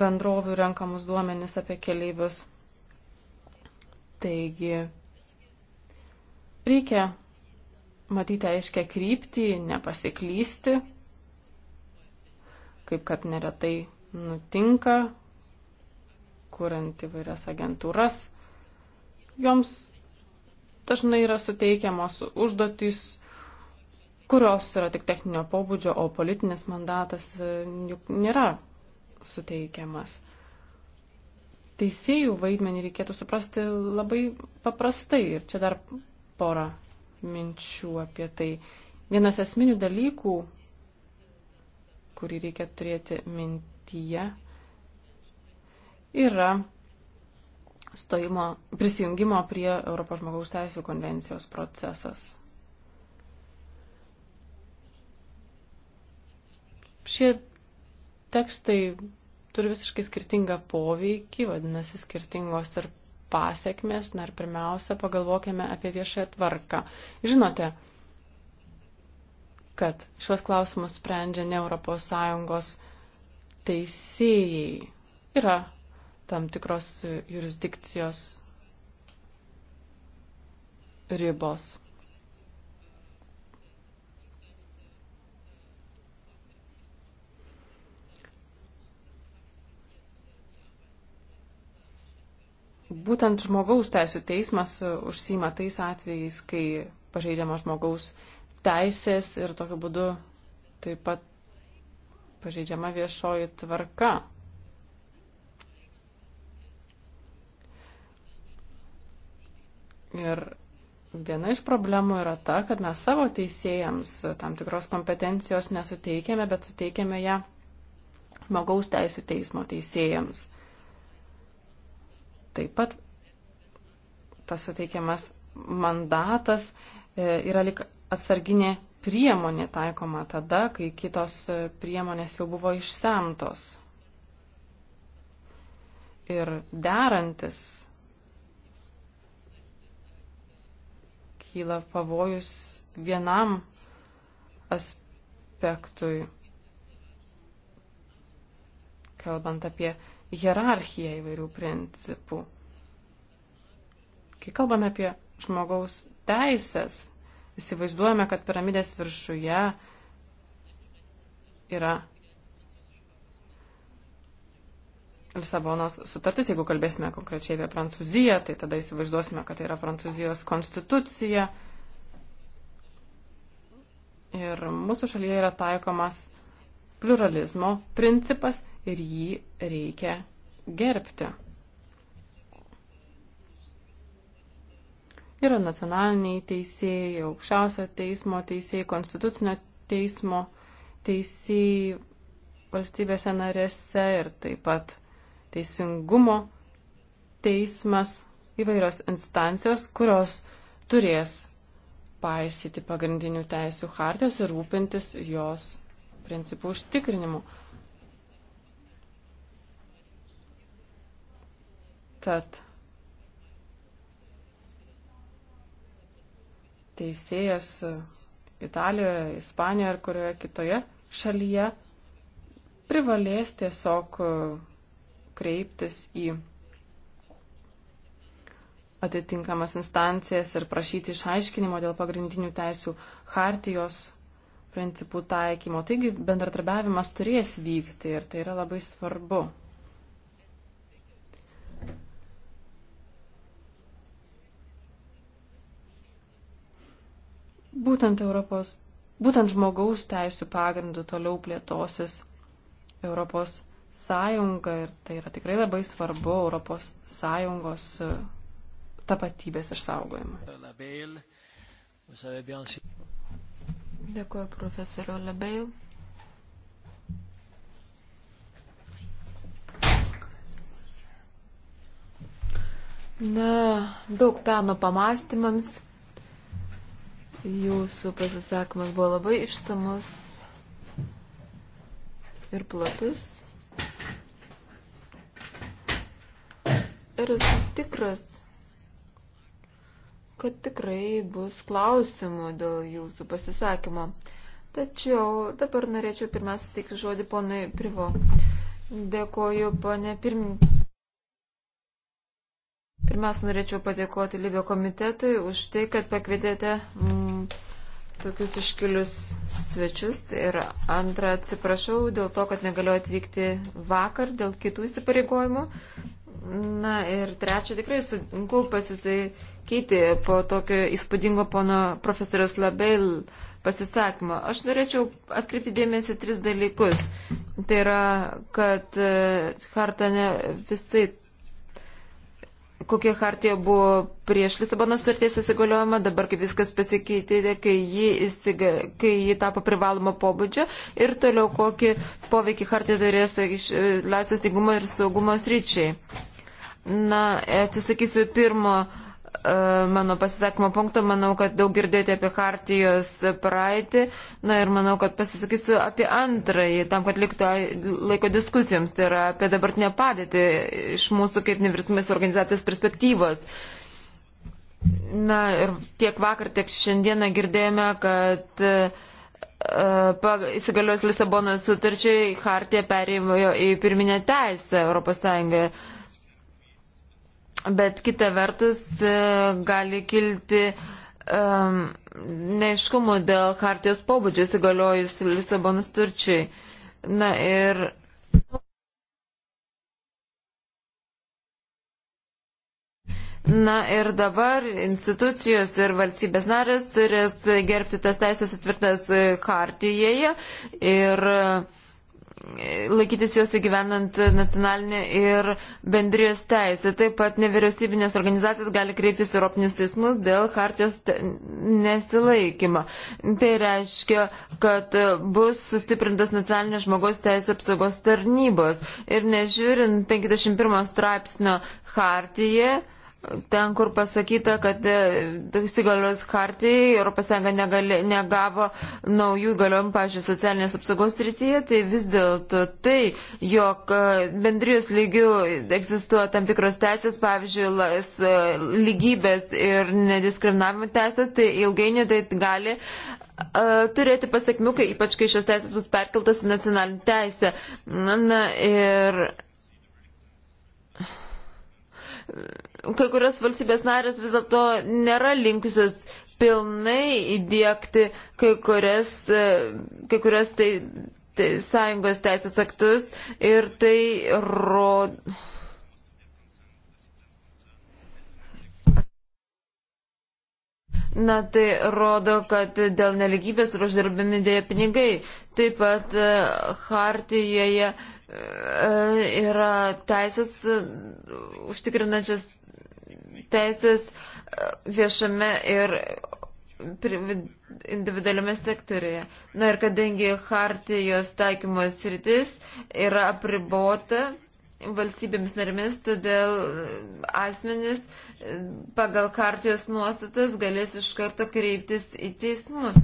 bendrovių renkamus duomenis apie keleivius. Taigi, reikia matyti aiškę kryptį, nepasiklysti, kaip kad neretai nutinka, kuriant įvairias agentūras. Joms dažnai yra suteikiamos užduotys, kurios yra tik techninio pobūdžio, o politinis mandatas juk nėra suteikiamas. Teisėjų vaidmenį reikėtų suprasti labai paprastai ir čia dar porą minčių apie tai. Vienas esminių dalykų, kurį reikia turėti mintyje, yra stojimo, prisijungimo prie Europos žmogaus teisų konvencijos procesas. Šie tekstai turi visiškai skirtingą poveikį, vadinasi, skirtingos ir pasiekmes. Na ir pirmiausia, pagalvokime apie viešąją tvarką. Žinote, kad šiuos klausimus sprendžia ne ES teisėjai. Yra tam tikros jurisdikcijos ribos. būtent žmogaus teisų teismas e, užsima tais atvejais, kai pažeidžiama žmogaus teisės ir tokiu būdu taip pat pažeidžiama viešoji tvarka. Ir viena iš problemų yra ta, kad mes savo teisėjams tam tikros kompetencijos nesuteikėme, bet suteikėme ją žmogaus teisų teismo teisėjams. Taip pat tas suteikiamas mandatas e, yra lik atsarginė priemonė taikoma tada, kai kitos e, priemonės jau buvo išsemtos. Ir derantis kyla pavojus vienam aspektui, kalbant apie hierarchiją įvairių principų. Kai kalbame apie žmogaus teisės, įsivaizduojame, kad piramidės viršuje yra Lisabonos sutartis, jeigu kalbėsime konkrečiai apie Prancūziją, tai tada įsivaizduosime, kad tai yra Prancūzijos konstitucija. Ir mūsų šalyje yra taikomas pluralizmo principas ir jį reikia gerbti. Yra nacionaliniai teisėjai, aukščiausio teismo teisėjai, konstitucinio teismo teisėjai valstybėse narėse ir taip pat teisingumo teismas įvairios instancijos, kurios turės paisyti pagrindinių teisų hartijos ir rūpintis jos principų užtikrinimu. Tad teisėjas e, Italijoje, Ispanijoje ar kurioje kitoje šalyje privalės tiesiog e, kreiptis į atitinkamas instancijas ir prašyti išaiškinimo dėl pagrindinių teisų hartijos principų taikymo. Taigi bendratarbiavimas turės vykti ir tai yra labai svarbu. Būtent Europos, būtent žmogaus teisų pagrindų toliau plėtosis Europos sąjunga ir tai yra tikrai labai svarbu Europos sąjungos e, tapatybės išsaugojimą. Dėkuoju profesoriu Lebeil. Na, daug peno pamastymams. Jūsų pasisakymas buvo labai išsamus ir platus. Ir esu tikras, kad tikrai bus klausimų dėl jūsų pasisakymo. Tačiau dabar norėčiau pirmiausia teikti žodį ponui Privo. Dėkoju, ponė pirmininkė. Pirmiausia, norėčiau padėkoti Libio komitetui už tai, kad pakvietėte tokius iškilius svečius. Tai ir antra, atsiprašau dėl to, kad negaliu atvykti vakar dėl kitų įsipareigojimų. Na ir trečia, tikrai sunku pasisakyti po tokio įspūdingo pono profesorės Labeil pasisakymą. Aš norėčiau atkreipti dėmesį tris dalykus. Tai yra, kad e, harta ne visai kokia hartija buvo prieš Lisabonos sarties įsigaliojimą, dabar kaip viskas pasikeitė, kai ji, įsiga, kai ji tapo privaloma pobūdžio ir toliau kokį poveikį hartija turės e, laisvės įgumo ir saugumos ryčiai. Na, atsisakysiu pirmo uh, E, mano pasisakymo punkto. Manau, kad daug girdėjote apie Hartijos praeitį. Na ir manau, kad pasisakysiu apie antrąjį, tam, kad liktų laiko diskusijoms. Tai yra apie dabartinę padėtį iš mūsų kaip nevyriausybės organizacijos perspektyvos. Na ir tiek vakar, tiek šiandieną girdėjome, kad e, įsigalios Lisabonos sutarčiai Hartija perėjo į pirminę teisę ES bet kita vertus e, gali kilti um, neiškumų dėl hartijos pobūdžio įsigaliojus Lisabonus turčiai. Na ir Na ir dabar institucijos ir valstybės narės turės gerbti tas teisės atvirtas e, hartijoje ir uh, laikytis juos įgyvenant nacionalinę ir bendrijos teisę. Taip pat nevyriausybinės organizacijos gali kreiptis Europinius teismus dėl hartijos nesilaikymo. Tai reiškia, kad bus sustiprintas nacionalinės žmogaus teisės apsaugos tarnybos. Ir nežiūrint 51 straipsnio hartijoje, ten, kur pasakyta, kad e, įsigaliojus kartijai ES negavo naujų įgaliojimų, pažiūrėjau, socialinės apsaugos rytyje, tai vis dėlto tai, jog e, bendrijos lygių egzistuoja tam tikros teisės, pavyzdžiui, las, e, lygybės ir nediskriminavimo teisės, tai ilgainiui tai gali turėti pasiekmių, kai ypač kai šios teisės bus perkeltas į nacionalinį teisę. Na, na ir kai kurias valstybės narės vis dėlto nėra linkusios pilnai įdėkti kai kurias, e, kai kurias tai, tai sąjungos teisės aktus ir tai rodo. Na tai rodo, kad dėl neligybės yra uždirbami dėja pinigai. Taip pat e, Hartijoje e, yra teisės užtikrinančias teisės e, viešame ir individualiame sektoriuje. Na ir kadangi hartijos taikymos rytis yra apribota valstybėms narimis, todėl asmenys e, pagal hartijos nuostatas galės iš karto kreiptis į teismus.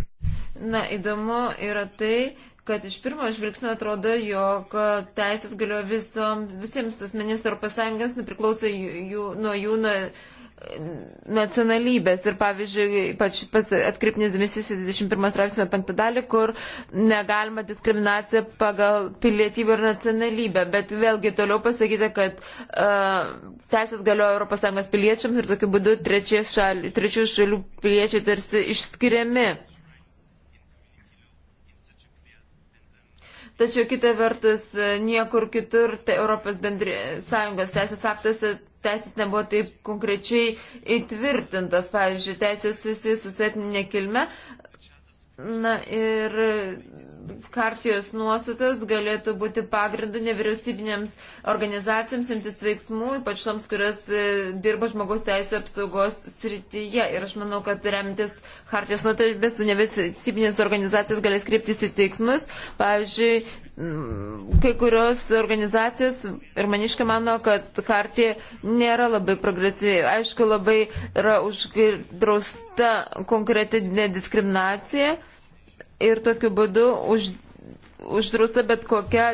Na įdomu yra tai, kad iš pirmo žvilgsnio atrodo, jog e, teisės galioja visoms, visiems asmenims Europos Sąjungos, priklauso jų, nuo jų nuo nacionalybės. Ir pavyzdžiui, ypač atkreipnis dėmesys į 21 straipsnio penktą dalį, kur negalima diskriminacija pagal pilietybę ir nacionalybę. Bet vėlgi toliau pasakyti, kad uh, teisės galioja ES piliečiams ir tokiu būdu šal, trečių šalių piliečiai tarsi išskiriami. tačiau kita vertus e, niekur kitur tai Europos bendri, Sąjungos teisės aktuose teisės nebuvo taip konkrečiai įtvirtintas, pavyzdžiui, teisės susijusius su etninė kilme. Na ir kartijos nuostatos galėtų būti pagrindu nevyriausybinėms organizacijams imtis veiksmų, ypač toms, kurios e, dirba žmogaus teisų apsaugos srityje. Ir aš manau, kad remtis kartijos nuostatybės su nevyriausybinės organizacijos galės kreiptis į teiksmus. Pavyzdžiui, kai kurios organizacijos ir maniškai mano, kad kartija nėra labai progresyvi. Aišku, labai yra uždrausta konkreti nediskriminacija ir tokiu būdu už, uždrausta bet kokia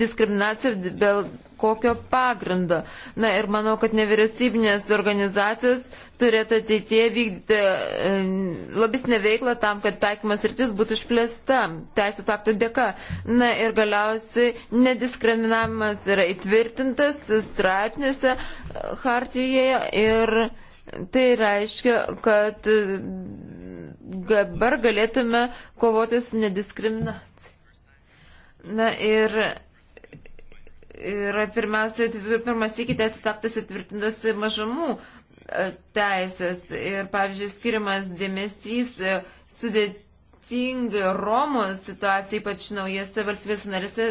diskriminacija dėl kokio pagrindo. Na ir manau, kad nevyriausybinės organizacijos turėtų ateitie vykdyti e, lobistinę veiklą tam, kad taikymas rytis būtų išplėsta teisės aktų dėka. Na ir galiausiai nediskriminavimas yra įtvirtintas straipsniuose e, hartijoje ir tai reiškia, kad dabar galėtume kovoti su nediskriminacija. Na ir yra pirmiausia, pirmas iki teisės aktas įtvirtintas mažamų e, teisės ir, pavyzdžiui, skiriamas dėmesys e, sudėti skirtingi Romų situacija, ypač naujose valstybės narėse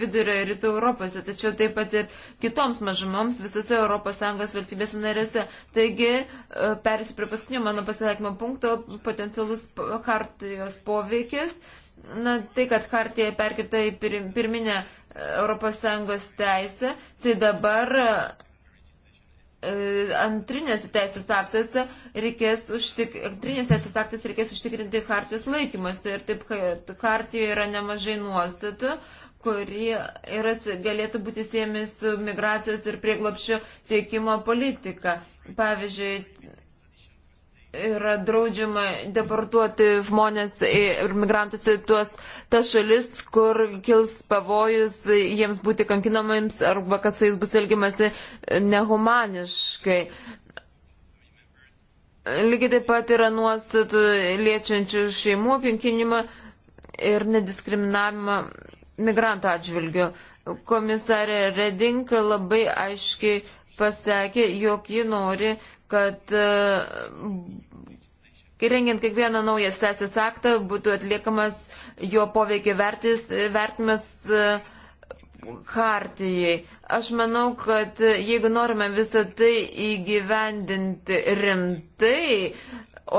vidurio ir rytų Europose, tačiau taip pat ir kitoms mažumoms visose ES valstybės narėse. Taigi, e, perėsiu prie paskutinio mano pasisakymo punkto, potencialus kartijos poveikis. Na, tai, kad kartija perkirta į pirminę ES teisę, tai dabar E, antrinės teisės aktuose reikės, užtik, antrinės teisės aktas reikės užtikrinti hartijos laikymas ir taip hartijoje yra nemažai nuostatų kurie yra, galėtų būti siejami su migracijos ir prieglopščio teikimo politika. Pavyzdžiui, yra draudžiama deportuoti žmonės ir migrantus į tuos tas šalis, kur kils pavojus jiems būti kankinamams arba kad su jais bus elgiamasi nehumaniškai. Lygiai taip pat yra nuostatų liečiančių šeimų apinkinimą ir nediskriminavimą migrantų atžvilgių. Komisarė Redink labai aiškiai pasakė, jog ji nori, kad e, rengiant kiekvieną naują teisės aktą būtų atliekamas jo poveikio vertimas e, hartijai. Aš manau, kad jeigu norime visą tai įgyvendinti rimtai,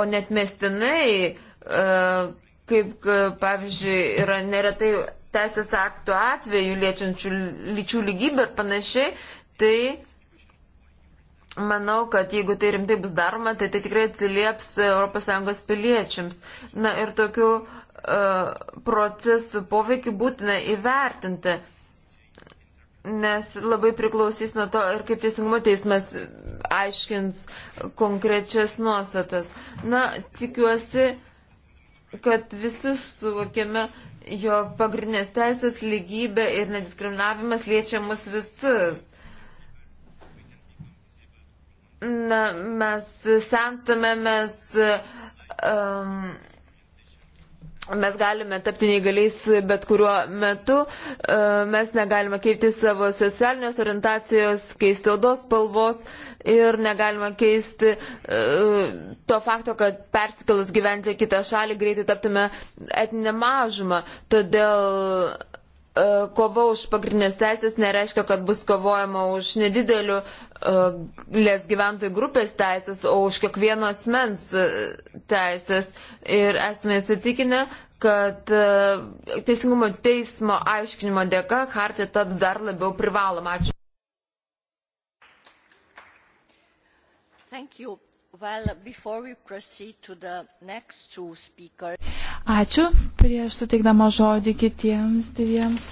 o net mestinai, e, kaip pavyzdžiui yra neretai teisės aktų atveju liečiančių lyčių lygybę ir panašiai, tai Manau, kad jeigu tai rimtai bus daroma, tai tai tikrai atsilieps ES piliečiams. Na ir tokių uh, procesų poveikį būtina įvertinti, nes labai priklausys nuo to, ir kaip teisingumo teismas aiškins konkrečias nuostatas. Na, tikiuosi, kad visi suvokėme, jog pagrindinės teisės lygybė ir nediskriminavimas liečia mus visus na, mes senstame, mes, um, mes galime tapti neįgaliais bet kuriuo metu, uh, mes negalime keisti savo socialinės orientacijos, keisti odos spalvos. Ir negalima keisti uh, to fakto, kad persikalus gyventi į kitą šalį greitai taptume etinę mažumą. Todėl uh, kova už pagrindinės teisės nereiškia, kad bus kovojama už nedidelių les gyventojų grupės teisės, o už kiekvieno asmens e, teisės. Ir esame įsitikinę, kad e, Teisingumo teismo aiškinimo dėka hartė taps dar labiau privaloma. Ačiū. Well, Ačiū. Prieš suteikdama žodį kitiems dviems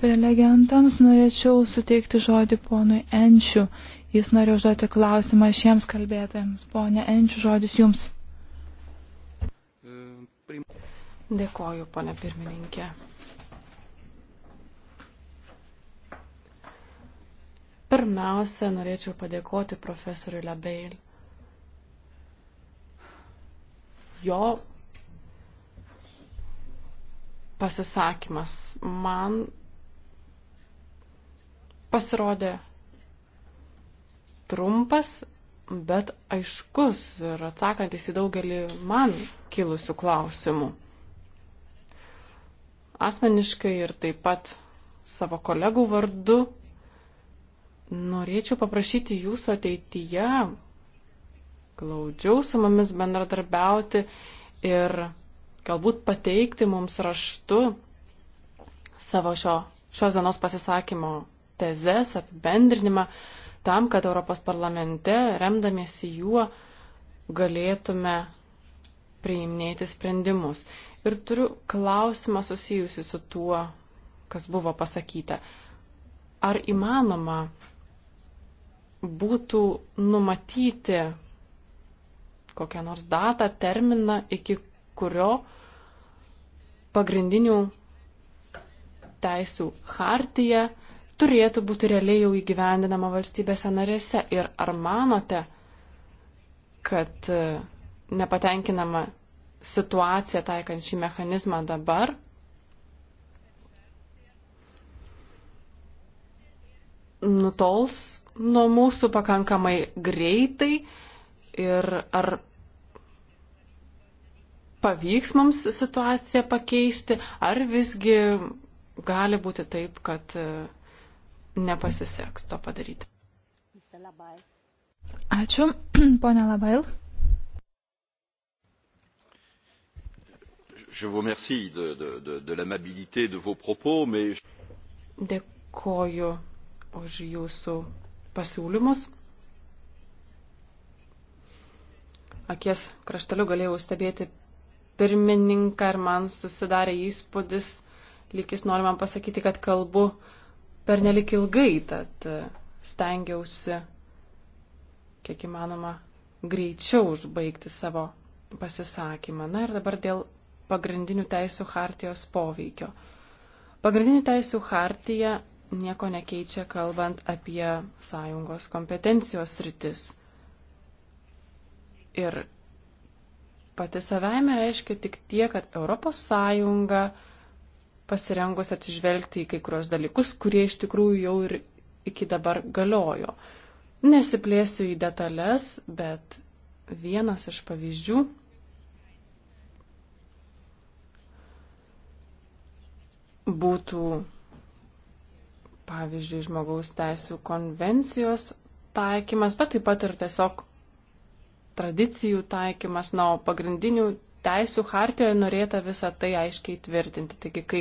Prelegentams norėčiau suteikti žodį ponui Enčiu. Jis nori užduoti klausimą šiems kalbėtojams. Pone Enčiu, žodis jums. Dėkoju, pone pirmininkė. Pirmiausia, norėčiau padėkoti profesoriui Labeil. Jo pasisakymas man pasirodė trumpas, bet aiškus ir atsakantis į daugelį man kilusių klausimų. Asmeniškai ir taip pat savo kolegų vardu norėčiau paprašyti jūsų ateityje glaudžiau su mumis bendradarbiauti ir galbūt pateikti mums raštu savo šio, šios dienos pasisakymo tezes, apibendrinimą, tam, kad Europos parlamente, remdamiesi juo, galėtume priiminėti sprendimus. Ir turiu klausimą susijusi su tuo, kas buvo pasakyta. Ar įmanoma būtų numatyti kokią nors datą, terminą, iki kurio pagrindinių teisų hartija turėtų būti realiai jau įgyvendinama valstybėse narėse. Ir ar manote, kad e, nepatenkinama situacija taikant šį mechanizmą dabar nutols nuo mūsų pakankamai greitai ir ar pavyks mums situaciją pakeisti, ar visgi gali būti taip, kad uh, nepasiseks to padaryti. Ačiū, *clears throat* ponia Labail. Je vous remercie de, de, de, de l'amabilité de vos propos, mais. Dėkoju už jūsų pasiūlymus. Akies krašteliu galėjau stebėti pirmininką ir man susidarė įspūdis, lyg jis nori man pasakyti, kad kalbu uh, pernelik ilgai, tad e, stengiausi kiek įmanoma greičiau užbaigti savo pasisakymą. Na ir dabar dėl pagrindinių teisų hartijos poveikio. Pagrindinių teisų hartija nieko nekeičia, kalbant apie sąjungos kompetencijos rytis. Ir pati savaime reiškia tik tie, kad Europos sąjunga uh, pasirengus atsižvelgti į kai kurios dalykus, kurie iš tikrųjų jau ir iki dabar galiojo. Nesiplėsiu į detalės, bet vienas iš pavyzdžių būtų, pavyzdžiui, žmogaus teisų konvencijos taikymas, bet taip pat ir tiesiog tradicijų taikymas, na, o pagrindinių teisų hartijoje norėta visą tai aiškiai tvirtinti. Taigi, kai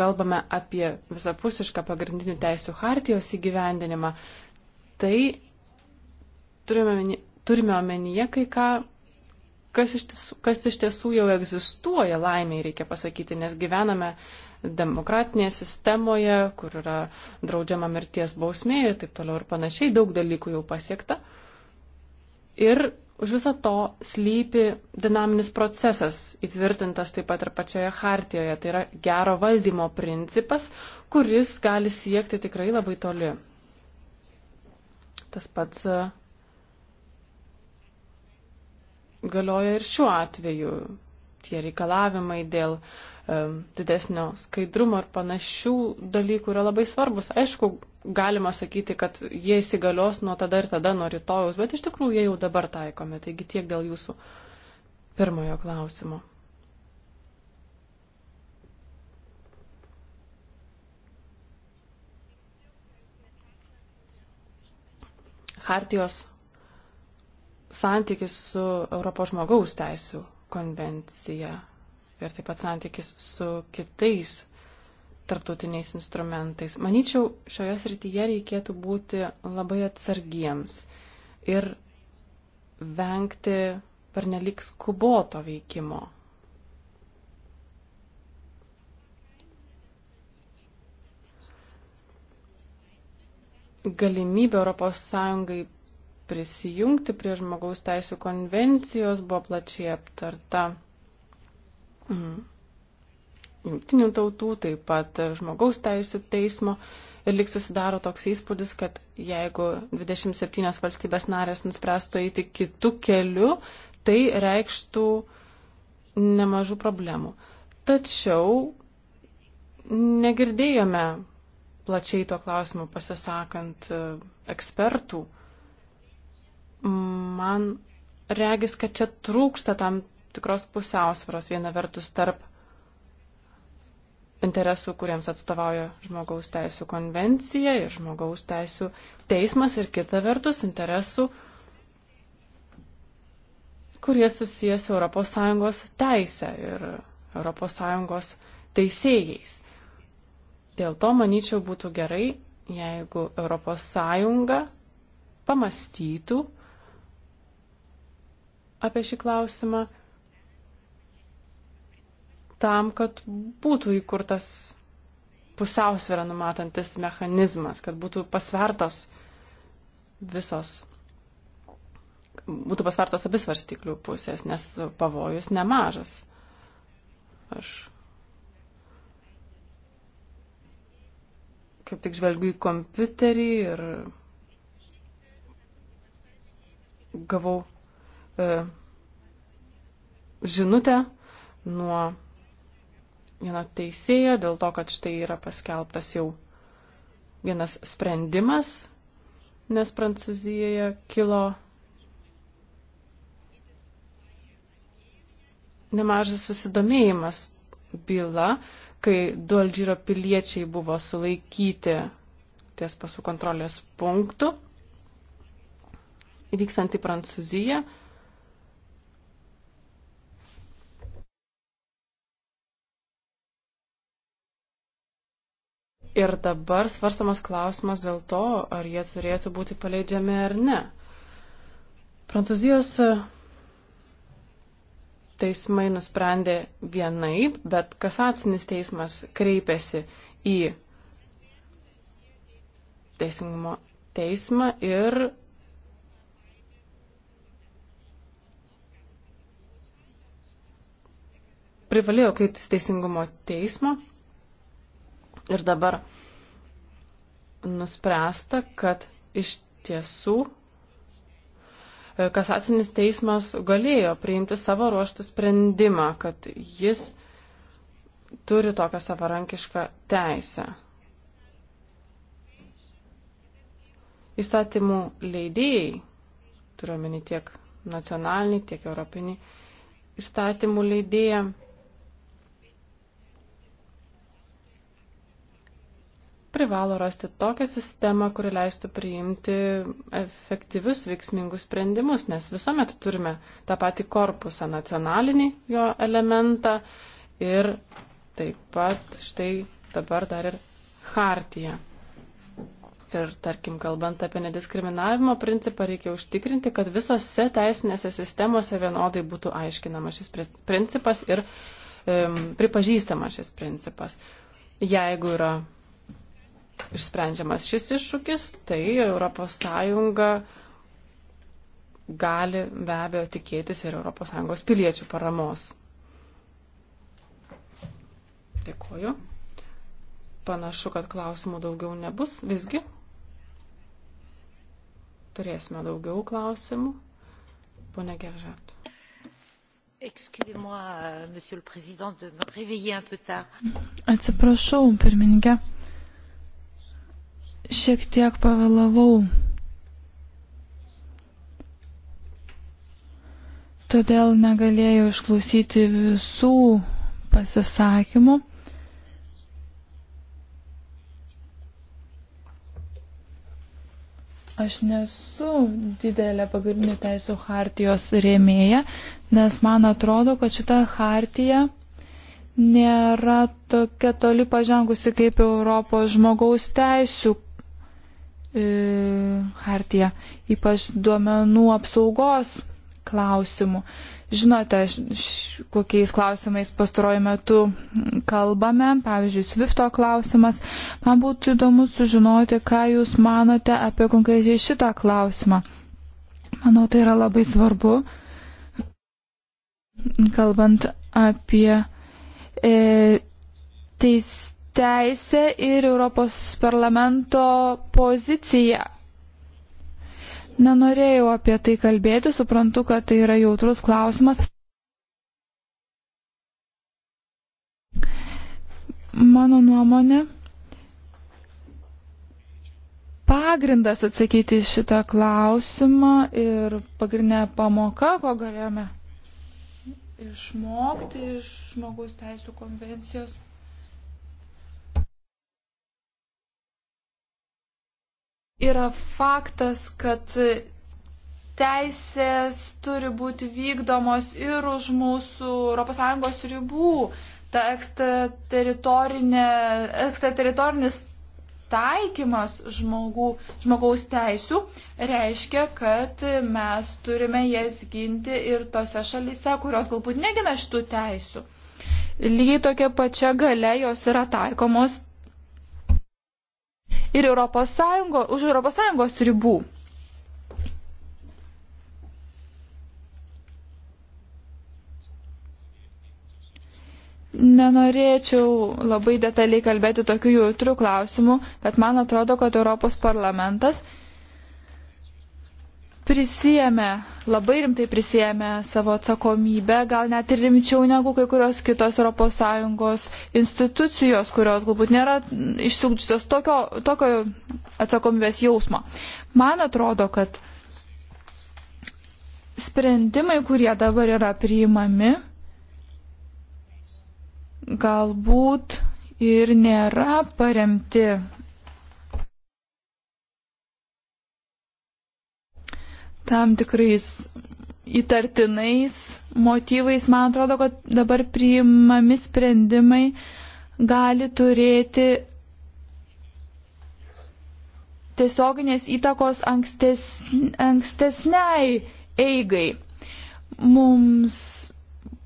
kalbame apie visapusišką pagrindinių teisų hartijos įgyvendinimą, tai turime, omenyje, turime omenyje kai ką, kas iš, tiesų, kas iš tiesų jau egzistuoja laimiai, reikia pasakyti, nes gyvename demokratinėje sistemoje, kur yra draudžiama mirties bausmė ir taip toliau ir panašiai, daug dalykų jau pasiekta. Ir Už viso to slypi dinaminis procesas, įtvirtintas taip pat ir pačioje hartijoje. Tai yra gero valdymo principas, kuris gali siekti tikrai labai toli. Tas pats e, galioja ir šiuo atveju. Tie reikalavimai dėl um, didesnio skaidrumo ir panašių dalykų yra labai svarbus. Aišku, galima sakyti, kad jie įsigalios nuo tada ir tada, nuo rytojaus, bet iš tikrųjų jie jau dabar taikomi. Taigi tiek dėl jūsų pirmojo klausimo. Hartijos santykis su Europos žmogaus teisų konvencija ir taip pat santykis su kitais tarptautiniais instrumentais. Manyčiau, šioje srityje reikėtų būti labai atsargiems ir vengti pernelik skuboto veikimo. Galimybė ES prisijungti prie žmogaus teisų konvencijos buvo plačiai aptarta. Mhm jungtinių tautų, taip pat žmogaus teisų teismo. Ir lik susidaro toks įspūdis, kad jeigu 27 valstybės narės nuspręstų eiti kitų kelių, tai reikštų nemažų problemų. Tačiau negirdėjome plačiai tuo klausimu pasisakant e, ekspertų. Man regis, kad čia trūksta tam tikros pusiausvėros viena vertus tarp interesų, kuriems atstovauja žmogaus teisų konvencija ir žmogaus teisų teismas ir kita vertus interesų, kurie susijęs su ES teise ir ES teisėjais. Dėl to, manyčiau, būtų gerai, jeigu ES pamastytų apie šį klausimą tam, kad būtų įkurtas pusiausvėra numatantis mechanizmas, kad būtų pasvertos visos, būtų pasvertos abis varstyklių pusės, nes pavojus nemažas. Aš kaip tik žvelgiu į kompiuterį ir gavau e, žinutę nuo vieną teisėją dėl to, kad štai yra paskelbtas jau vienas sprendimas, nes Prancūzijoje kilo nemažas susidomėjimas byla, kai du Alžyro piliečiai buvo sulaikyti ties pasų kontrolės punktų, vykstant į Prancūziją. Ir dabar svarstamas klausimas dėl to, ar jie turėtų būti paleidžiami ar ne. Prancūzijos e, teismai nusprendė vienaip, bet kasacinis teismas kreipėsi į teisingumo teismą ir privalėjo kreiptis teisingumo teismo Ir dabar nuspręsta, kad iš tiesų e, kasacinis teismas galėjo priimti savo ruoštų sprendimą, kad jis turi tokią savarankišką teisę. Įstatymų leidėjai, turiuomenį tiek nacionalinį, tiek europinį įstatymų leidėją, privalo rasti tokią sistemą, kuri leistų priimti efektyvius, veiksmingus sprendimus, nes visuomet turime tą patį korpusą, nacionalinį jo elementą ir taip pat štai dabar dar ir hartiją. Ir tarkim, kalbant apie nediskriminavimo principą, reikia užtikrinti, kad visose teisinėse sistemose vienodai būtų aiškinama šis principas ir um, pripažįstama šis principas. Jeigu yra išsprendžiamas šis iššūkis, tai ES gali be abejo tikėtis ir ES piliečių paramos. Dėkuoju. Panašu, kad klausimų daugiau nebus. Visgi turėsime daugiau klausimų. Pone Geržat. Euh, Atsiprašau, pirmininkė šiek tiek pavėlavau. Todėl negalėjau išklausyti visų pasisakymų. Aš nesu didelė pagrindinių teisų hartijos rėmėja, nes man atrodo, kad šita hartija nėra tokia toli pažengusi kaip Europos žmogaus teisų E, hartiją, ypač duomenų apsaugos klausimų. Žinote, kokiais klausimais pastaruoju metu kalbame, pavyzdžiui, Swifto klausimas. Man būtų įdomu sužinoti, ką Jūs manote apie konkrečiai šitą klausimą. Manau, tai yra labai svarbu, kalbant apie e, teis, teisę ir Europos parlamento poziciją. Nenorėjau apie tai kalbėti, suprantu, kad tai yra jautrus klausimas. Mano nuomonė, pagrindas atsakyti šitą klausimą ir pagrindinė pamoka, ko galėjome išmokti iš žmogaus teisų konvencijos yra faktas, kad teisės turi būti vykdomos ir už mūsų ES ribų. Ta ekstrateritorinis taikymas žmogų, žmogaus teisų reiškia, kad mes turime jas ginti ir tose šalise, kurios galbūt negina šitų teisų. Lygiai tokia pačia gale jos yra taikomos ir Europos Sąjungo, už Europos Sąjungos ribų. Nenorėčiau labai detaliai kalbėti tokių jautrių klausimų, bet man atrodo, kad Europos parlamentas prisijėmė, labai rimtai prisijėmė savo atsakomybę, gal net ir rimčiau negu kai kurios kitos ES institucijos, kurios galbūt nėra išsiugdžiusios tokio, tokio atsakomybės jausmo. Man atrodo, kad sprendimai, kurie dabar yra priimami, galbūt ir nėra paremti tam tikrais įtartinais motyvais, man atrodo, kad dabar priimami sprendimai gali turėti tiesioginės įtakos ankstes, ankstesniai eigai. Mums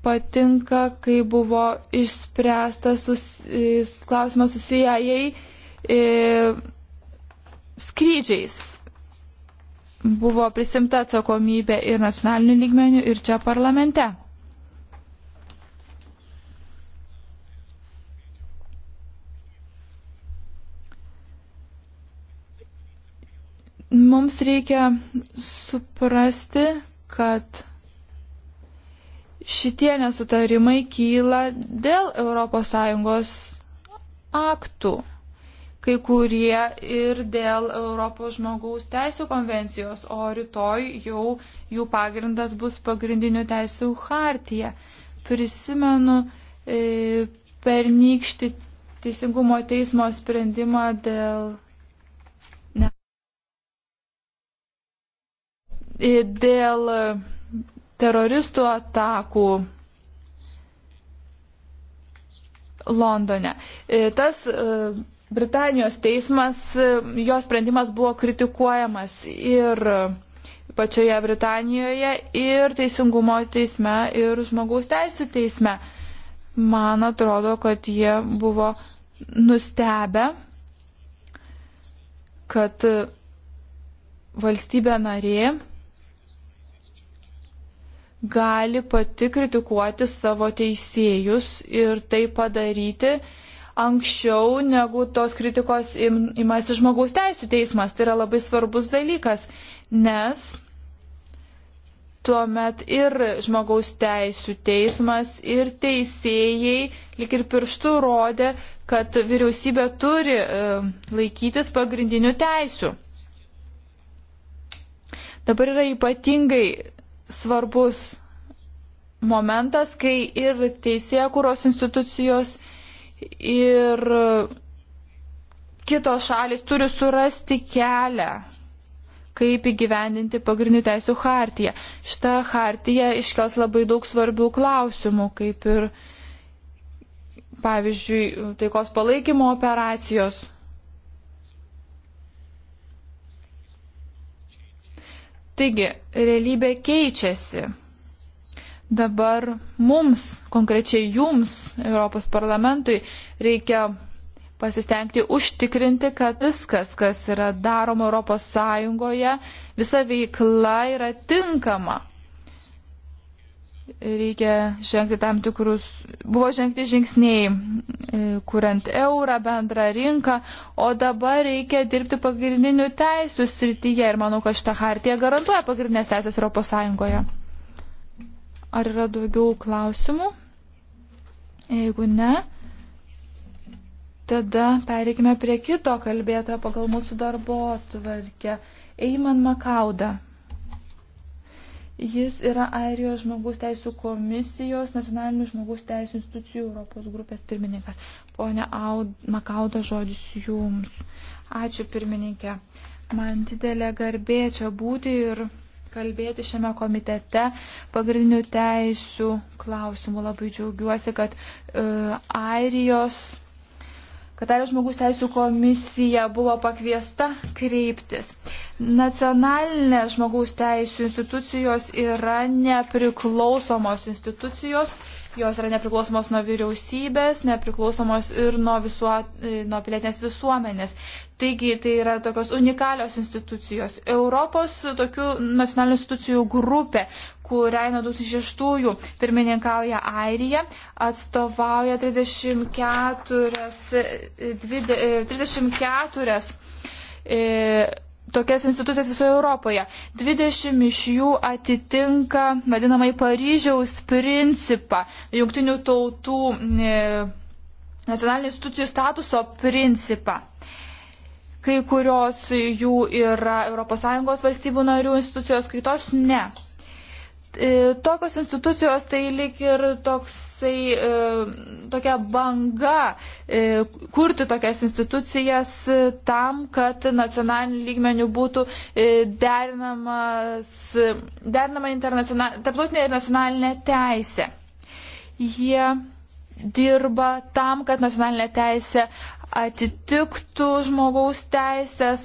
patinka, kai buvo išspręstas sus, e, klausimas susijęjai e, skrydžiais buvo prisimta atsakomybė ir nacionalinių lygmenių, ir čia parlamente. Mums reikia suprasti, kad šitie nesutarimai kyla dėl ES aktų kai kurie ir dėl Europos žmogaus teisų konvencijos, o rytoj jau jų pagrindas bus pagrindinių teisų hartija. Prisimenu e, pernykštį teisingumo teismo sprendimą dėl. Ne, e, dėl teroristų atakų Londone. E, tas e, Britanijos teismas, e, jo sprendimas buvo kritikuojamas ir pačioje Britanijoje, ir teisingumo teisme, ir žmogaus teisų teisme. Man atrodo, kad jie buvo nustebę, kad valstybė narė gali pati kritikuoti savo teisėjus ir tai padaryti, anksčiau, negu tos kritikos im, imasi žmogaus teisų teismas. Tai yra labai svarbus dalykas, nes tuomet ir žmogaus teisų teismas, ir teisėjai lik ir pirštų rodė, kad vyriausybė turi e, laikytis pagrindinių teisių. Dabar yra ypatingai svarbus momentas, kai ir teisėkuros institucijos, ir kitos šalis turi surasti kelią, kaip įgyvendinti pagrindinių teisų hartiją. Šitą hartiją iškels labai daug svarbių klausimų, kaip ir, pavyzdžiui, taikos palaikymo operacijos. Taigi, realybė keičiasi dabar mums, konkrečiai jums, Europos parlamentui, reikia pasistengti užtikrinti, kad viskas, kas yra daroma Europos Sąjungoje, visa veikla yra tinkama. Reikia žengti tam tikrus, buvo žengti žingsniai, e, kuriant eurą, bendrą rinką, o dabar reikia dirbti pagrindinių teisų srityje ir manau, kad šitą hartiją garantuoja pagrindinės teisės Europos Sąjungoje. Ar yra daugiau klausimų? Jeigu ne, tada pereikime prie kito kalbėtojo pagal mūsų darbo tvarkę. Eiman Makauda. Jis yra Airijos žmogus teisų komisijos, nacionalinių žmogus teisų institucijų Europos grupės pirmininkas. Pone Aud, Makauda, žodis jums. Ačiū pirmininkė. Man didelė garbė čia būti ir kalbėti šiame komitete pagrindinių teisių klausimų. Labai džiaugiuosi, kad uh, Airijos, kad Airijos žmogus teisų komisija buvo pakviesta kreiptis. Nacionalinės žmogaus teisų institucijos yra nepriklausomos institucijos Jos yra nepriklausomos nuo vyriausybės, nepriklausomos ir nuo, visuot, nuo pilietinės visuomenės. Taigi tai yra tokios unikalios institucijos. Europos tokių nacionalinių institucijų grupė, kuriai nuo 2006-ųjų pirmininkauja Airija, atstovauja 34, 20, 34 tokias institucijas visoje Europoje. 20 iš jų atitinka vadinamai Paryžiaus principą, jungtinių tautų e, nacionalinių institucijų statuso principą. Kai kurios jų yra ES valstybių narių institucijos, kitos ne. E, tokios institucijos tai lik ir toksai, e, tokia banga e, kurti tokias institucijas tam, kad nacionaliniu lygmeniu būtų derinama tarptautinė ir nacionalinė teisė. Jie dirba tam, kad nacionalinė teisė atitiktų žmogaus teisės,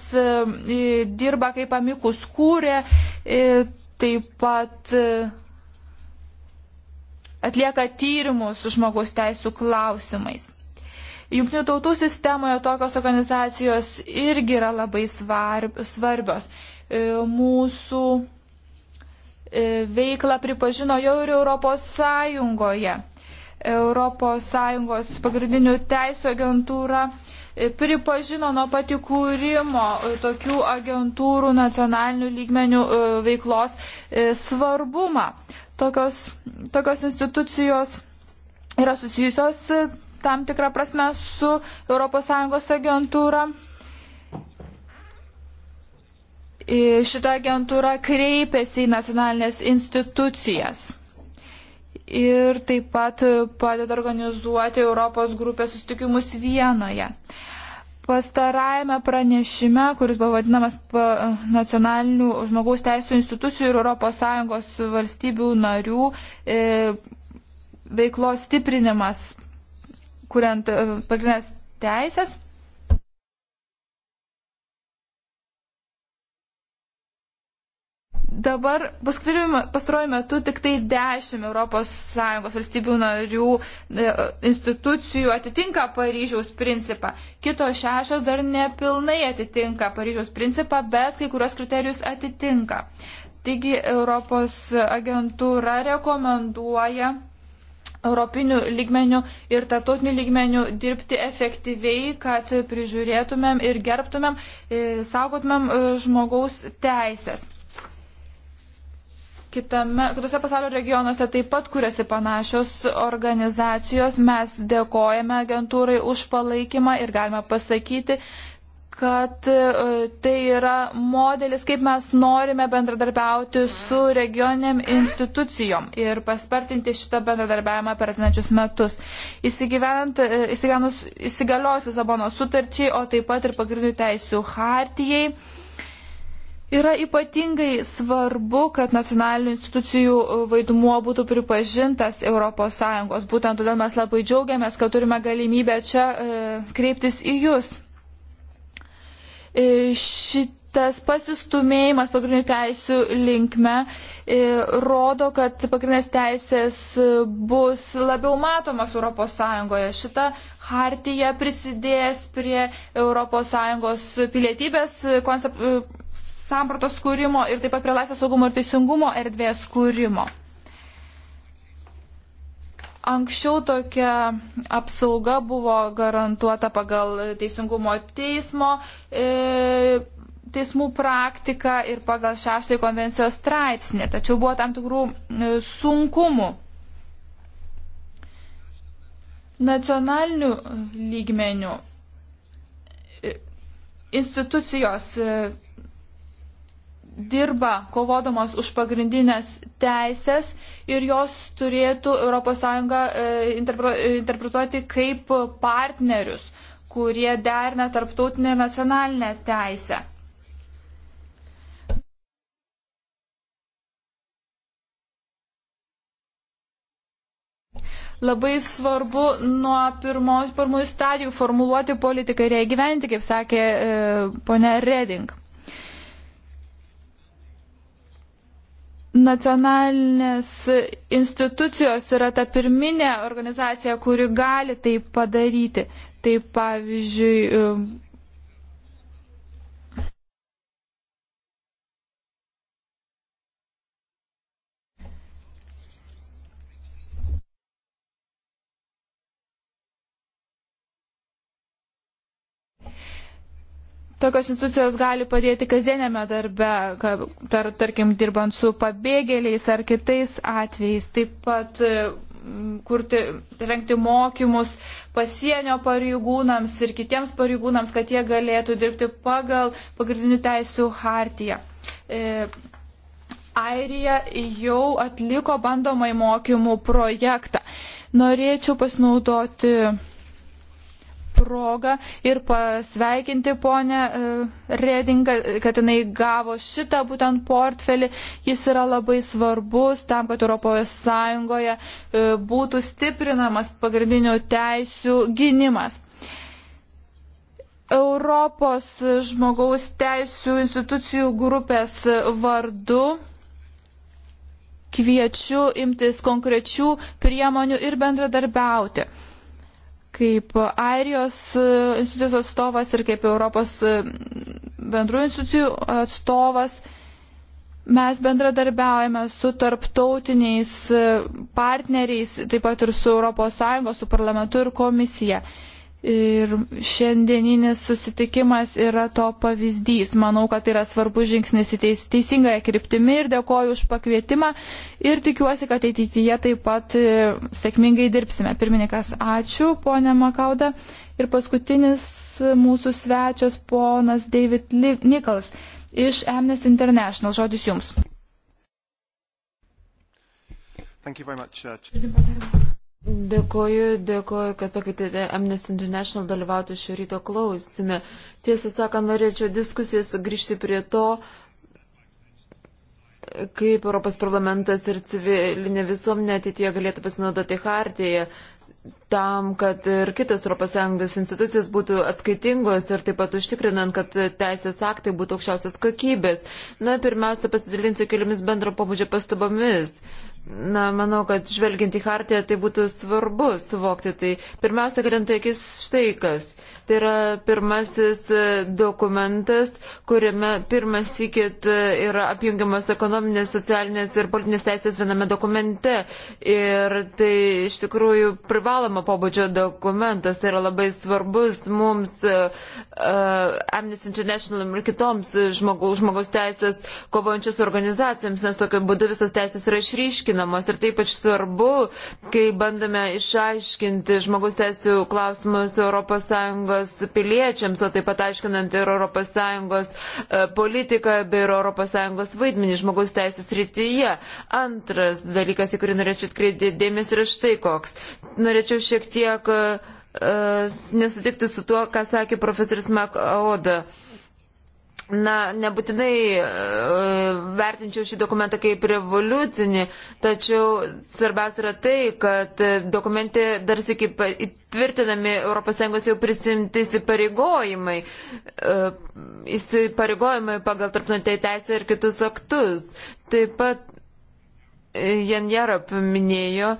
dirba kaip amikus kūrė taip pat e, atlieka tyrimus žmogaus teisų klausimais. Junktinių tautų sistemoje tokios organizacijos irgi yra labai svarbios. E, mūsų e, veiklą pripažino jau ir Europos Sąjungoje. ES pagrindinių teisų agentūra e, pripažino nuo pat įkūrimo e, tokių agentūrų nacionalinių lygmenių e, veiklos svarbumą. Tokios, tokios institucijos yra susijusios tam tikrą prasme su ES agentūra. Šita agentūra kreipėsi į nacionalinės institucijas ir taip pat padeda organizuoti Europos grupės susitikimus Vienoje. Pastarajame pranešime, kuris buvo vadinamas nacionalinių žmogaus teisų institucijų ir ES valstybių narių e, veiklos stiprinimas, kuriant e, pagrindinės teisės, Dabar pastaruoju metu tik tai 10 ES valstybių narių e, institucijų atitinka Paryžiaus principą. Kitos šešios dar nepilnai atitinka Paryžiaus principą, bet kai kurios kriterijus atitinka. Taigi Europos agentūra rekomenduoja europinių lygmenių ir tarptautinių lygmenių dirbti efektyviai, kad prižiūrėtumėm ir gerbtumėm, e, saugotumėm e, žmogaus teisės kitame, kitose pasaulio regionuose taip pat kuriasi panašios organizacijos. Mes dėkojame agentūrai už palaikymą ir galime pasakyti, kad e, tai yra modelis, kaip mes norime bendradarbiauti su regioniam institucijom ir paspartinti šitą bendradarbiavimą per atinančius metus. E, Įsigaliuoti Zabono sutarčiai, o taip pat ir pagrindinių teisių hartijai Yra ypatingai svarbu, kad nacionalinių institucijų e, vaidmuo būtų pripažintas ES. Būtent todėl mes labai džiaugiamės, kad turime galimybę čia e, kreiptis į Jūs. E, šitas pasistumėjimas pagrindinių teisių linkme e, rodo, kad pagrindinės teisės e, bus labiau matomas ES. Šita hartija prisidės prie ES pilietybės konceptų sampratos kūrimo ir taip pat prie laisvės saugumo ir teisingumo erdvės kūrimo. Anksčiau tokia apsauga buvo garantuota pagal teisingumo teismo, e, teismų praktiką ir pagal šeštąjį konvencijos straipsnį, tačiau buvo tam tikrų e, sunkumų. Nacionalinių lygmenių e, institucijos e, dirba kovodamos už pagrindinės teisės ir jos turėtų ES e, interpretuoti kaip partnerius, kurie derina tarptautinę ir nacionalinę teisę. Labai svarbu nuo pirmos, pirmųjų stadijų formuluoti politiką ir ją įgyventi, kaip sakė e, ponia Reding. nacionalinės institucijos yra ta pirminė organizacija, kuri gali tai padaryti. Tai pavyzdžiui, tokios institucijos gali padėti kasdienėme darbe, tar, tarkim, dirbant su pabėgėliais ar kitais atvejais. Taip pat e, kurti, rengti mokymus pasienio pareigūnams ir kitiems pareigūnams, kad jie galėtų dirbti pagal pagrindinių teisų hartiją. E, Airija jau atliko bandomai mokymų projektą. Norėčiau pasinaudoti progą ir pasveikinti ponę e, Redingą, kad jinai gavo šitą būtent portfelį. Jis yra labai svarbus tam, kad ES e, būtų stiprinamas pagrindinių teisių gynimas. Europos žmogaus teisų institucijų grupės vardu kviečiu imtis konkrečių priemonių ir bendradarbiauti kaip Airijos e, institucijos atstovas ir kaip Europos e, bendrų institucijų atstovas. Mes bendradarbiaujame su tarptautiniais e, partneriais, taip pat ir su ES, su parlamentu ir komisija. Ir šiandieninis susitikimas yra to pavyzdys. Manau, kad tai yra svarbus žingsnis į teis, teisingąją kryptimį ir dėkoju už pakvietimą ir tikiuosi, kad ateityje taip pat e, sėkmingai dirbsime. Pirmininkas, ačiū, ponė Makauda. Ir paskutinis mūsų svečias, ponas David Nichols iš Amnesty International. Žodis jums. Thank you very much, uh, Dėkoju, dėkoju, kad pakvietėte Amnesty International dalyvauti šio ryto klausime. Tiesą sakant, norėčiau diskusijas grįžti prie to, kaip Europos parlamentas ir civilinė visuomenė ateityje galėtų pasinaudoti hartėje tam, kad ir kitas ES institucijas būtų atskaitingos ir taip pat užtikrinant, kad teisės aktai būtų aukščiausios kokybės. Na, pirmiausia, pasidalinsiu keliomis bendro pabudžio pastabomis. Na, manau, kad žvelgiant į hartiją, tai būtų svarbu suvokti. Tai pirmiausia, krenta akis štai kas. Tai yra pirmasis e, dokumentas, kuriame pirmas įkit e, yra apjungiamas ekonominės, socialinės ir politinės teisės viename dokumente. Ir tai iš tikrųjų privaloma pobūdžio dokumentas. Tai yra labai svarbus mums uh, Amnesty International ir kitoms žmogaus, žmogaus teisės kovojančias organizacijams, nes tokiu būdu visos teisės yra išryškinamos. Ir tai ypač svarbu, kai bandome išaiškinti žmogaus teisų klausimus ES piliečiams, o taip pat aiškinant ir ES e, politiką bei ES vaidmenį žmogaus teisės rytyje. Antras dalykas, į kurį norėčiau atkreipti dėmesį, yra štai koks. Norėčiau šiek tiek uh, nesutikti su tuo, ką sakė profesorius Makaoda. Uh, Na, nebūtinai e, vertinčiau šį dokumentą kaip revoliucinį, tačiau svarbiausia yra tai, kad dokumente dar sėki įtvirtinami ES jau prisimti įsipareigojimai, e, įsipareigojimai pagal tarptautinę teisę ir kitus aktus. Taip pat e, Jan Jarap minėjo,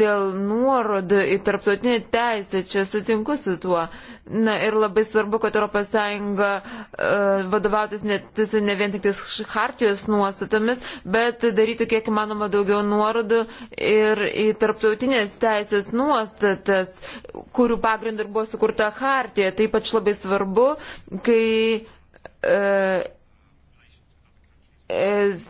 dėl nuorodų į tarptautinį teisę, čia sutinku su tuo. Na ir labai svarbu, kad ES uh, e, vadovautis ne, ne vien tik tais hartijos nuostatomis, bet darytų kiek įmanoma daugiau nuorodų ir į tarptautinės teisės nuostatas, kurių pagrindų ir buvo sukurta hartija. Taip pat labai svarbu, kai. Uh, e, es,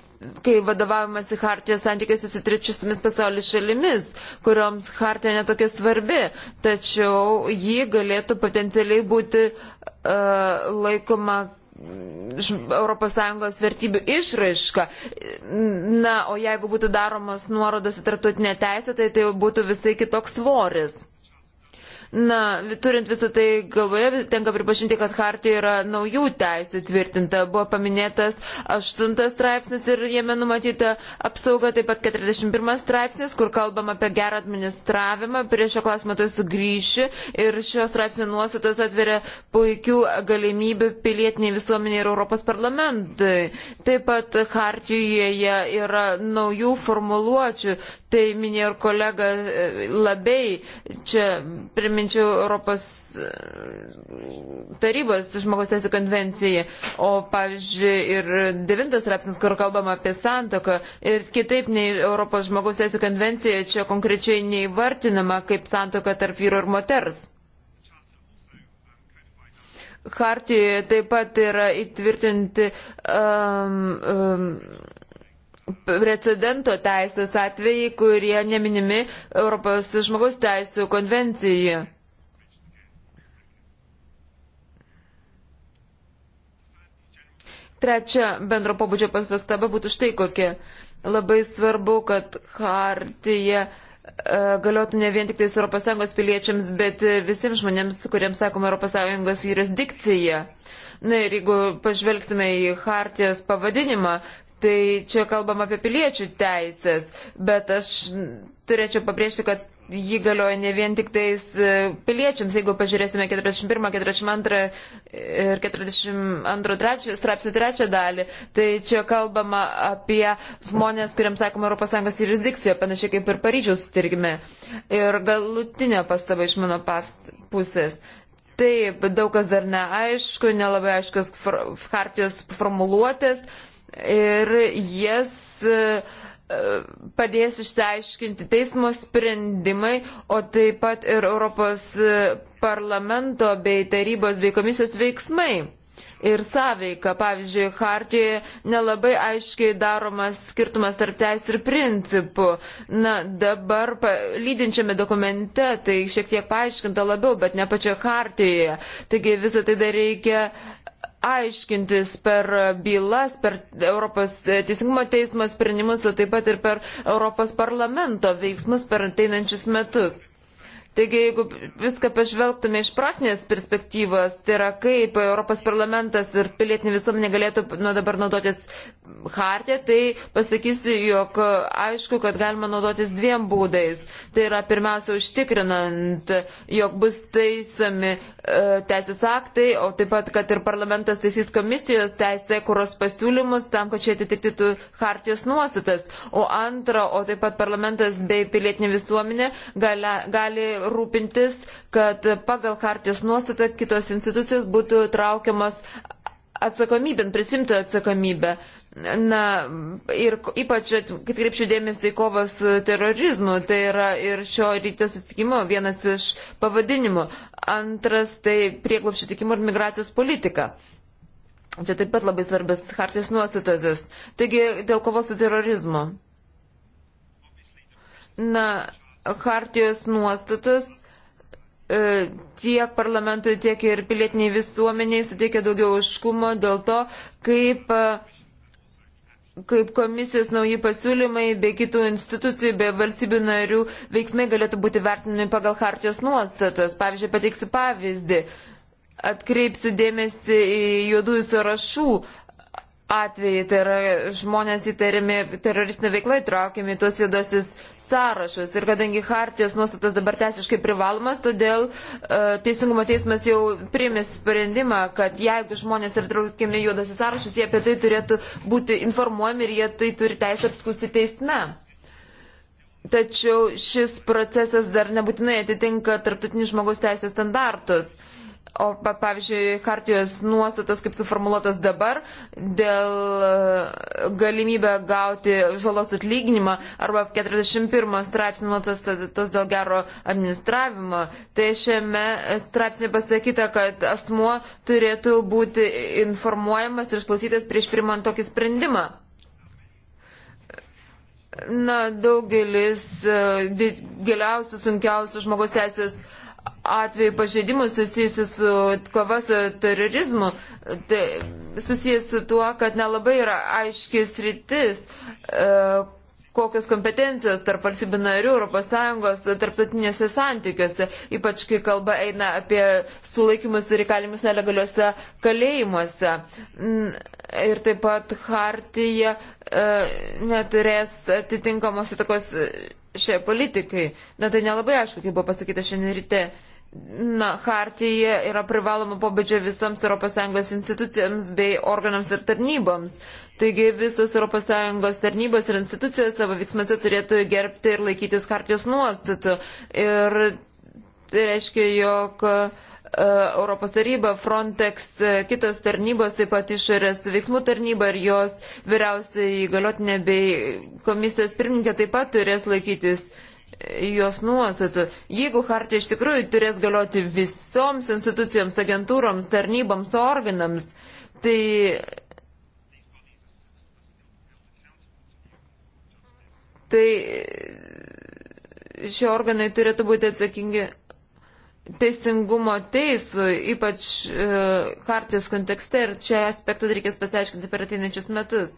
kai vadovavimas į Hartiją santykiuose su trečiosiamis pasaulio šalimis, kurioms Hartija netokia svarbi, tačiau ji galėtų potencialiai būti uh, laikoma mm, ES vertybių išraiška. Na, o jeigu būtų daromas nuorodas į tarptautinę teisę, tai tai būtų visai kitoks svoris. Na, turint visą tai galvoje, tenka pripažinti, kad hartijoje yra naujų teisų tvirtinta. Buvo paminėtas 8 straipsnis ir jame numatyta apsauga, taip pat 41 straipsnis, kur kalbam apie gerą administravimą. Prie šio klausimo tu sugrįši ir šio straipsnio nuostatos atveria puikių galimybių pilietiniai visuomeniai ir Europos parlamentui. Taip pat hartijoje yra naujų formuluočių. Tai minėjo ir kolega e, labai čia priminė remiančių Europos e, tarybos žmogaus teisų konvenciją, o pavyzdžiui ir devintas rapsnis, kur kalbama apie santoką ir kitaip nei Europos žmogaus teisų konvencija čia konkrečiai neįvartinama kaip santoka tarp vyro ir moters. Hartijoje taip pat yra įtvirtinti um, um, precedento teisės atvejai, kurie neminimi Europos žmogaus teisų konvencijoje. Trečia bendro pabudžio pastaba būtų štai kokia. Labai svarbu, kad hartija e, galiotų ne vien tik tais ES piliečiams, bet visiems žmonėms, kuriems sakoma ES jurisdikcija. Na ir jeigu pažvelgsime į hartijos pavadinimą, Tai čia kalbam apie piliečių teisės, bet aš turėčiau pabrėžti, kad jį galioja ne vien tik tais e, piliečiams. Jeigu pažiūrėsime 41, 42 ir 42 straipsnių trečią dalį, tai čia kalbama apie žmonės, kuriems sakoma ES jurisdikcija, panašiai kaip ir Paryžiaus sutirgime. Ir galutinė pastaba iš mano past pusės. Taip, daug kas dar neaišku, nelabai aiškios fr hartijos formuluotės. Uh, ir jas e, padės išsiaiškinti teismo sprendimai, o taip pat ir Europos parlamento bei tarybos bei komisijos veiksmai. Ir sąveika, pavyzdžiui, Hartijoje nelabai aiškiai daromas skirtumas tarp teis ir principų. Na, dabar pa, lydinčiame dokumente tai šiek tiek paaiškinta labiau, bet ne pačioje Hartijoje. Taigi visą tai dar reikia uh, aiškintis per bylas, per Europos e, teisingumo teismo sprendimus, o taip pat ir per Europos parlamento veiksmus per ateinančius metus. Taigi, jeigu viską pažvelgtume iš praktinės perspektyvos, tai yra kaip Europos parlamentas ir pilietinė visuomenė galėtų nuo dabar naudotis hartė, tai pasakysiu, jog aišku, kad galima naudotis dviem būdais. Tai yra pirmiausia užtikrinant, jog bus taisami e, teisės aktai, o taip pat, kad ir parlamentas taisys komisijos teisė, kuros pasiūlymus tam, kad čia atitiktų hartijos nuostatas. O antra, o taip pat parlamentas bei pilietinė visuomenė gali, gali rūpintis, kad pagal kartės nuostatą kitos institucijos būtų traukiamas atsakomybėn, prisimtų atsakomybę. Na ir ypač atkreipčiau dėmesį į kovą su terorizmu, tai yra ir šio ryto sustikimo vienas iš pavadinimų. Antras tai prieklopšio tikimo ir migracijos politika. Čia taip pat labai svarbės hartijos nuostatos. Taigi dėl kovos su terorizmu. Na, hartijos nuostatas e, tiek parlamentui, tiek ir pilietiniai visuomeniai suteikia daugiau užkumo dėl to, kaip, e, kaip komisijos nauji pasiūlymai bei kitų institucijų bei valstybių narių veiksmai galėtų būti vertinami pagal hartijos nuostatas. Pavyzdžiui, pateiksiu pavyzdį. Atkreipsiu dėmesį į juodųjų sąrašų atvejai, tai yra žmonės įtariami teroristinė veikla įtraukiami tuos juodosius sąrašus. Ir kadangi hartijos nuostatos dabar teisiškai privalomas, todėl e, Teisingumo teismas jau priėmė sprendimą, kad jeigu žmonės yra traukiami juodasi sąrašus, jie apie tai turėtų būti informuojami ir jie tai turi teisę apskusti teisme. Tačiau šis procesas dar nebūtinai atitinka tarptautinių žmogaus teisės standartus. E, O pavyzdžiui, kartijos nuostatos, kaip suformuoluotas dabar, dėl e, galimybę gauti žalos atlyginimą arba 41 straipsnio nuostatos dėl gero administravimo, tai šiame straipsnė pasakyta, kad asmuo turėtų būti informuojamas ir išklausytas prieš primant tokį sprendimą. Na, daugelis e, giliausių, sunkiausių žmogaus teisės atveju pažeidimų susijusių su kova su terorizmu, tai susijęs su tuo, kad nelabai yra aiškis rytis, e, kokios kompetencijos tarp valstybių narių, ES, tarptautinėse santykiuose, ypač kai kalba eina apie sulaikymus ir įkalimus nelegaliuose kalėjimuose. Ir taip pat Hartija e, neturės atitinkamos įtakos šiai politikai. Na tai nelabai aišku, kaip buvo pasakyta šiandien ryte. Na, hartija yra privaloma pobėdžio visoms ES institucijams bei organams ir tarnyboms. Taigi visos ES tarnybos ir institucijos savo veiksmuose turėtų gerbti ir laikytis hartijos nuostatų. Ir tai reiškia, jog uh, Europos taryba, Frontex, kitos tarnybos, taip pat išorės veiksmų tarnyba ir jos vyriausiai įgaliotinė bei komisijos pirmininkė taip pat turės laikytis jos nuostatų. Jeigu hartė iš tikrųjų turės galioti visoms institucijoms, agentūroms, tarnyboms, organams, tai. Tai šie organai turėtų būti atsakingi teisingumo teisui, ypač e, kartijos kontekste ir čia aspektą reikės pasiaiškinti per ateinančius metus.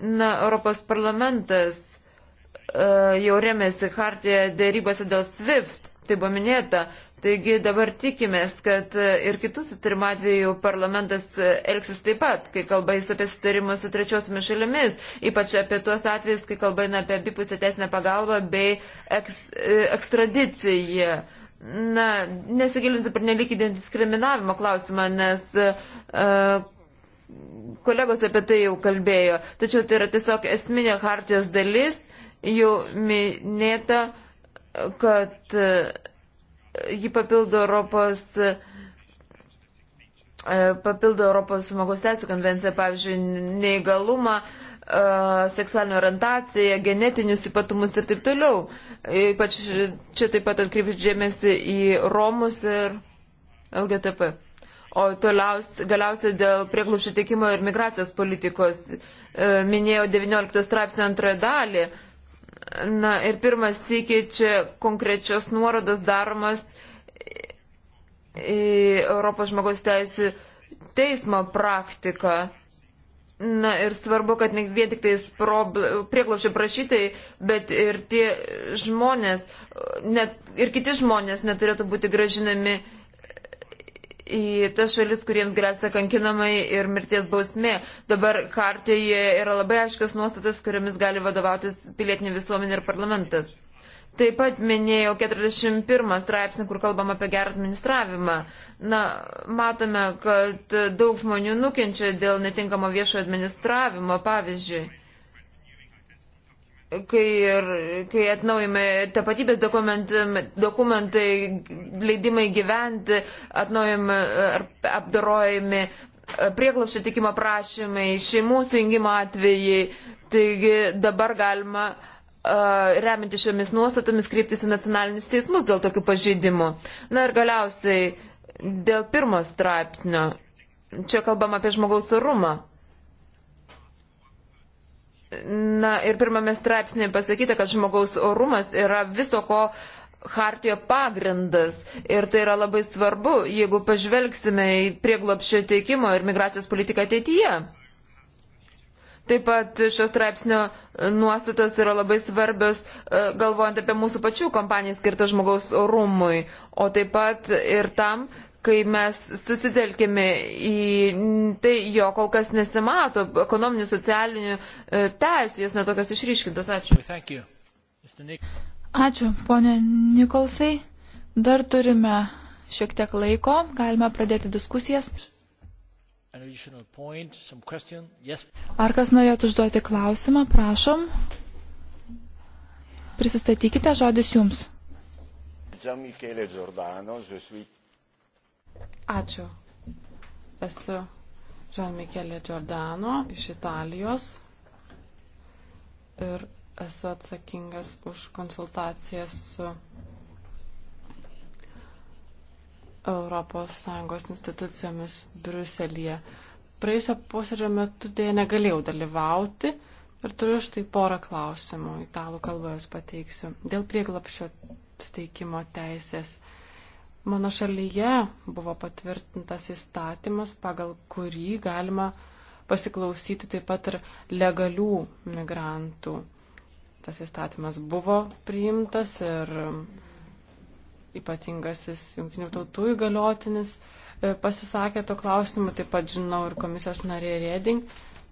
Na, Europos parlamentas e, jau remėsi kartiją dėrybose dėl SWIFT, tai buvo minėta. Taigi dabar tikimės, kad e, ir kitų sustarimų atveju parlamentas e, elgsis taip pat, kai kalba jis apie sustarimus su trečiosiomis šalimis, ypač apie tuos atvejus, kai kalba eina apie abipusę teisinę pagalbą bei eks, e, ekstradiciją. E, Na, nesigilinsiu per nelik į diskriminavimo klausimą, nes uh, kolegos apie tai jau kalbėjo. Tačiau tai yra tiesiog esminė hartijos dalis, jau minėta, kad uh, ji papildo Europos. Uh, papildo Europos žmogaus teisų konvenciją, pavyzdžiui, neįgalumą, uh, seksualinę orientaciją, genetinius ypatumus ir taip toliau. Ypač čia taip pat atkreipiu dėmesį į Romus ir LGTP. O toliaus, galiausiai dėl prieglupščio teikimo ir migracijos politikos e, minėjau 19 straipsnio antrąją dalį. Na ir pirmas sėkiai čia konkrečios nuorodos daromas į Europos žmogaus teisų teismo praktiką. Na ir svarbu, kad ne vien tik tais prieglaušio prašytai, bet ir tie žmonės, net, ir kiti žmonės neturėtų būti gražinami į tas šalis, kuriems grėsia kankinamai ir mirties bausmė. Dabar kartijoje yra labai aiškios nuostatos, kuriamis gali vadovautis pilietinė visuomenė ir parlamentas. Taip pat minėjau 41 straipsnį, kur kalbam apie gerą administravimą. Na, matome, kad daug žmonių nukenčia dėl netinkamo viešo administravimo, pavyzdžiui. Kai, ir, kai atnaujame tapatybės dokumentai, dokumentai, leidimai gyventi, atnaujame ar apdarojami prieklapščio tikimo prašymai, šeimų sujungimo atvejai, taigi dabar galima uh, reminti šiomis nuostatomis kreiptis į nacionalinius teismus dėl tokių pažeidimų. Na ir galiausiai dėl pirmo straipsnio. Čia kalbam apie žmogaus orumą. Na ir pirmame straipsnėje pasakyta, kad žmogaus orumas yra viso ko hartijo pagrindas. Ir tai yra labai svarbu, jeigu pažvelgsime į prieglopščio teikimo ir migracijos politiką ateityje. Taip pat šios straipsnio nuostatos yra labai svarbios, e, galvojant apie mūsų pačių kompaniją skirtą žmogaus orumui, o taip pat ir tam, kai mes susitelkime į tai, jo kol kas nesimato, ekonominių, socialinių e, teisų, jos netokios išryškintos. Ačiū. Ačiū, ponė Nikolsai. Dar turime šiek tiek laiko, galime pradėti diskusijas. Point, yes. Ar kas norėtų užduoti klausimą, prašom. Prisistatykite, žodis jums. Ačiū. Esu Žanmikelė Giordano iš Italijos ir esu atsakingas už konsultacijas su ES institucijomis Bruselėje. Praėjusio posėdžio metu dėja negalėjau dalyvauti ir turiu štai porą klausimų, italų kalbą jūs pateiksiu. Dėl prieglapšio steikimo teisės. Mano šalyje buvo patvirtintas įstatymas, pagal kurį galima pasiklausyti taip pat ir legalių migrantų. Tas įstatymas buvo priimtas ir ypatingasis jungtinių tautų įgaliotinis e, pasisakė to klausimu, taip pat žinau ir komisijos narė Rėding.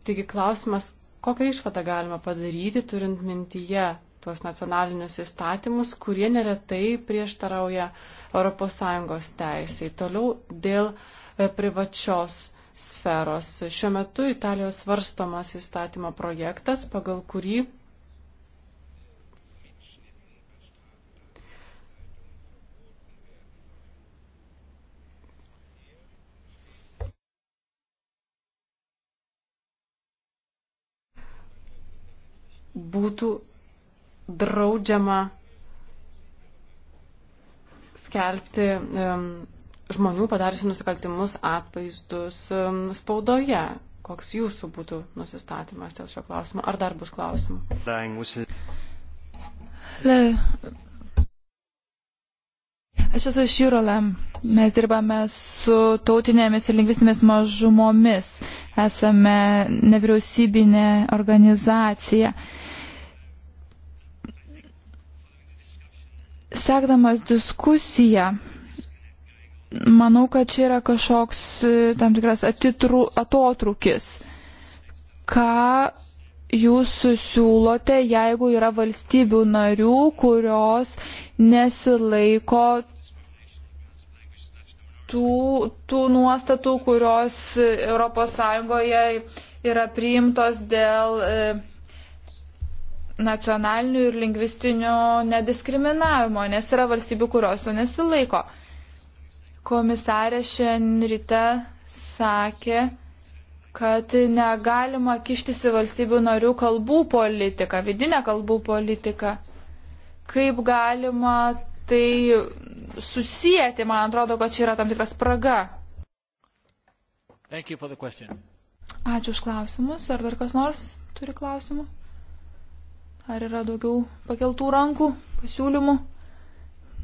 Taigi klausimas, kokią išvadą galima padaryti, turint mintyje tuos nacionalinius įstatymus, kurie neretai prieštarauja ES teisai. Toliau dėl e, privačios sferos. Šiuo metu Italijos svarstomas įstatymo projektas, pagal kurį būtų draudžiama skelbti um, žmonių padarysių nusikaltimus atvaizdus um, spaudoje. Koks jūsų būtų nusistatymas dėl šio klausimo? Ar dar bus klausimų? Le, Aš esu iš Jurolem. Mes dirbame su tautinėmis ir lingvistinėmis mažumomis. Esame nevyriausybinė organizacija. Sekdamas diskusiją, manau, kad čia yra kažkoks e, tam tikras atitru, atotrukis. Ką jūs siūlote, jeigu yra valstybių narių, kurios nesilaiko tų, tų nuostatų, kurios ES yra priimtos dėl e, nacionalinių ir lingvistinių nediskriminavimo, nes yra valstybių, kurios to nesilaiko. Komisarė šiandien ryte sakė, kad negalima kištis į valstybių narių kalbų politiką, vidinę kalbų politiką. Kaip galima tai susijęti, man atrodo, kad čia yra tam tikras praga. Ačiū už klausimus. Ar dar kas nors turi klausimų? Ar yra daugiau pakeltų rankų, pasiūlymų?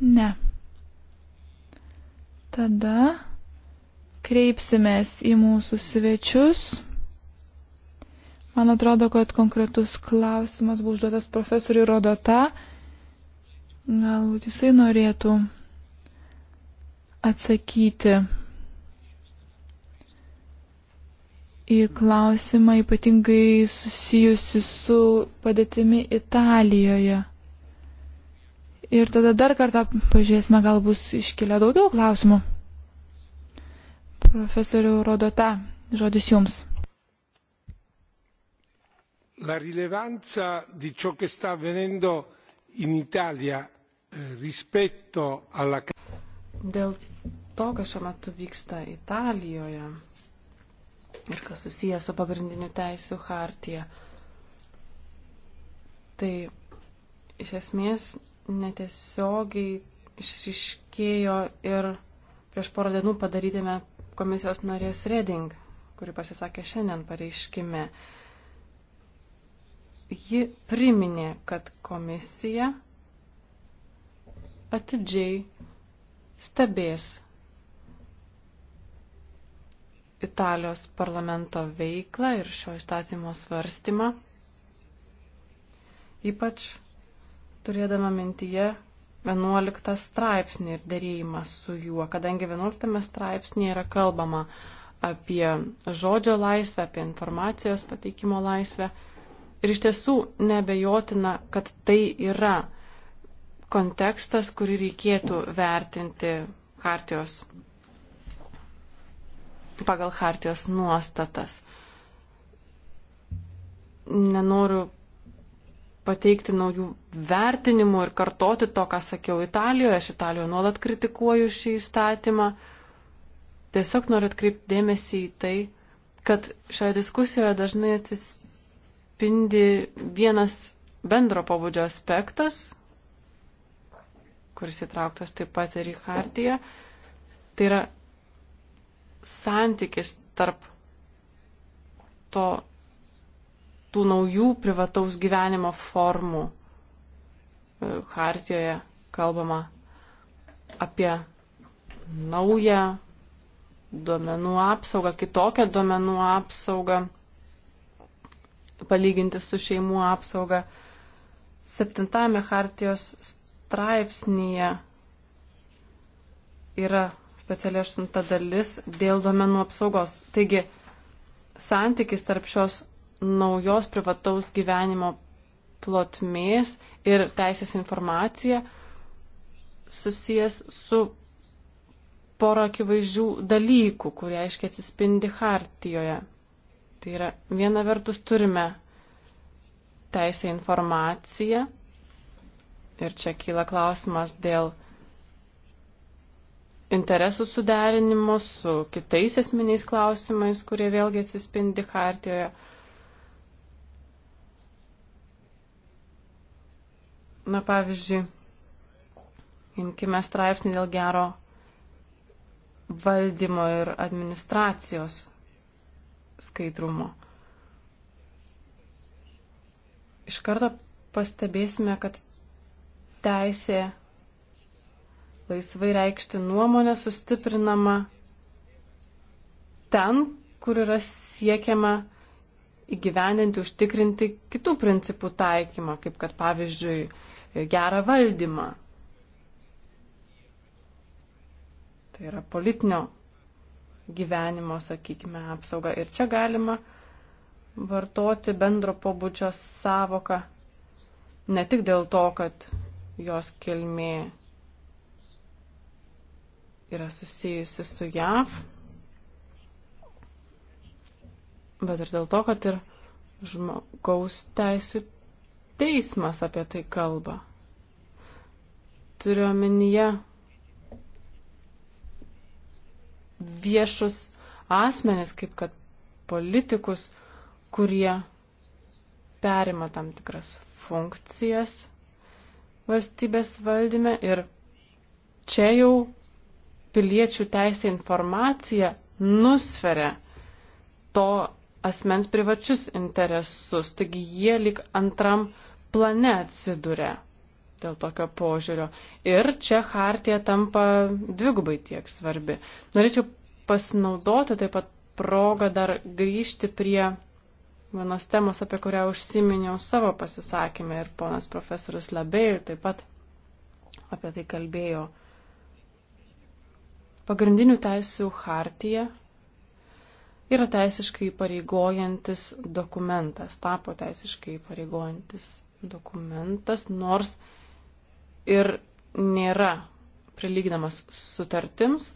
Ne. Tada kreipsimės į mūsų svečius. Man atrodo, kad konkretus klausimas buvo užduotas profesoriui Rodota. Galbūt jisai norėtų atsakyti į klausimą ypatingai susijusi su padėtimi Italijoje. Ir tada dar kartą pažiūrėsime, gal bus iškilę daugiau klausimų. Profesoriu Rodota, žodis jums. La rilevanza di ciò che sta avvenendo in Italia Dėl to, kas šiuo metu vyksta Italijoje ir kas susijęs su pagrindiniu teisų hartija, tai iš esmės netiesiogiai išiškėjo ir prieš porą dienų padarytėme komisijos narės Reding, kuri pasisakė šiandien pareiškime. Ji priminė, kad komisija atidžiai stebės Italijos parlamento veiklą ir šio įstatymo svarstymą, ypač turėdama mintyje 11 straipsnį ir dėrėjimą su juo, kadangi 11 straipsnė yra kalbama apie žodžio laisvę, apie informacijos pateikimo laisvę. Ir iš tiesų nebejotina, kad tai yra kontekstas, kurį reikėtų vertinti hartijos, pagal hartijos nuostatas. Nenoriu pateikti naujų vertinimų ir kartoti to, ką sakiau Italijoje. Aš Italijoje nuolat kritikuoju šį įstatymą. Tiesiog noriu atkreipti dėmesį į tai, kad šioje diskusijoje dažnai atsispindi vienas bendro pabudžio aspektas, kuris įtrauktas taip pat ir į hartiją. Tai yra santykis tarp to, tų naujų privataus gyvenimo formų. E, hartijoje kalbama apie naują duomenų apsaugą, kitokią duomenų apsaugą, palyginti su šeimų apsauga. Septintame Hartijos straipsnėje yra speciali aštunta dalis dėl duomenų apsaugos. Taigi, santykis tarp šios naujos privataus gyvenimo plotmės ir teisės informacija susijęs su poro akivaizdžių dalykų, kurie aiškiai atsispindi hartijoje. Tai yra, viena vertus turime teisę informaciją, Ir čia kyla klausimas dėl interesų suderinimo su kitais esminiais klausimais, kurie vėlgi atsispindi hartijoje. Na pavyzdžiui, imkime straipsnį dėl gero valdymo ir administracijos skaidrumo. Iš karto pastebėsime, kad teisė laisvai reikšti nuomonę sustiprinama ten, kur yra siekiama įgyvendinti, užtikrinti kitų principų taikymą, kaip kad pavyzdžiui gerą valdymą. Tai yra politinio gyvenimo, sakykime, apsauga. Ir čia galima vartoti bendro pobūdžio savoką ne tik dėl to, kad jos kilmė yra susijusi su JAV, bet ir dėl to, kad ir žmogaus teisų teismas apie tai kalba. Turiu omenyje viešus asmenis, kaip kad politikus, kurie perima tam tikras funkcijas valstybės valdyme ir čia jau piliečių teisė informacija nusferia to asmens privačius interesus, taigi jie lik antram plane atsiduria dėl tokio požiūrio. Ir čia hartija tampa dvigubai tiek svarbi. Norėčiau pasinaudoti taip pat progą dar grįžti prie vienos temos, apie kurią užsiminiau savo pasisakymę ir ponas profesorius Labei taip pat apie tai kalbėjo. Pagrindinių teisių hartija yra teisiškai pareigojantis dokumentas, tapo teisiškai pareigojantis dokumentas, nors ir nėra prilygdamas sutartims.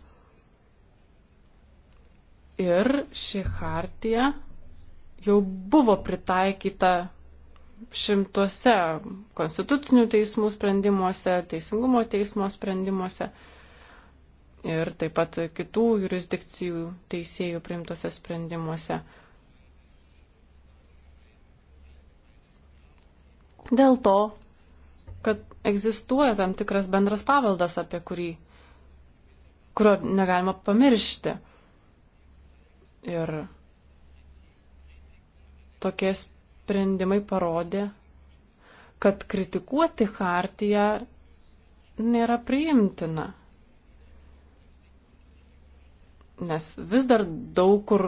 Ir ši hartija jau buvo pritaikyta šimtuose konstitucinių teismų sprendimuose, teisingumo teismo sprendimuose ir taip pat kitų jurisdikcijų teisėjų priimtose sprendimuose. Dėl to, kad egzistuoja tam tikras bendras paveldas, apie kurį, kurio negalima pamiršti. Ir tokie sprendimai parodė, kad kritikuoti hartiją nėra priimtina. Nes vis dar daug kur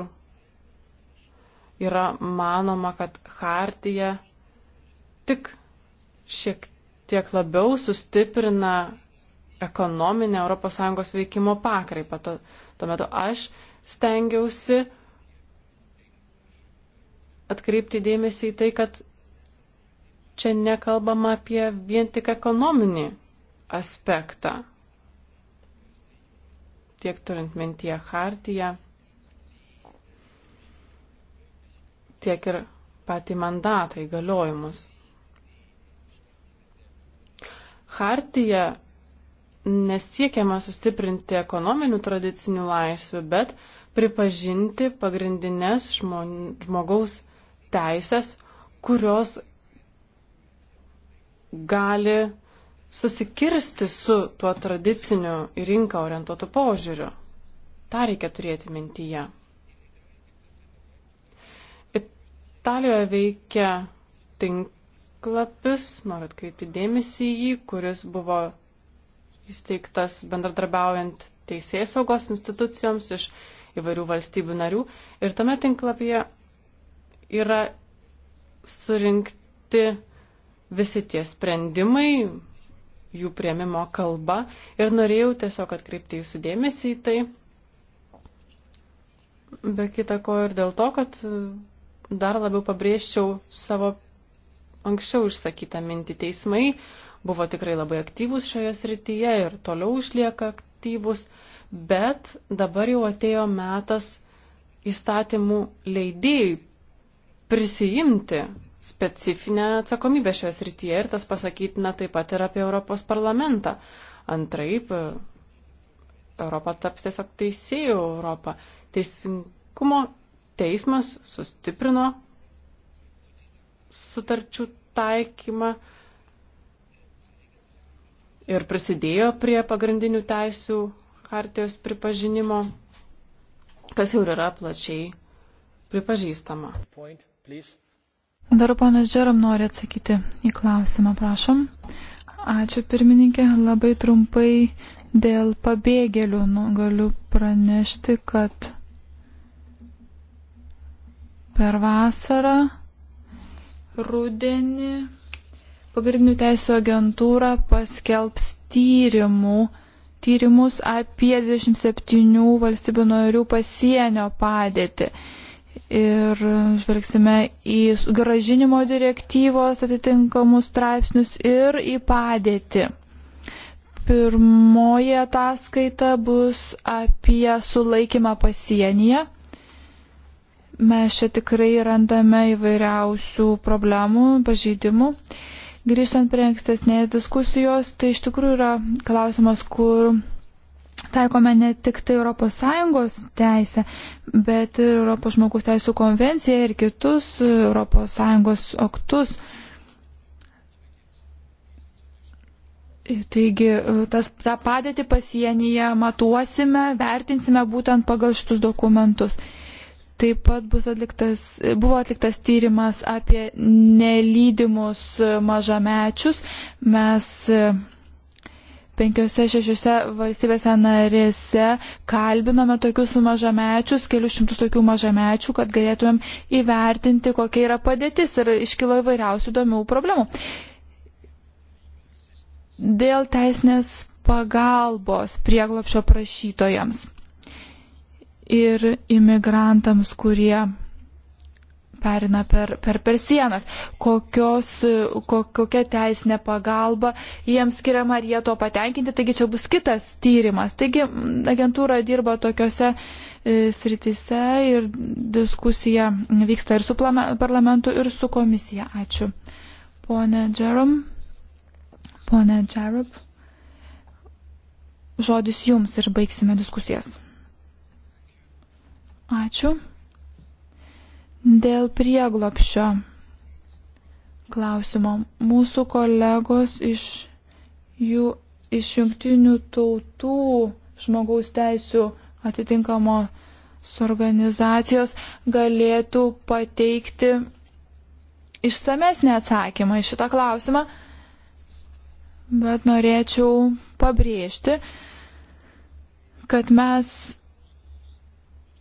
yra manoma, kad hartija tik šiek tiek labiau sustiprina ekonominę ES veikimo pakraipą. Tuo metu aš stengiausi atkreipti dėmesį į tai, kad čia nekalbama apie vien tik ekonominį aspektą. Tiek turint mintyje hartiją, tiek ir patį mandatą įgaliojimus. Hartija nesiekiama sustiprinti ekonominių tradicinių laisvių, bet pripažinti pagrindinės žmon, žmogaus teisės, kurios gali susikirsti su tuo tradiciniu į rinką orientuotu požiūriu. Ta reikia turėti mintyje. Italijoje veikia tinklapis, noriu atkreipti dėmesį į jį, kuris buvo įsteigtas bendradarbiaujant teisėsaugos institucijoms iš įvairių valstybių narių. Ir tame tinklapyje yra surinkti visi tie sprendimai, jų prieimimo kalba ir norėjau tiesiog atkreipti jūsų dėmesį į tai. Be kita ko ir dėl to, kad dar labiau pabrėžčiau savo anksčiau išsakytą mintį teismai buvo tikrai labai aktyvūs šioje srityje ir toliau išlieka aktyvūs, bet dabar jau atėjo metas įstatymų leidėjui prisijimti specifinę atsakomybę šioje srityje ir tas pasakytina taip pat ir apie Europos parlamentą. Antraip, e, Europa taps tiesiog teisėjų Europą. Teisingumo teismas sustiprino sutarčių taikymą ir prisidėjo prie pagrindinių teisių hartijos pripažinimo, kas jau yra plačiai pripažįstama. Point please. Dar ponas Džerom nori atsakyti į klausimą, prašom. Ačiū pirmininkė, labai trumpai dėl pabėgėlių nu, galiu pranešti, kad per vasarą, rudenį pagrindinių teisų agentūra paskelbs tyrimų, tyrimus apie 27 valstybių narių pasienio padėtį ir žvelgsime į gražinimo direktyvos atitinkamus straipsnius ir į padėtį. Pirmoji ataskaita bus apie sulaikymą pasienyje. Mes čia tikrai randame įvairiausių problemų, pažeidimų. Grįžtant prie ankstesnės diskusijos, tai iš tikrųjų yra klausimas, kur taikome ne tik tai ES teisę, bet ir ES žmogus teisų konvenciją ir kitus ES aktus. Taigi, e, tas, tą padėtį pasienyje matuosime, vertinsime būtent pagal šitus dokumentus. Taip pat atliktas, buvo atliktas tyrimas apie nelydimus mažamečius. Mes e, penkiose, šešiose valstybėse narėse kalbinome tokius mažamečius, kelius šimtus tokių mažamečių, kad galėtumėm įvertinti, kokia yra padėtis ir iškilo įvairiausių įdomių problemų. Dėl teisinės pagalbos prieglopšio prašytojams ir imigrantams, kurie perina per, per, per sienas, kokios, e, ko, kokia teisinė pagalba jiems skiriama, ar jie to patenkinti, taigi čia bus kitas tyrimas. Taigi agentūra dirba tokiuose e, sritise ir diskusija vyksta ir su parlamentu, ir su komisija. Ačiū. Pone Džerom. Pone Džerom. Žodis jums ir baigsime diskusijas. Ačiū. Dėl prieglopšio klausimo. Mūsų kolegos iš, jų, iš jungtinių tautų žmogaus teisų atitinkamo organizacijos galėtų pateikti išsamesnį atsakymą į šitą klausimą, bet norėčiau pabrėžti, kad mes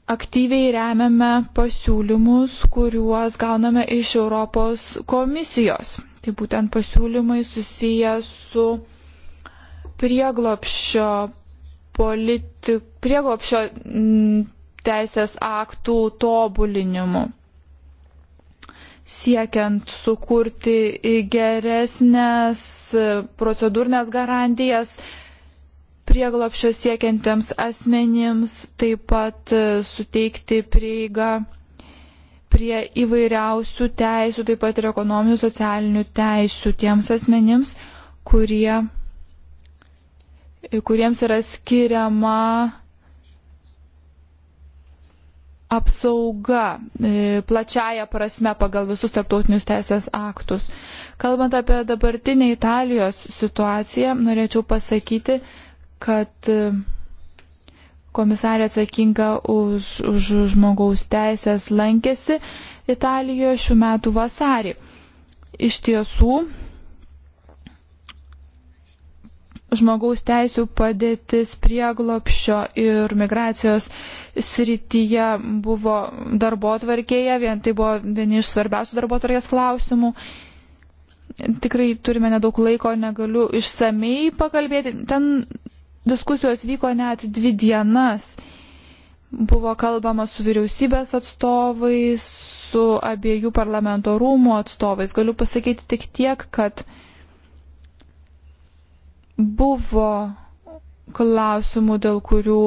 aktyviai remiame pasiūlymus, kuriuos gauname iš Europos komisijos. Tai būtent pasiūlymai susiję su prieglopščio, politi... prieglopščio mm, teisės aktų tobulinimu, siekiant sukurti geresnės procedūrinės garantijas prieglopšio siekiantiems asmenims, taip pat e, suteikti prieigą prie įvairiausių teisų, taip pat ir ekonominių, socialinių teisų tiems asmenims, kurie, e, kuriems yra skiriama apsauga e, plačiaja prasme pagal visus tarptautinius teisės aktus. Kalbant apie dabartinę Italijos situaciją, norėčiau pasakyti, kad e, komisarė atsakinga už, už žmogaus teisės lankėsi Italijoje šių metų vasarį. Iš tiesų, žmogaus teisų padėtis prieglopšio ir migracijos srityje buvo darbo tvarkėje, vien tai buvo vieni iš svarbiausių darbo tvarkės klausimų. Tikrai turime nedaug laiko, negaliu išsamei pakalbėti. Ten Diskusijos vyko net dvi dienas. Buvo kalbama su vyriausybės atstovais, su abiejų parlamento rūmų atstovais. Galiu pasakyti tik tiek, kad buvo klausimų, dėl kurių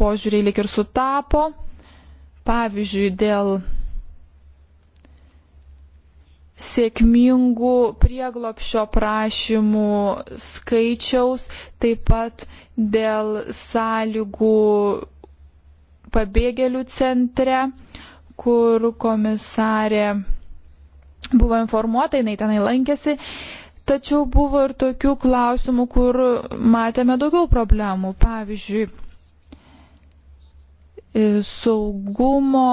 požiūriai lik ir sutapo. Pavyzdžiui, dėl sėkmingų prieglopšio prašymų skaičiaus, taip pat dėl sąlygų pabėgėlių centre, kur komisarė buvo informuota, jinai tenai lankėsi. Tačiau buvo ir tokių klausimų, kur matėme daugiau problemų. Pavyzdžiui, saugumo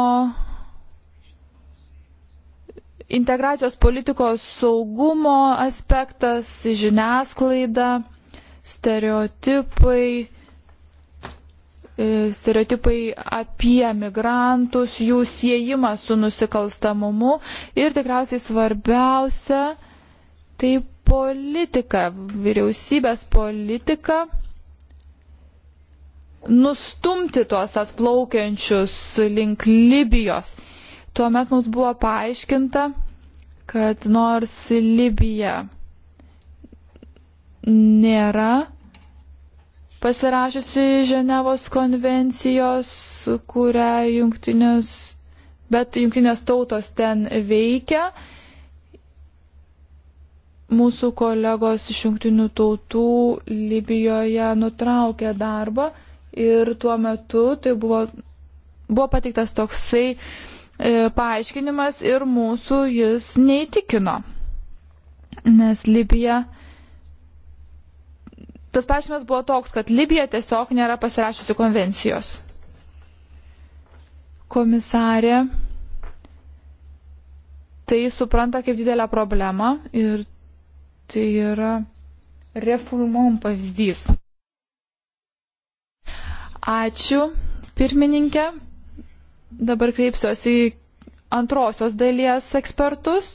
integracijos politikos saugumo aspektas, žiniasklaida, stereotipai, e, stereotipai apie migrantus, jų siejimas su nusikalstamumu ir tikriausiai svarbiausia, tai politika, vyriausybės politika nustumti tuos atplaukiančius link Libijos. Tuomet mums buvo paaiškinta, kad nors Libija nėra pasirašiusi Ženevos konvencijos, kurią jungtinės, bet jungtinės tautos ten veikia. Mūsų kolegos iš jungtinių tautų Libijoje nutraukė darbą ir tuo metu tai buvo, buvo pateiktas toksai uh, E, paaiškinimas ir mūsų jis neįtikino. Nes Libija. Tas paaiškinimas buvo toks, kad Libija tiesiog nėra pasirašusi konvencijos. Komisarė tai supranta kaip didelę problemą ir tai yra reformom pavyzdys. Ačiū, pirmininkė. Dabar kreipsiuosi į antrosios dalies ekspertus.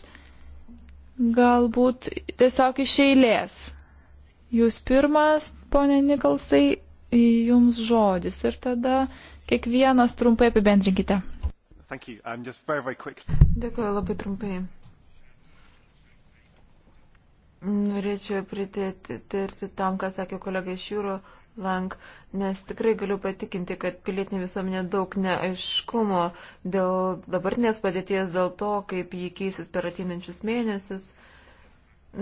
Galbūt tiesiog iš eilės. Jūs pirmas, ponė Nikolsai, jums žodis ir tada kiekvienas trumpai apibendrinkite. Um, very, very Dėkuoju labai trumpai. Norėčiau pritėti tam, ką sakė kolega iš jūro. Uh, Lang, nes tikrai galiu patikinti, kad pilietinė visuomenė daug neaiškumo dėl dabartinės padėties, dėl to, kaip jį keisis per ateinančius mėnesius.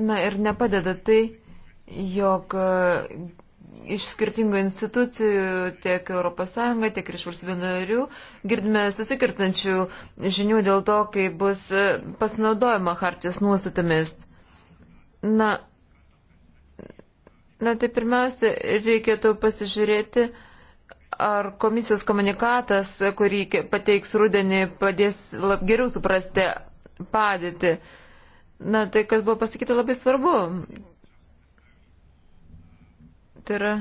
Na ir nepadeda tai, jog e, iš skirtingų institucijų, tiek ES, tiek ir iš valstybių narių, girdime susikirtančių žinių dėl to, kaip bus e, pasinaudojama hartijos nuostatomis. Na, Na tai pirmiausia, reikėtų pasižiūrėti, ar komisijos komunikatas, kurį pateiks rudenį, padės lab, geriau suprasti padėtį. Na tai, kas buvo pasakyti, labai svarbu. Tai yra,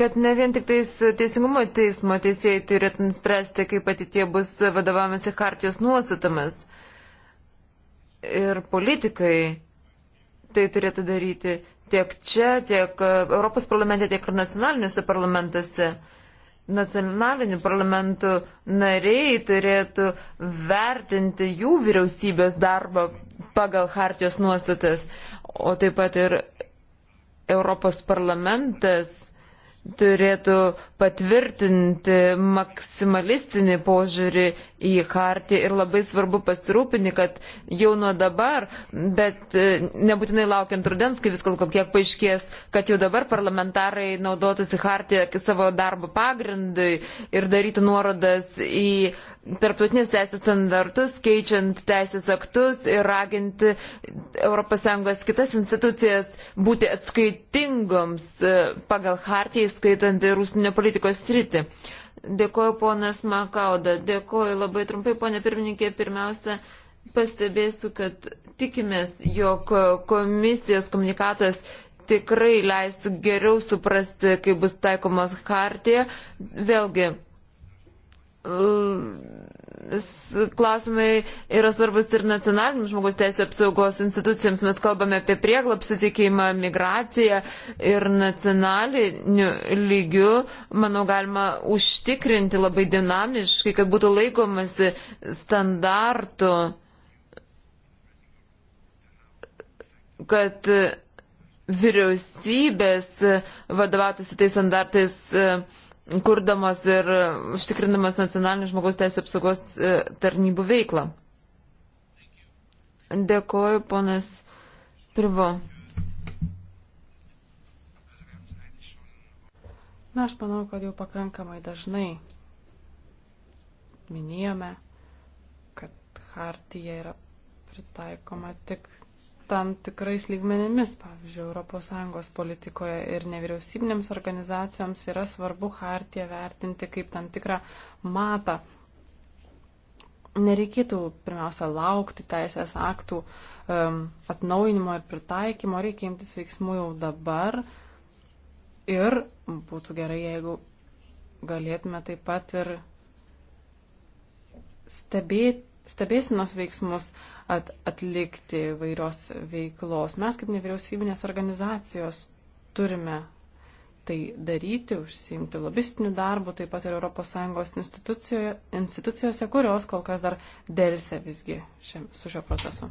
kad ne vien tik tais teisingumo teismo teisėjai turėtų nuspręsti, kaip ateitie bus vadovavimasi hartijos nuostatomis. Ir politikai tai turėtų daryti tiek čia, tiek e, Europos parlamente, tiek ir nacionaliniuose parlamentuose. Nacionalinių parlamentų nariai turėtų vertinti jų vyriausybės darbą pagal hartijos nuostatas, o taip pat ir Europos parlamentas turėtų patvirtinti maksimalistinį požiūrį į kartį ir labai svarbu pasirūpinti, kad jau nuo dabar, bet e, nebūtinai laukiant rudens, kai viskas kiek paaiškės, kad jau dabar parlamentarai naudotųsi kartį savo darbo pagrindui ir darytų nuorodas į uh, tarptautinės teisės standartus, keičiant teisės aktus ir raginti ES kitas institucijas būti atskaitingoms e, pagal hartiją, skaitant ir užsienio politikos sritį. Dėkuoju ponas Makauda, dėkuoju labai trumpai, ponė pirmininkė, pirmiausia. Pastebėsiu, kad tikimės, jog komisijos komunikatas tikrai leis geriau suprasti, kaip bus taikomas hartija. Vėlgi, klausimai yra svarbus ir nacionaliniams žmogus teisų apsaugos institucijams. Mes kalbame apie prieglapsį tikėjimą, migraciją ir nacionaliniu lygiu, manau, galima užtikrinti labai dinamiškai, kad būtų laikomasi standartų, kad vyriausybės vadovatųsi tais standartais kurdamos ir užtikrindamas nacionalinių žmogaus teisų apsaugos e, tarnybų veiklą. Dėkoju, ponas Privo. Na, aš manau, kad jau pakankamai dažnai minėjome, kad hartija yra pritaikoma tik tam tikrais lygmenėmis, pavyzdžiui, ES politikoje ir nevyriausybinėms organizacijoms yra svarbu hartiją vertinti kaip tam tikrą matą. Nereikėtų pirmiausia laukti teisės aktų um, atnaujinimo ir pritaikymo, reikia imtis veiksmų jau dabar ir būtų gerai, jeigu galėtume taip pat ir stebėti, stebėsinos veiksmus at, atlikti vairios veiklos. Mes kaip nevyriausybinės organizacijos turime tai daryti, užsiimti lobistiniu darbu, taip pat ir ES institucijose, institucijose, kurios kol kas dar dėlse visgi šiam, su šio procesu.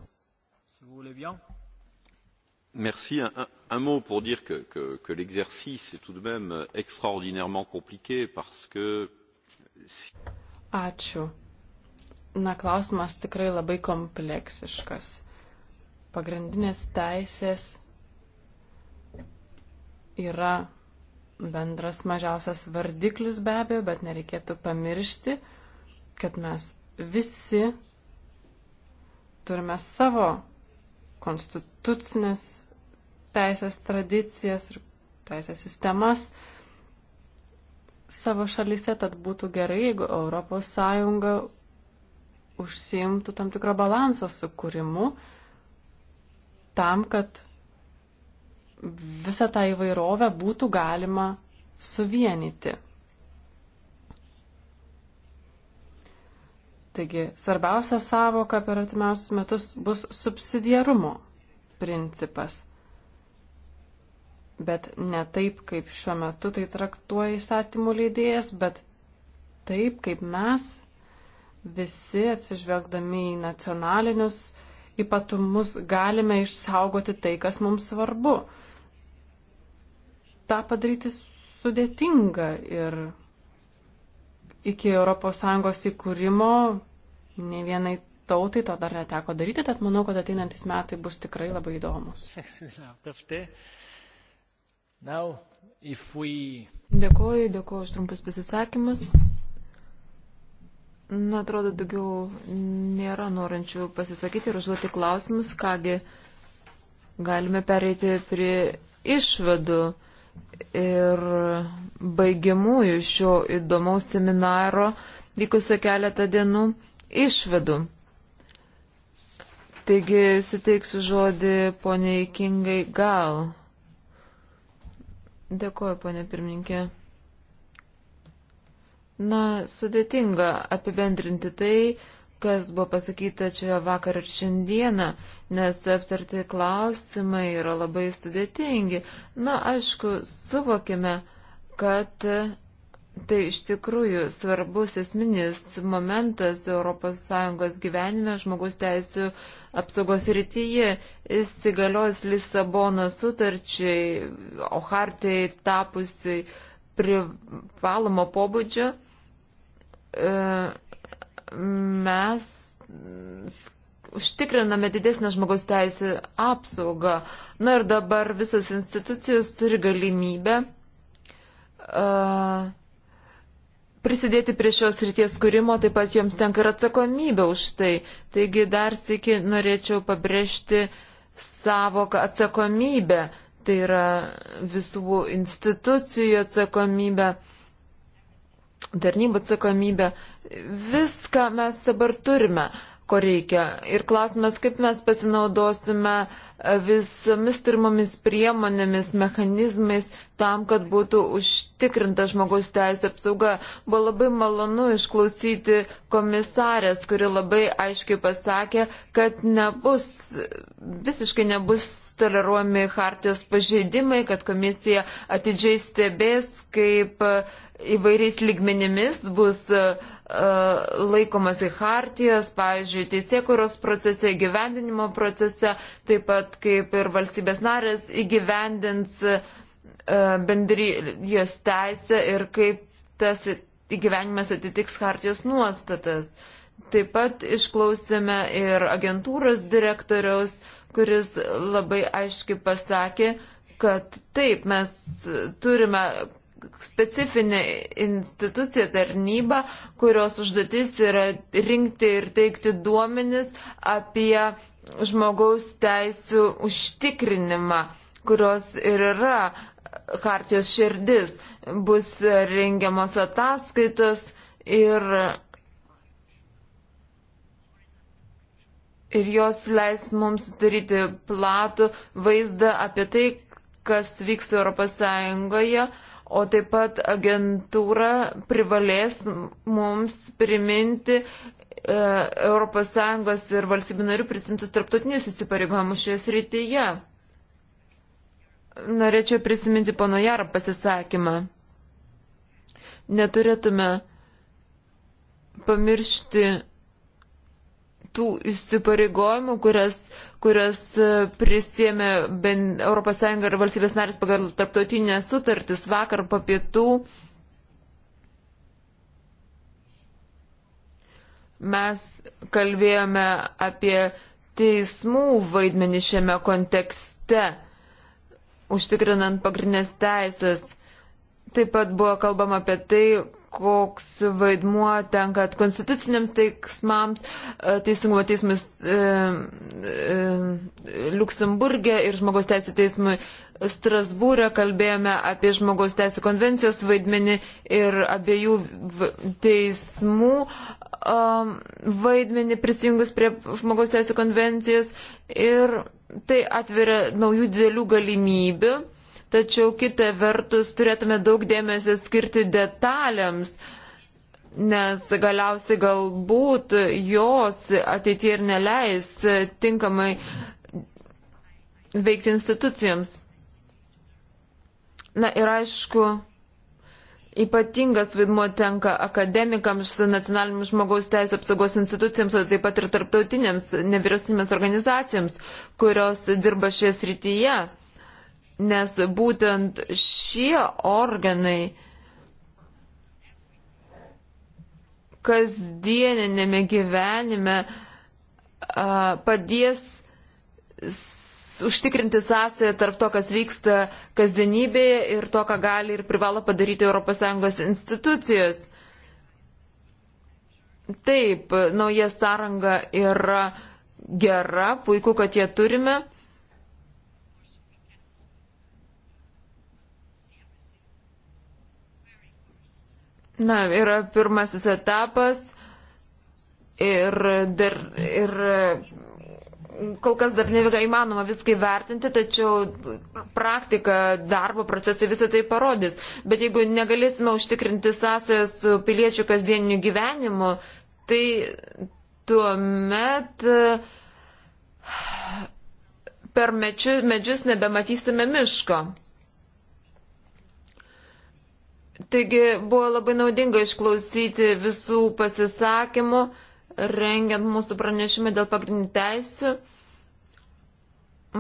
Merci. Un, un, un mot pour dire que, que, que l'exercice est tout de même extraordinairement compliqué parce que. Ačiū. Na, klausimas tikrai labai kompleksiškas. Pagrindinės teisės yra bendras mažiausias vardiklis be abejo, bet nereikėtų pamiršti, kad mes visi turime savo konstitucinės teisės tradicijas ir teisės sistemas savo šalyse, tad būtų gerai, jeigu ES užsiimtų tam tikro balanso sukūrimu tam, kad visą tą įvairovę būtų galima suvienyti. Taigi svarbiausia savoka per artimiausius metus bus subsidiarumo principas. Bet ne taip, kaip šiuo metu tai traktuoja įstatymų leidėjas, bet taip, kaip mes visi atsižvelgdami į nacionalinius ypatumus galime išsaugoti tai, kas mums svarbu. Ta padaryti sudėtinga ir iki ES įkūrimo ne vienai tautai to dar neteko daryti, tad manau, kad ateinantis metai bus tikrai labai įdomus. Dėkuoju, dėkuoju už trumpus pasisakymus. Na, atrodo, daugiau nėra norančių pasisakyti ir užduoti klausimus, kągi galime pereiti prie išvadų ir baigiamųjų šio įdomaus seminaro vykusio keletą dienų išvadų. Taigi suteiksiu žodį poniai Kingai Gal. Dėkuoju, ponė pirmininkė. Na, sudėtinga apibendrinti tai, kas buvo pasakyta čia vakar ir šiandieną, nes aptarti klausimai yra labai sudėtingi. Na, aišku, suvokime, kad tai iš tikrųjų svarbus esminis momentas ES gyvenime žmogus teisų apsaugos rytyje įsigalios Lisabono sutarčiai, o hartai tapusiai privalomo pobūdžio E, mes užtikriname didesnę žmogaus teisų apsaugą. Na ir dabar visos institucijos turi galimybę uh, prisidėti prie šios ryties kūrimo, taip pat joms tenka ir atsakomybė už tai. Taigi dar sėki norėčiau pabrėžti savoką atsakomybę, tai yra visų institucijų atsakomybė. Uh, tarnybų atsakomybę. Viską mes dabar turime, ko reikia. Ir klausimas, kaip mes pasinaudosime visomis turimomis priemonėmis, mechanizmais tam, kad būtų užtikrinta žmogaus teisė apsauga. Buvo labai malonu išklausyti komisarės, kuri labai aiškiai pasakė, kad nebus, visiškai nebus toleruojami hartijos pažeidimai, kad komisija atidžiai stebės, kaip uh, įvairiais lygmenimis bus e, e, laikomasi hartijos, pavyzdžiui, teisėkuros procese, gyvendinimo procese, taip pat kaip ir valstybės narės įgyvendins e, bendrijos teisę ir kaip tas įgyvenimas atitiks hartijos nuostatas. Taip pat išklausėme ir agentūros direktoriaus, kuris labai aiškiai pasakė, kad taip, mes turime specifinė institucija, tarnyba, kurios užduotis yra rinkti ir teikti duomenis apie žmogaus teisų užtikrinimą, kurios ir yra kartijos širdis. Bus rengiamos ataskaitos ir, ir jos leis mums daryti platų vaizdą apie tai, kas vyks Europos Sąjungoje o taip pat agentūra privalės mums priminti ES ir valstybių narių prisimtus tarptautinius įsipareigojimus šioje srityje. Norėčiau prisiminti pono Jaro pasisakymą. Neturėtume pamiršti tų įsipareigojimų, kurias uh, kurias e, prisėmė ES ir valstybės narės pagal tarptautinės sutartis vakar po pietų. Mes kalbėjome apie teismų vaidmenį šiame kontekste, užtikrinant pagrindinės teisės. Taip pat buvo kalbama apie tai, koks vaidmuo tenka konstituciniams teiksmams, e, teisingumo teismas e, e, Luksemburgė ir žmogaus teisų teismui Strasbūrė kalbėjome apie žmogaus teisų konvencijos vaidmenį ir abiejų teismų um, vaidmenį prisijungus prie žmogaus teisų konvencijos ir tai atveria naujų didelių galimybių tačiau kitą vertus turėtume daug dėmesio skirti detalėms, nes galiausiai galbūt jos ateitie ir neleis tinkamai veikti institucijoms. Na ir aišku, Ypatingas vaidmuo tenka akademikams, nacionaliniams žmogaus teisų apsaugos institucijams, o taip pat ir tarptautinėms nevyriausybėms organizacijoms, kurios dirba šioje srityje nes būtent šie organai kasdieninėme gyvenime padės užtikrinti sąsąją tarp to, kas vyksta kasdienybėje ir to, ką gali ir privalo padaryti ES institucijos. Taip, nauja sąranga yra gera, puiku, kad jie turime. Na, yra pirmasis etapas ir, dar, ir kol kas dar nevėga įmanoma viską įvertinti, tačiau praktika, darbo procesai visą tai parodys. Bet jeigu negalėsime užtikrinti sąsąją su piliečių kasdieniniu gyvenimu, tai tuomet per medžius nebematysime miško. Taigi buvo labai naudinga išklausyti visų pasisakymų, rengiant mūsų pranešimą dėl pagrindinių teisų.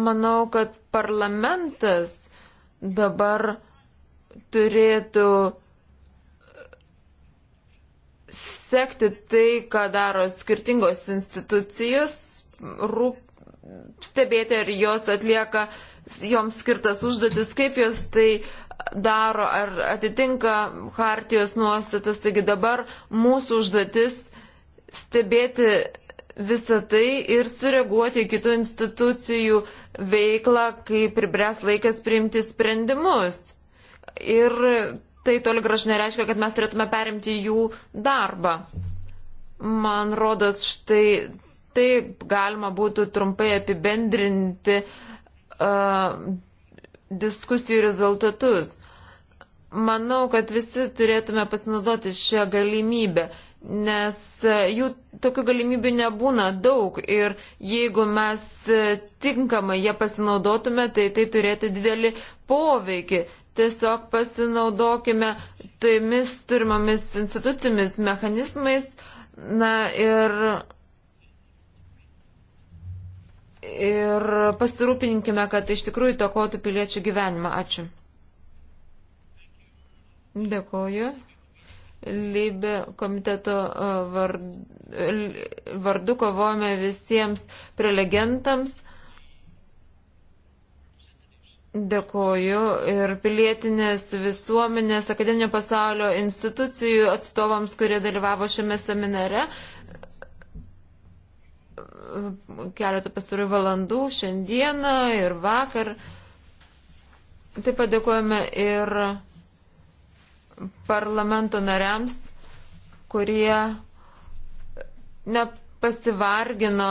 Manau, kad parlamentas dabar turėtų sekti tai, ką daro skirtingos institucijos, rūp, stebėti, ar jos atlieka joms skirtas užduotis, kaip jos tai uh, daro, ar atitinka hartijos nuostatas. Taigi dabar mūsų užduotis stebėti visą tai ir sureaguoti į kitų institucijų veiklą, kai pribręs laikas priimti sprendimus. Ir tai toli graž nereiškia, kad mes turėtume perimti jų darbą. Man rodos, štai taip galima būtų trumpai apibendrinti uh, diskusijų rezultatus. Manau, kad visi turėtume pasinaudoti šią galimybę, nes e, jų tokių galimybių nebūna daug ir jeigu mes e, tinkamai ją pasinaudotume, tai tai turėtų didelį poveikį. Tiesiog pasinaudokime tomis turimomis institucijomis, mechanizmais. Na ir ir pasirūpinkime, kad iš tikrųjų tokotų piliečių gyvenimą. Ačiū. Dėkoju. Lybė komiteto e, e, vardu kovojame visiems prelegentams. Dėkoju ir pilietinės visuomenės, akademinio pasaulio institucijų atstovams, kurie dalyvavo šiame seminare keletą pastarųjų valandų šiandieną ir vakar. Taip pat dėkojame ir parlamento nariams, kurie nepasivargino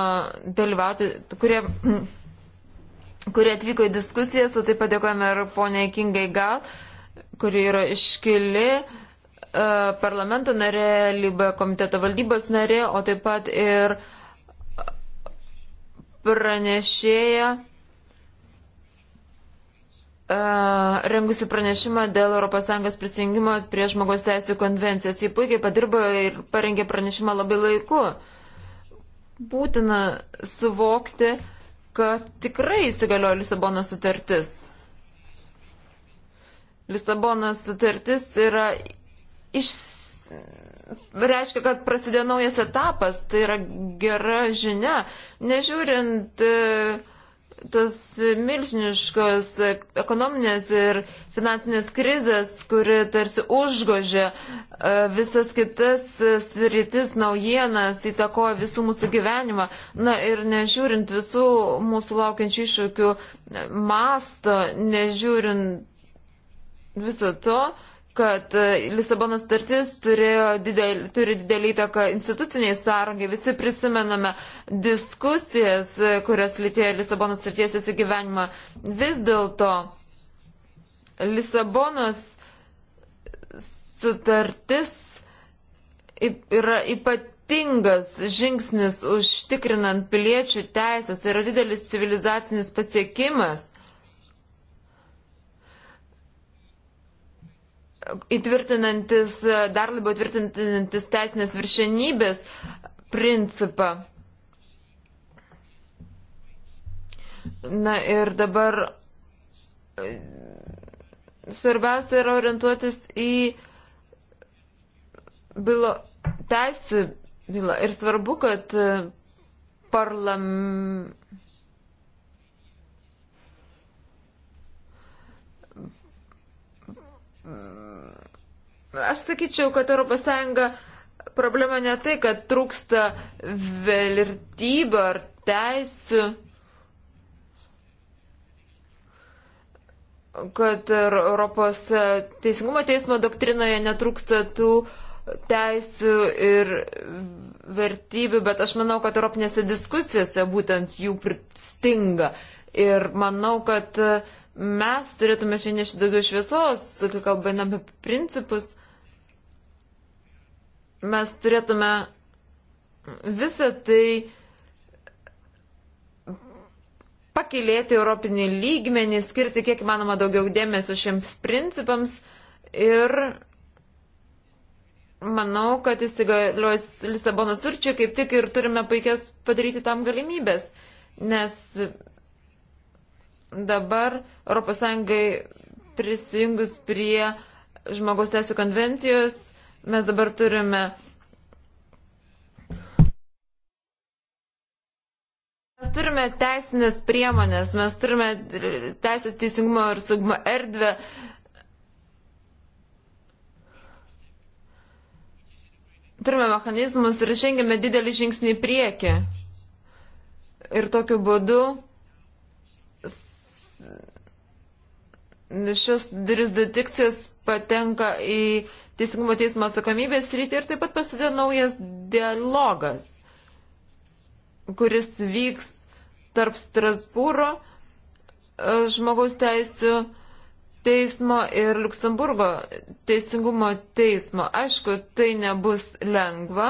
dalyvauti, kurie, kurie atvyko į diskusijas, o taip pat dėkojame ir poniai Kingai Gal, kuri yra iškili e, parlamento narė, lyba komiteto valdybos narė, o taip pat ir uh, pranešėja e, rengusi pranešimą dėl ES prisijungimo prie žmogaus teisų konvencijos. Jie puikiai padirbo ir parengė pranešimą labai laiku. Būtina suvokti, kad tikrai įsigaliojo Lisabonos sutartis. Lisabonos sutartis yra išsiaiškinti reiškia, kad prasidėjo naujas etapas, tai yra gera žinia, nežiūrint e, tos milžiniškos ekonominės ir finansinės krizės, kuri tarsi užgožė e, visas kitas sritis, naujienas, įtakoja visų mūsų gyvenimą. Na ir nežiūrint visų mūsų laukiančių iššūkių e, masto, nežiūrint viso to, uh, kad e, Lisabono startis didel, turi didelį įtaką instituciniai sąrangai. Visi prisimename diskusijas, e, kurias lytėjo Lisabono starties įsigyvenimą. Vis dėlto Lisabonos sutartis yra ypatingas žingsnis užtikrinant piliečių teisės. Tai yra didelis civilizacinis pasiekimas. įtvirtinantis, dar labiau įtvirtinantis teisinės viršenybės principą. Na ir dabar e, svarbiausia yra orientuotis į bylo teisų bylą. Ir svarbu, kad e, parlam. Mm Aš sakyčiau, kad ES problema ne tai, kad trūksta vertybių ar teisų, kad Europos teisingumo teismo doktrinoje netrūksta tų teisų ir vertybių, bet aš manau, kad Europinėse diskusijose būtent jų pristinga. Ir manau, kad mes turėtume šiandien nešti daugiau šviesos, kai kalbame apie principus mes turėtume visą tai pakilėti Europinį lygmenį, skirti kiek manoma daugiau dėmesio šiems principams ir manau, kad įsigaliojus Lisabono surčiai kaip tik ir turime puikias padaryti tam galimybės, nes dabar ES prisijungus prie žmogaus teisų konvencijos Mes dabar turime. Mes turime teisinės priemonės, mes turime teisės teisingumo ir saugumo erdvę. Turime mechanizmus ir žengėme didelį žingsnį į priekį. Ir tokiu būdu šios jurisdikcijos patenka į teisingumo teismo atsakomybės rytį ir taip pat prasidėjo naujas dialogas, kuris vyks tarp Strasbūro e, žmogaus teisų teismo ir Luksemburgo teisingumo teismo. Aišku, tai nebus lengva.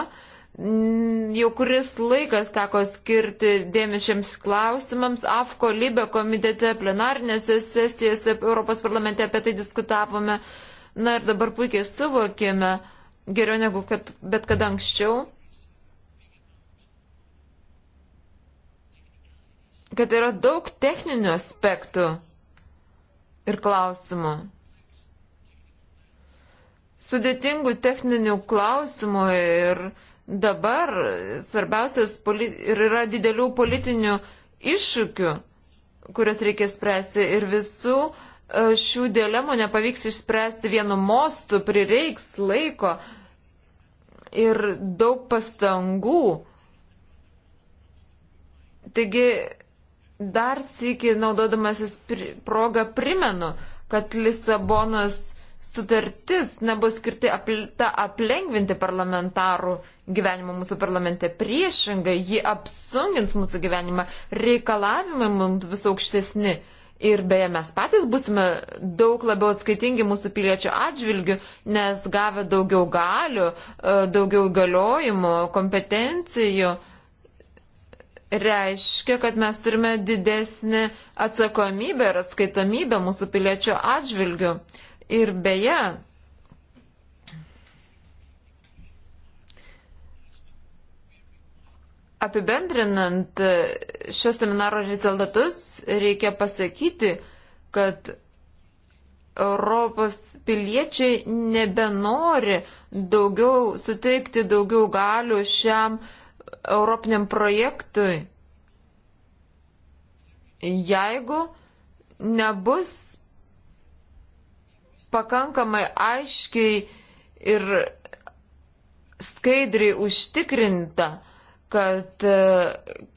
Jau kuris laikas teko skirti dėmesiems klausimams. AFKO lybė komitete plenarinėse sesijose Europos parlamente apie tai diskutavome. Uh, Na ir dabar puikiai suvokėme, geriau negu kad bet kada anksčiau, kad yra daug techninių aspektų ir klausimų. Sudėtingų techninių klausimų ir dabar svarbiausias ir yra didelių politinių iššūkių, kurias reikia spręsti ir visų E, šių dilemų nepavyks išspręsti vienu mostu, prireiks laiko ir daug pastangų. Taigi, dar sėki, naudodamasis progą, primenu, kad Lisabonos sutartis nebuvo skirti apl aplengvinti parlamentarų gyvenimą mūsų parlamente. Priešingai, ji apsungins mūsų gyvenimą, reikalavimai mums vis aukštesni. Ir beje, mes patys busime daug labiau atskaitingi mūsų piliečių atžvilgių, nes gavę daugiau galių, e, daugiau galiojimų, kompetencijų, reiškia, kad mes turime didesnį atsakomybę ir atskaitomybę mūsų piliečių atžvilgių. Ir beje, Apibendrinant šio seminaro rezultatus, reikia pasakyti, kad Europos piliečiai nebenori daugiau suteikti daugiau galių šiam europiniam projektui, jeigu nebus pakankamai aiškiai ir skaidriai užtikrinta, kad e,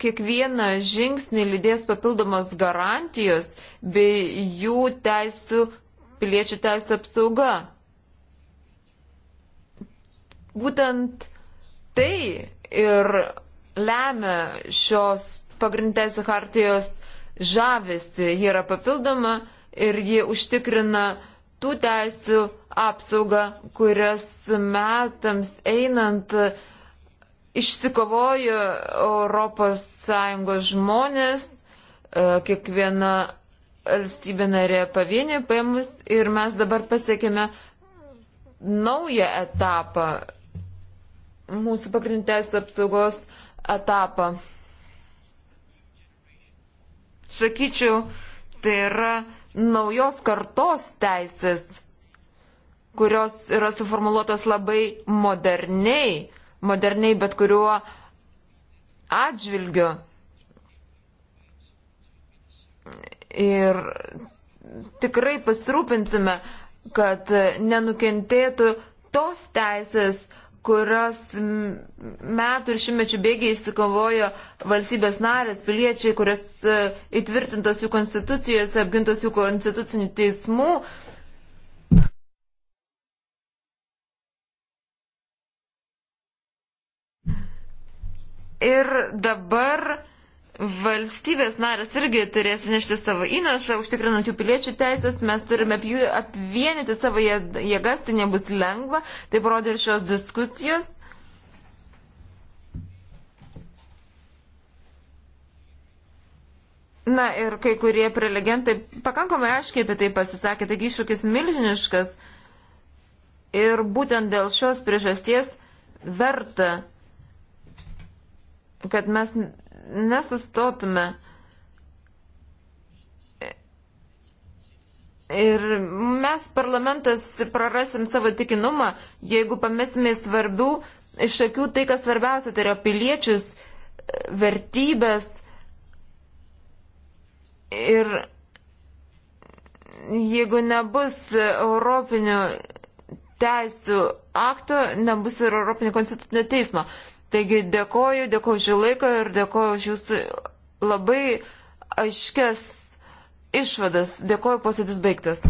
kiekvieną žingsnį lydės papildomos garantijos bei jų teisų, piliečių teisų apsauga. Būtent tai ir lemia šios pagrindės hartijos žavesi. Ji yra papildoma ir ji užtikrina tų teisų apsaugą, kurias metams einant uh, išsikovojo ES žmonės, e, kiekviena valstybė narė pavienė paėmus ir mes dabar pasiekėme naują etapą, mūsų pagrindės apsaugos etapą. Sakyčiau, tai yra naujos kartos teisės, kurios yra suformuoluotos labai moderniai moderniai bet kuriuo atžvilgiu. Ir tikrai pasirūpinsime, kad nenukentėtų tos teisės, kurios metų ir šimmečių bėgiai įsikovojo valstybės narės, piliečiai, kurios e, įtvirtintos jų konstitucijose, apgintos jų konstitucinių teismų, uh, Ir dabar valstybės narės irgi turės nešti savo įnašą, užtikrinant jų piliečių teisės, mes turime apvienyti savo jėgas, tai nebus lengva, tai parodė ir šios diskusijos. Na ir kai kurie prelegentai pakankamai aiškiai apie tai pasisakė, taigi iššūkis milžiniškas. Ir būtent dėl šios priežasties verta kad mes nesustotume Ir mes parlamentas prarasim savo tikinumą, jeigu pamesime svarbių iš akių tai, kas svarbiausia, tai yra piliečius, vertybės. Ir jeigu nebus europinių teisų akto, nebus ir europinio konstitucinio teismo. Taigi dėkoju, dėkoju už jų laiką ir dėkoju už jūsų labai aiškias išvadas. Dėkoju, posėdis baigtas.